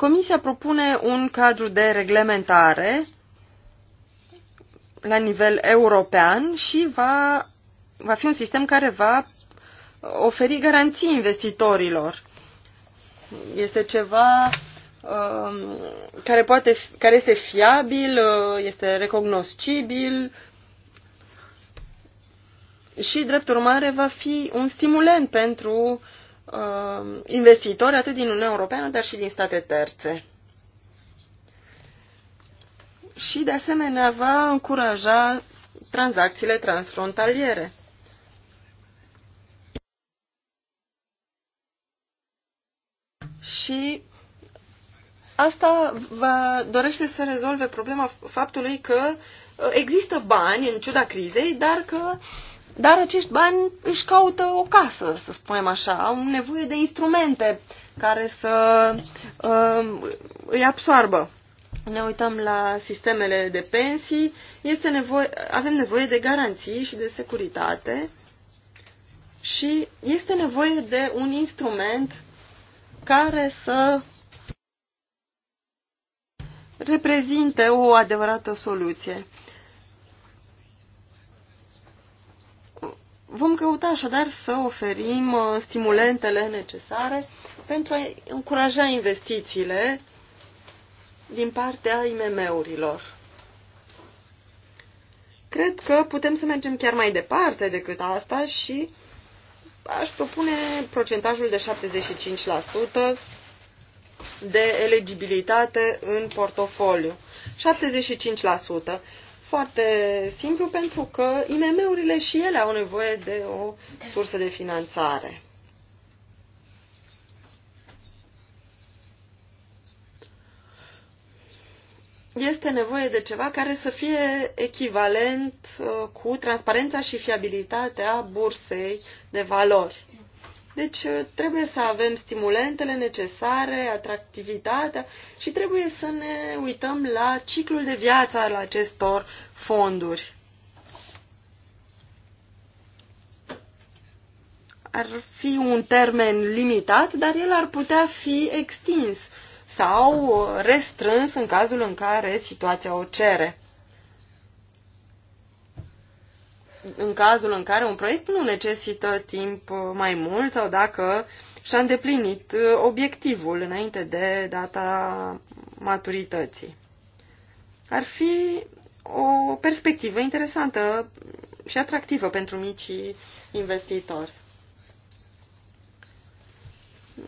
Comisia propune un cadru de reglementare la nivel european și va, va fi un sistem care va oferi garanții investitorilor. Este ceva um, care, poate, care este fiabil, uh, este recognoscibil și, drept urmare, va fi un stimulent pentru Uh, investitori atât din Uniunea Europeană, dar și din state terțe. Și, de asemenea, va încuraja tranzacțiile transfrontaliere. Și asta va, dorește să rezolve problema faptului că uh, există bani, în ciuda crizei, dar că uh, dar acești bani își caută o casă, să spunem așa. Au nevoie de instrumente care să uh, îi absoarbă. Ne uităm la sistemele de pensii, este nevoie, avem nevoie de garanții și de securitate și este nevoie de un instrument care să reprezinte o adevărată soluție. Vom căuta așadar să oferim uh, stimulentele necesare pentru a încuraja investițiile din partea IMM-urilor. Cred că putem să mergem chiar mai departe decât asta și aș propune procentajul de 75% de eligibilitate în portofoliu. 75% foarte simplu pentru că IMM-urile și ele au nevoie de o sursă de finanțare. Este nevoie de ceva care să fie echivalent uh, cu transparența și fiabilitatea bursei de valori. Deci uh, trebuie să avem stimulentele necesare, atractivitatea și trebuie să ne uităm la ciclul de viață al acestor fonduri. Ar fi un termen limitat, dar el ar putea fi extins sau uh, restrâns în cazul în care situația o cere. în cazul în care un proiect nu necesită timp uh, mai mult sau dacă și-a îndeplinit uh, obiectivul înainte de data maturității. Ar fi o perspectivă interesantă și atractivă pentru micii investitori.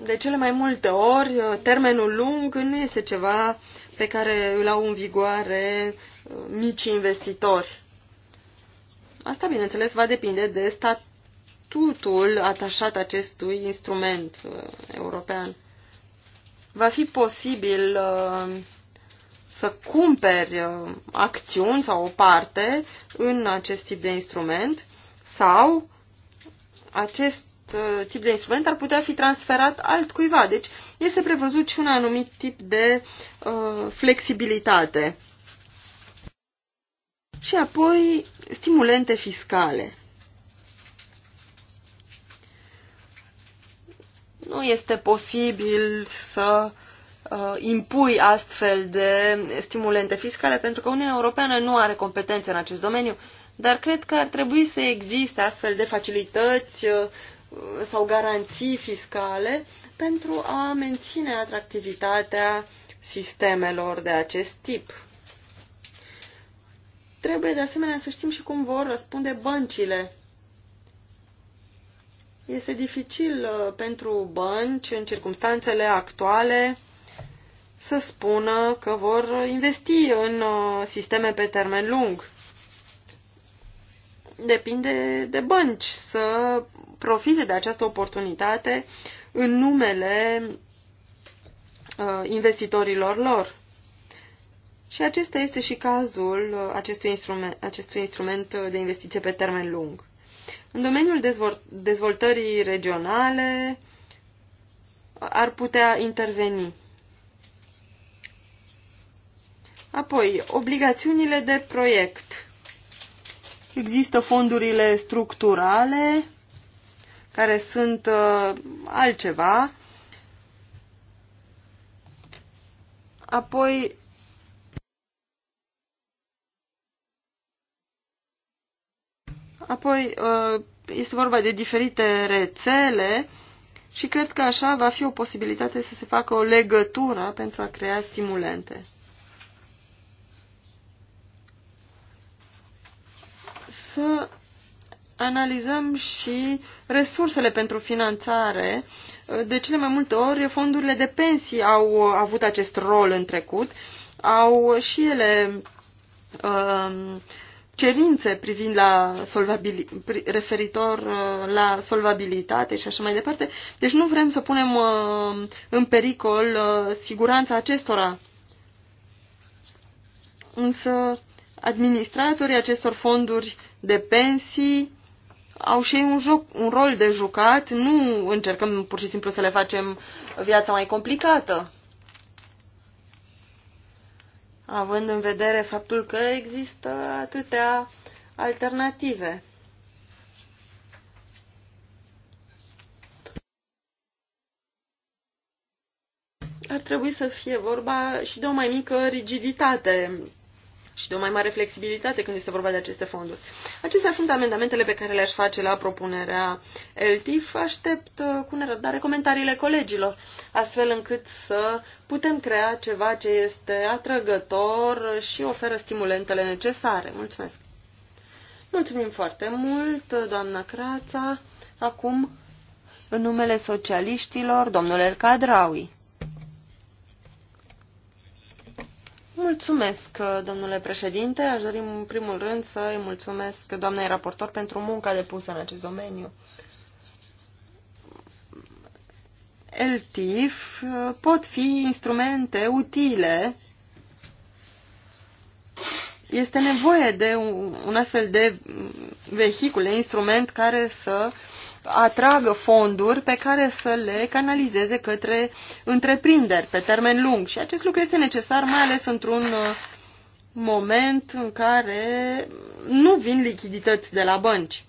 De cele mai multe ori, uh, termenul lung nu este ceva pe care îl au în vigoare micii investitori Asta, bineînțeles, va depinde de statutul atașat acestui instrument uh, european. Va fi posibil uh, să cumperi uh, acțiuni sau o parte în acest tip de instrument sau acest uh, tip de instrument ar putea fi transferat altcuiva. Deci este prevăzut și un anumit tip de uh, flexibilitate și apoi stimulente fiscale. Nu este posibil să uh, impui astfel de stimulente fiscale pentru că Uniunea Europeană nu are competențe în acest domeniu, dar cred că ar trebui să existe astfel de facilități uh, sau garanții fiscale pentru a menține atractivitatea sistemelor de acest tip. Trebuie de asemenea să știm și cum vor răspunde băncile. Este dificil uh, pentru bănci, în circumstanțele actuale, să spună că vor investi în uh, sisteme pe termen lung. Depinde de bănci să profite de această oportunitate în numele uh, investitorilor lor. Și acesta este și cazul uh, acestui instrument, acestui instrument uh, de investiție pe termen lung. În domeniul dezvoltării regionale ar putea interveni. Apoi, obligațiunile de proiect. Există fondurile structurale, care sunt uh, altceva. Apoi, Apoi uh, este vorba de diferite rețele și cred că așa va fi o posibilitate să se facă o legătură pentru a crea stimulente. Să analizăm și resursele pentru finanțare. De cele mai multe ori, fondurile de pensii au avut acest rol în trecut, au și ele Uh, cerințe privind la solvabil, referitor uh, la solvabilitate și așa mai departe. Deci nu vrem să punem uh, în pericol uh, siguranța acestora. Însă administratorii acestor fonduri de pensii au și ei un, joc, un rol de jucat, nu încercăm pur și simplu să le facem viața mai complicată având în vedere faptul că există atâtea alternative. Ar trebui să fie vorba și de o mai mică rigiditate și de o mai mare flexibilitate când este vorba de aceste fonduri. Acestea sunt amendamentele pe care le-aș face la propunerea LTIF. Aștept uh, cu nerăbdare comentariile colegilor, astfel încât să putem crea ceva ce este atrăgător și oferă stimulentele necesare. Mulțumesc! Mulțumim foarte mult, doamna Crața. Acum, în numele socialiștilor, domnul El Cadraui. Mulțumesc, domnule președinte. Aș dori în primul rând să îi mulțumesc doamnei raportor pentru munca depusă în acest domeniu. LTIF pot fi instrumente utile. Este nevoie de un astfel de vehicul, de instrument care să uh, atragă fonduri pe care să le canalizeze către întreprinderi pe termen lung. Și acest lucru este necesar mai ales într-un uh, moment în care nu vin lichidități de la bănci.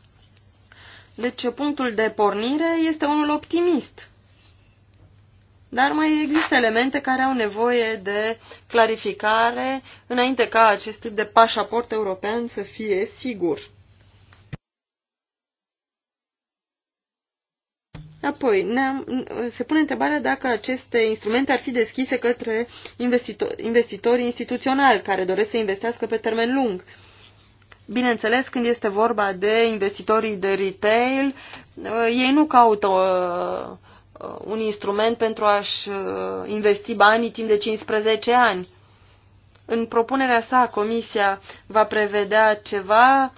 Deci punctul de pornire este unul optimist. Dar mai există elemente care au nevoie de clarificare înainte ca acest tip de pașaport european să fie sigur. Apoi, se pune întrebarea dacă aceste instrumente ar fi deschise către investitor, instituționali care doresc să investească pe termen lung. Bineînțeles, când este vorba de investitorii de retail, eh, ei nu caută eh, un instrument pentru a-și eh, investi banii timp de 15 ani. În propunerea sa, Comisia va prevedea ceva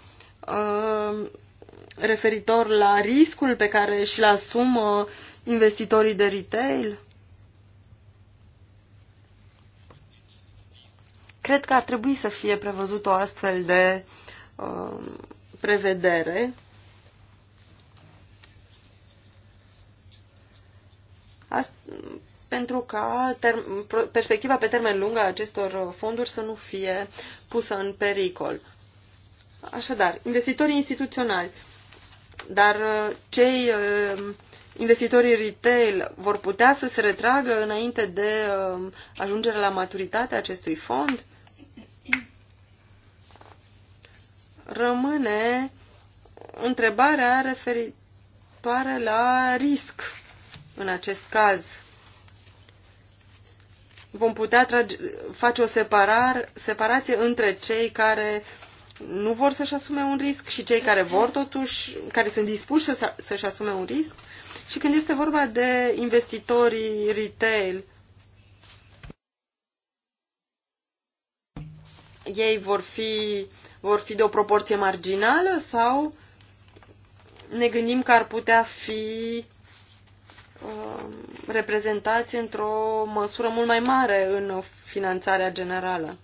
referitor la riscul pe care și-l asumă investitorii de retail? Cred că ar trebui să fie prevăzut o astfel de uh, prevedere. Ast pentru ca perspectiva pe termen lung a acestor fonduri să nu fie pusă în pericol. Așadar, investitorii instituționali dar uh, cei uh, investitorii retail vor putea să se retragă înainte de um, ajungerea la maturitate acestui fond? Rămâne întrebarea referitoare la risc în acest caz. Vom putea trage, face o separar, separație între cei care nu vor să-și asume un risc și cei care vor totuși, care sunt dispuși să-și asume un risc. Și când este vorba de investitorii retail, ei vor fi, vor fi de o proporție marginală sau ne gândim că ar putea fi um, reprezentați într-o măsură mult mai mare în finanțarea generală.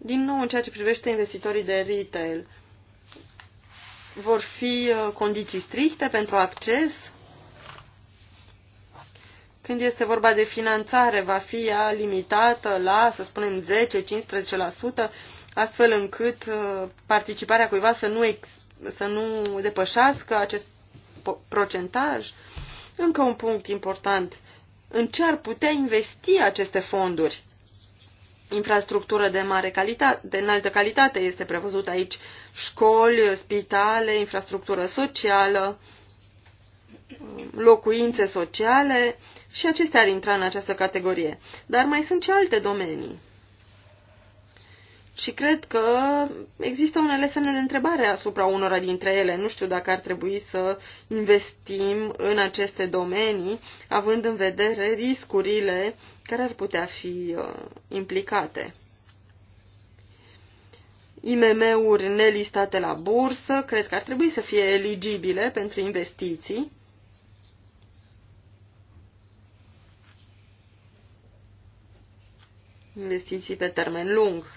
Din nou, în ceea ce privește investitorii de retail, vor fi uh, condiții stricte pentru acces? Când este vorba de finanțare, va fi ea limitată la, să spunem, 10-15%, astfel încât uh, participarea cuiva să nu, ex, să nu depășească acest procentaj? Încă un punct important. În ce ar putea investi aceste fonduri? infrastructură de mare calitate, de înaltă calitate este prevăzut aici școli, spitale, infrastructură socială, locuințe sociale și acestea ar intra în această categorie. Dar mai sunt și alte domenii. Și cred că există unele semne de întrebare asupra unora dintre ele. Nu știu dacă ar trebui să investim în aceste domenii, având în vedere riscurile care ar putea fi uh, implicate. IMM-uri nelistate la bursă, cred că ar trebui să fie eligibile pentru investiții. Investiții pe termen lung.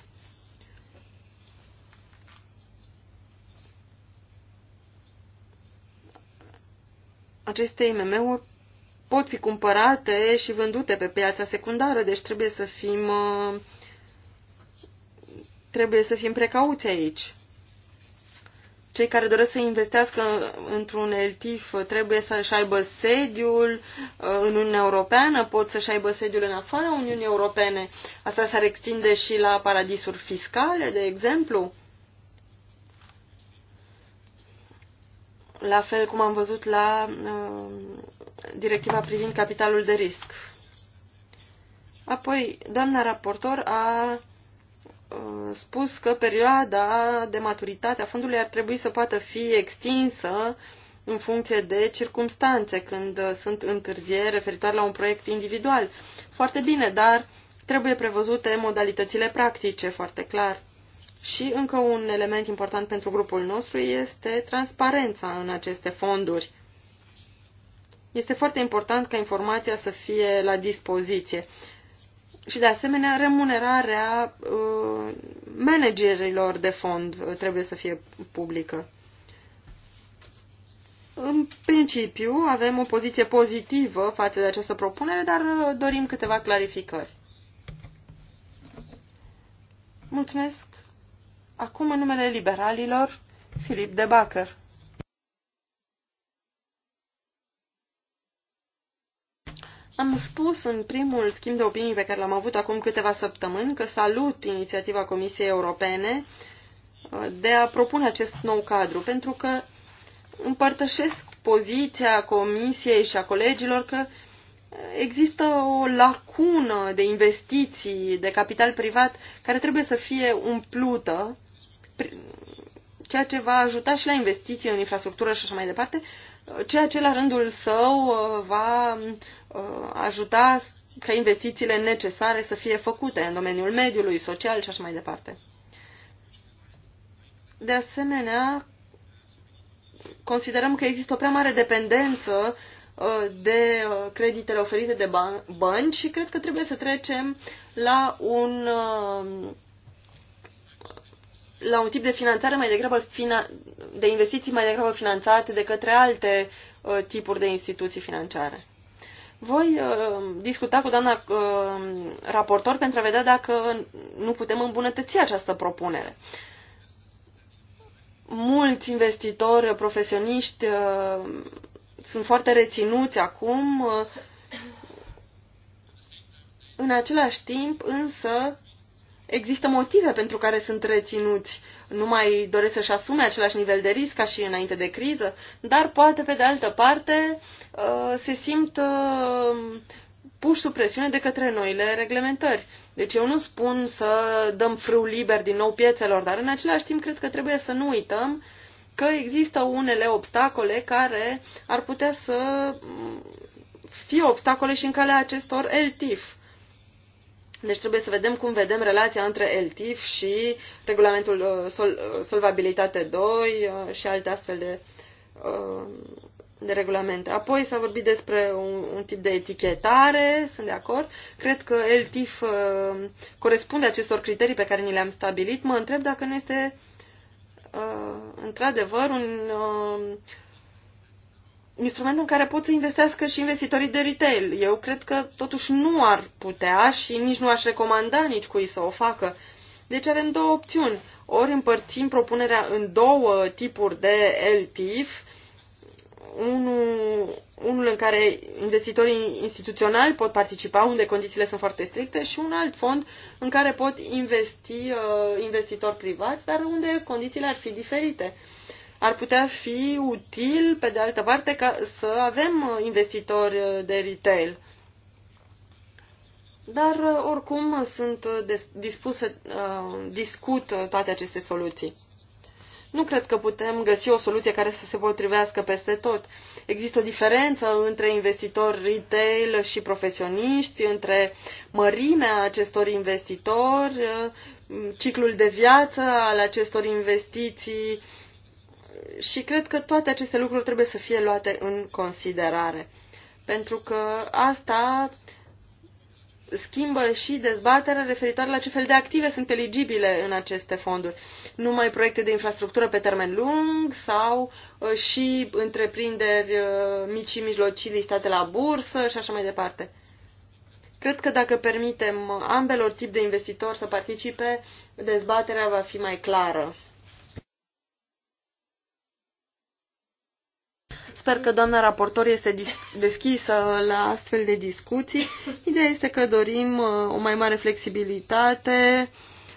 Aceste IMM-uri pot fi cumpărate și vândute pe piața secundară, deci trebuie să fim uh, trebuie să fim precauți aici. Cei care doresc să investească într-un ELTIF trebuie să-și aibă sediul uh, în Uniunea Europeană, pot să-și aibă sediul în afara Uniunii Europene. Asta s-ar extinde și la paradisuri fiscale, de exemplu. la fel cum am văzut la uh, directiva privind capitalul de risc. Apoi, doamna raportor a uh, spus că perioada de maturitate a fondului ar trebui să poată fi extinsă în funcție de circumstanțe, când uh, sunt întârzieri referitoare la un proiect individual. Foarte bine, dar trebuie prevăzute modalitățile practice, foarte clar. Și încă un element important pentru grupul nostru este transparența în aceste fonduri. Este foarte important ca informația să fie la dispoziție. Și de asemenea, remunerarea uh, managerilor de fond uh, trebuie să fie publică. În principiu, avem o poziție pozitivă față de această propunere, dar uh, dorim câteva clarificări. Mulțumesc! Acum, în numele liberalilor, Filip de Bacăr. Am spus în primul schimb de opinii pe care l-am avut acum câteva săptămâni că salut inițiativa Comisiei Europene uh, de a propune acest nou cadru, pentru că împărtășesc poziția Comisiei și a colegilor că există o lacună de investiții, de capital privat, care trebuie să fie umplută ceea ce va ajuta și la investiții în infrastructură și așa mai departe, ceea ce la rândul său va uh, ajuta ca investițiile necesare să fie făcute în domeniul mediului, social și așa mai departe. De asemenea, considerăm că există o prea mare dependență uh, de uh, creditele oferite de bănci și cred că trebuie să trecem la un la un tip de finanțare mai degrabă de investiții mai degrabă finanțate de către alte uh, tipuri de instituții financiare. Voi uh, discuta cu doamna uh, raportor pentru a vedea dacă nu putem îmbunătăți această propunere. Mulți investitori uh, profesioniști uh, sunt foarte reținuți acum. Uh, în același timp, însă, există motive pentru care sunt reținuți. Nu mai doresc să-și asume același nivel de risc ca și înainte de criză, dar poate, pe de altă parte, uh, se simt uh, puși sub presiune de către noile reglementări. Deci eu nu spun să dăm frâu liber din nou piețelor, dar în același timp cred că trebuie să nu uităm că există unele obstacole care ar putea să fie obstacole și în calea acestor LTIF deci trebuie să vedem cum vedem relația între LTIF și regulamentul uh, Sol uh, Solvabilitate 2 uh, și alte astfel de, de regulamente. Apoi s-a vorbit despre un, un tip de etichetare, sunt de acord. Cred că LTIF corespunde acestor criterii pe care ni le-am stabilit. Mă întreb dacă nu este într-adevăr un instrument în care pot să investească și investitorii de retail. Eu cred că totuși nu ar putea și nici nu aș recomanda nici cui să o facă. Deci avem două opțiuni. Ori împărțim propunerea în două tipuri de LTIF, unul, unul în care investitorii instituționali pot participa, unde condițiile sunt foarte stricte, și un alt fond în care pot investi uh, investitori privați, dar unde condițiile ar fi diferite. Uh, ar putea fi util, pe de altă parte, ca să avem uh, investitori uh, de retail. Dar, uh, oricum, sunt dispus să discut toate aceste soluții. Nu cred că putem găsi o soluție care să se potrivească peste tot. Există o diferență între investitori retail și profesioniști, între mărimea acestor investitori, ciclul de viață al acestor investiții, și cred că toate aceste lucruri trebuie să fie luate în considerare. Pentru că asta schimbă și dezbaterea referitoare la ce fel de active sunt eligibile în aceste fonduri. Numai proiecte de infrastructură pe termen lung sau uh, și întreprinderi uh, mici și mijlocii listate la bursă și așa mai departe. Cred că dacă permitem ambelor tip de investitori să participe, dezbaterea va fi mai clară. Sper că doamna raportor este deschisă la astfel de discuții. Ideea este că dorim uh, o mai mare flexibilitate,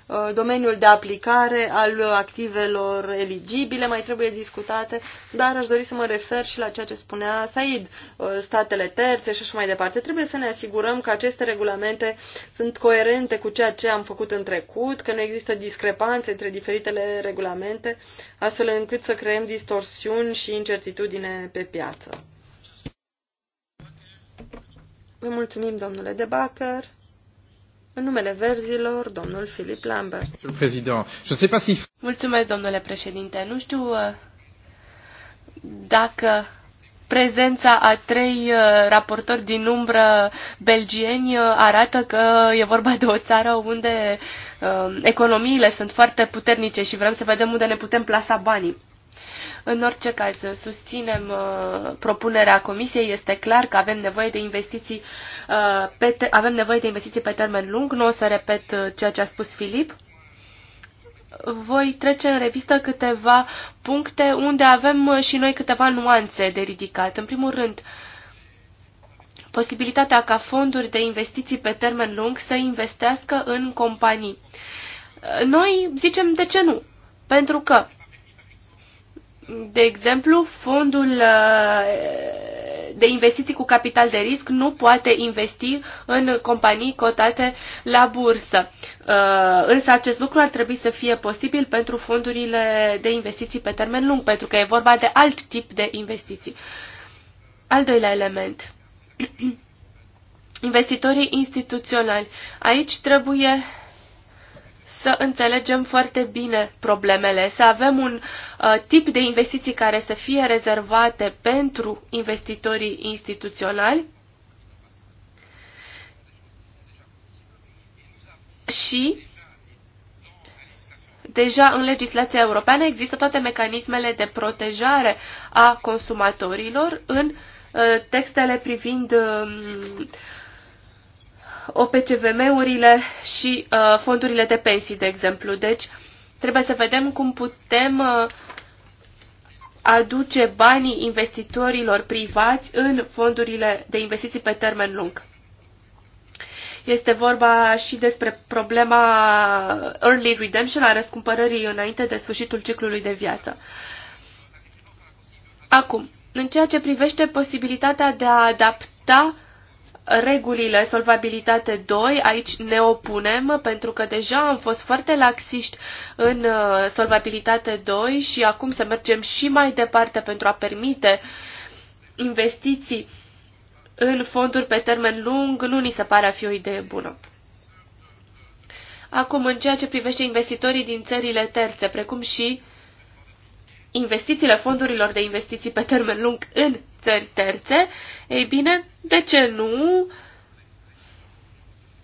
Uh, domeniul de aplicare al activelor eligibile mai trebuie discutate, dar aș dori să mă refer și la ceea ce spunea Said, uh, statele terțe și așa mai departe. Trebuie să ne asigurăm că aceste regulamente sunt coerente cu ceea ce am făcut în trecut, că nu există discrepanțe între diferitele regulamente, astfel încât să creăm distorsiuni și incertitudine pe piață. Vă mulțumim, domnule Debacăr. În numele verzilor, domnul Filip Lambert. Mulțumesc, domnule președinte. Nu știu uh, dacă prezența a trei uh, raportori din umbră belgieni uh, arată că e vorba de o țară unde economiile sunt foarte puternice și vrem să vedem unde ne putem plasa banii. În orice caz, susținem uh, propunerea Comisiei. Este clar că avem nevoie de investiții uh, pe, avem nevoie de investiții pe termen lung. Nu o să repet uh, ceea ce a spus Filip voi trece în revistă câteva puncte unde avem și noi câteva nuanțe de ridicat. În primul rând, posibilitatea ca fonduri de investiții pe termen lung să investească în companii. Noi zicem de ce nu? Pentru că de exemplu, fondul uh, de investiții cu capital de risc nu poate investi în companii cotate la bursă. Uh, însă acest lucru ar trebui să fie posibil pentru fondurile de investiții pe termen lung, pentru că e vorba de alt tip de investiții. Al doilea element. Investitorii instituționali. Aici trebuie să înțelegem foarte bine problemele, să avem un uh, tip de investiții care să fie rezervate pentru investitorii instituționali și deja în legislația europeană există toate mecanismele de protejare a consumatorilor în uh, textele privind um, OPCVM-urile și uh, fondurile de pensii, de exemplu. Deci, trebuie să vedem cum putem uh, aduce banii investitorilor privați în fondurile de investiții pe termen lung. Este vorba și despre problema early redemption, a răscumpărării înainte de sfârșitul ciclului de viață. Acum, în ceea ce privește posibilitatea de a adapta regulile solvabilitate 2, aici ne opunem pentru că deja am fost foarte laxiști în uh, solvabilitate 2 și acum să mergem și mai departe pentru a permite investiții în fonduri pe termen lung nu ni se pare a fi o idee bună. Acum, în ceea ce privește investitorii din țările terțe, precum și investițiile fondurilor de investiții pe termen lung în țări terțe, ei bine, de ce nu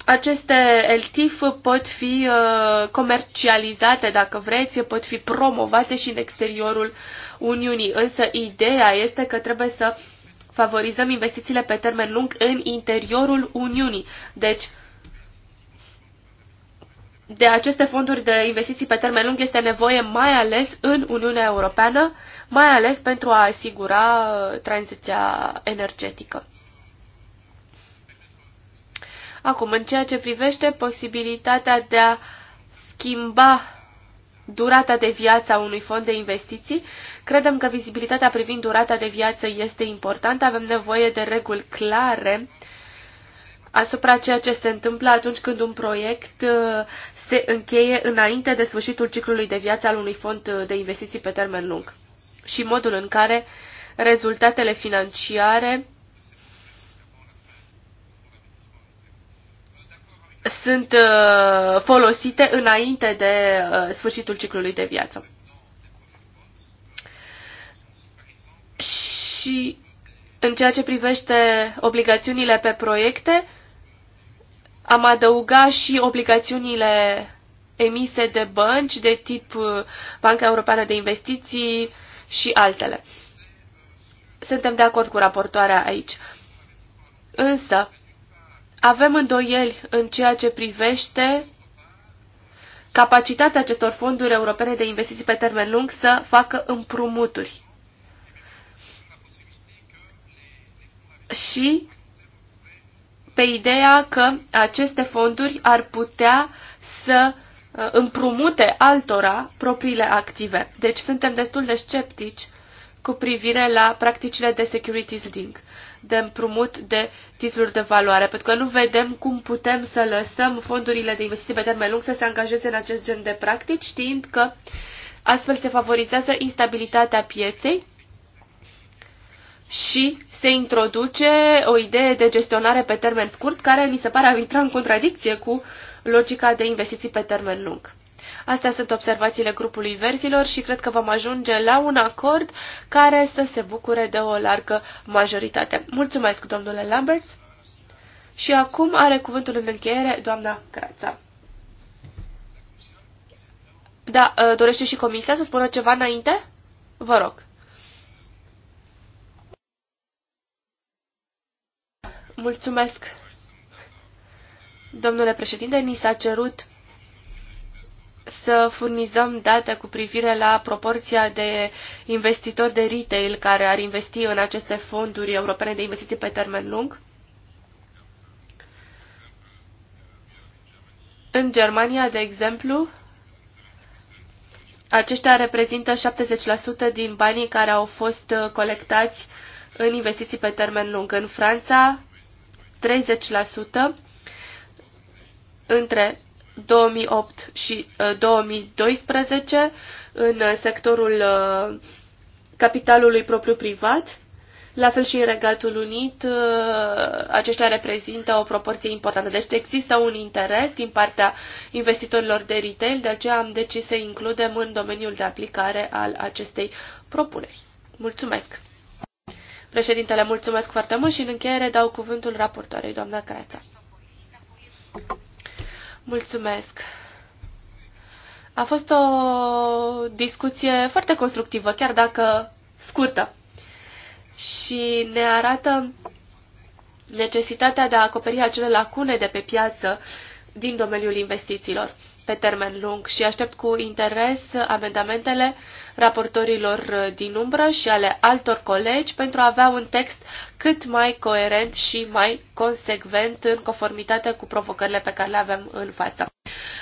aceste LTIF pot fi uh, comercializate, dacă vreți, pot fi promovate și în exteriorul Uniunii. Însă ideea este că trebuie să favorizăm investițiile pe termen lung în interiorul Uniunii. Deci, de aceste fonduri de investiții pe termen lung este nevoie mai ales în Uniunea Europeană, mai ales pentru a asigura uh, tranziția energetică. Acum, în ceea ce privește posibilitatea de a schimba durata de viață a unui fond de investiții, credem că vizibilitatea privind durata de viață este importantă, avem nevoie de reguli clare uh, asupra ceea ce se întâmplă atunci când un proiect uh, se încheie înainte de sfârșitul ciclului de viață al unui fond uh, de investiții pe termen lung și modul în care rezultatele financiare sunt uh, folosite înainte de sfârșitul ciclului de viață. Și în ceea ce privește obligațiunile pe proiecte, am adăugat și obligațiunile emise de bănci de tip uh, Banca Europeană de Investiții și altele. Suntem de acord cu raportoarea aici. Însă, avem îndoieli în ceea ce privește capacitatea acestor fonduri europene de investiții pe termen lung să facă împrumuturi. Și pe ideea că aceste fonduri ar putea să uh, împrumute altora propriile active. Deci suntem destul de sceptici cu privire la practicile de securities link, de împrumut de titluri de valoare, pentru că nu vedem cum putem să lăsăm fondurile de investiții pe termen lung să se angajeze în acest gen de practici, știind că astfel se favorizează instabilitatea pieței și se introduce o idee de gestionare pe termen scurt care mi se pare a intra în contradicție cu logica de investiții pe termen lung. Astea sunt observațiile grupului verzilor și cred că vom ajunge la un acord care să se bucure de o largă majoritate. Mulțumesc, domnule Lamberts. Și acum are cuvântul în încheiere doamna Crața. Da, uh, dorește și comisia să spună ceva înainte? Vă rog. Mulțumesc. Domnule președinte, ni s-a cerut să furnizăm date cu privire la proporția de investitori de retail care ar investi în aceste fonduri europene de investiții pe termen lung. În Germania, de exemplu, aceștia reprezintă 70% din banii care au fost colectați în investiții pe termen lung. În Franța, 30% între 2008 și 2012 uh, în uh, sectorul uh, capitalului propriu privat. La fel și în Regatul Unit, aceștia reprezintă o proporție importantă. Deci există un interes din partea investitorilor de retail, de aceea am decis să includem în domeniul de aplicare al acestei propuneri. Mulțumesc! Președintele, mulțumesc foarte mult și în încheiere dau cuvântul raportoarei, doamna Creața. Mulțumesc. A fost o discuție foarte constructivă, chiar dacă scurtă. Și ne arată necesitatea de a acoperi acele lacune de pe piață din domeniul investițiilor pe termen lung și aștept cu interes amendamentele raportorilor uh, din umbră și ale altor colegi pentru a avea un text cât mai coerent și mai consecvent în conformitate cu provocările pe care le avem în față.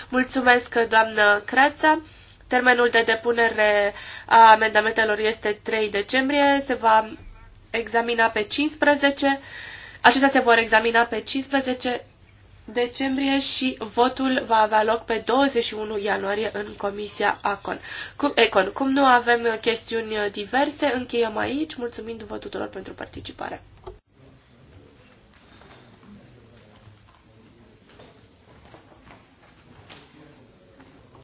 Mulțumesc, doamnă Creață! Termenul de depunere a amendamentelor este 3 decembrie. Se va examina pe 15. Acestea se vor examina pe 15 decembrie și votul va avea loc pe 21 ianuarie în Comisia Acon. Cum, Econ. Cum nu avem chestiuni diverse, încheiem aici, mulțumindu-vă tuturor pentru participare.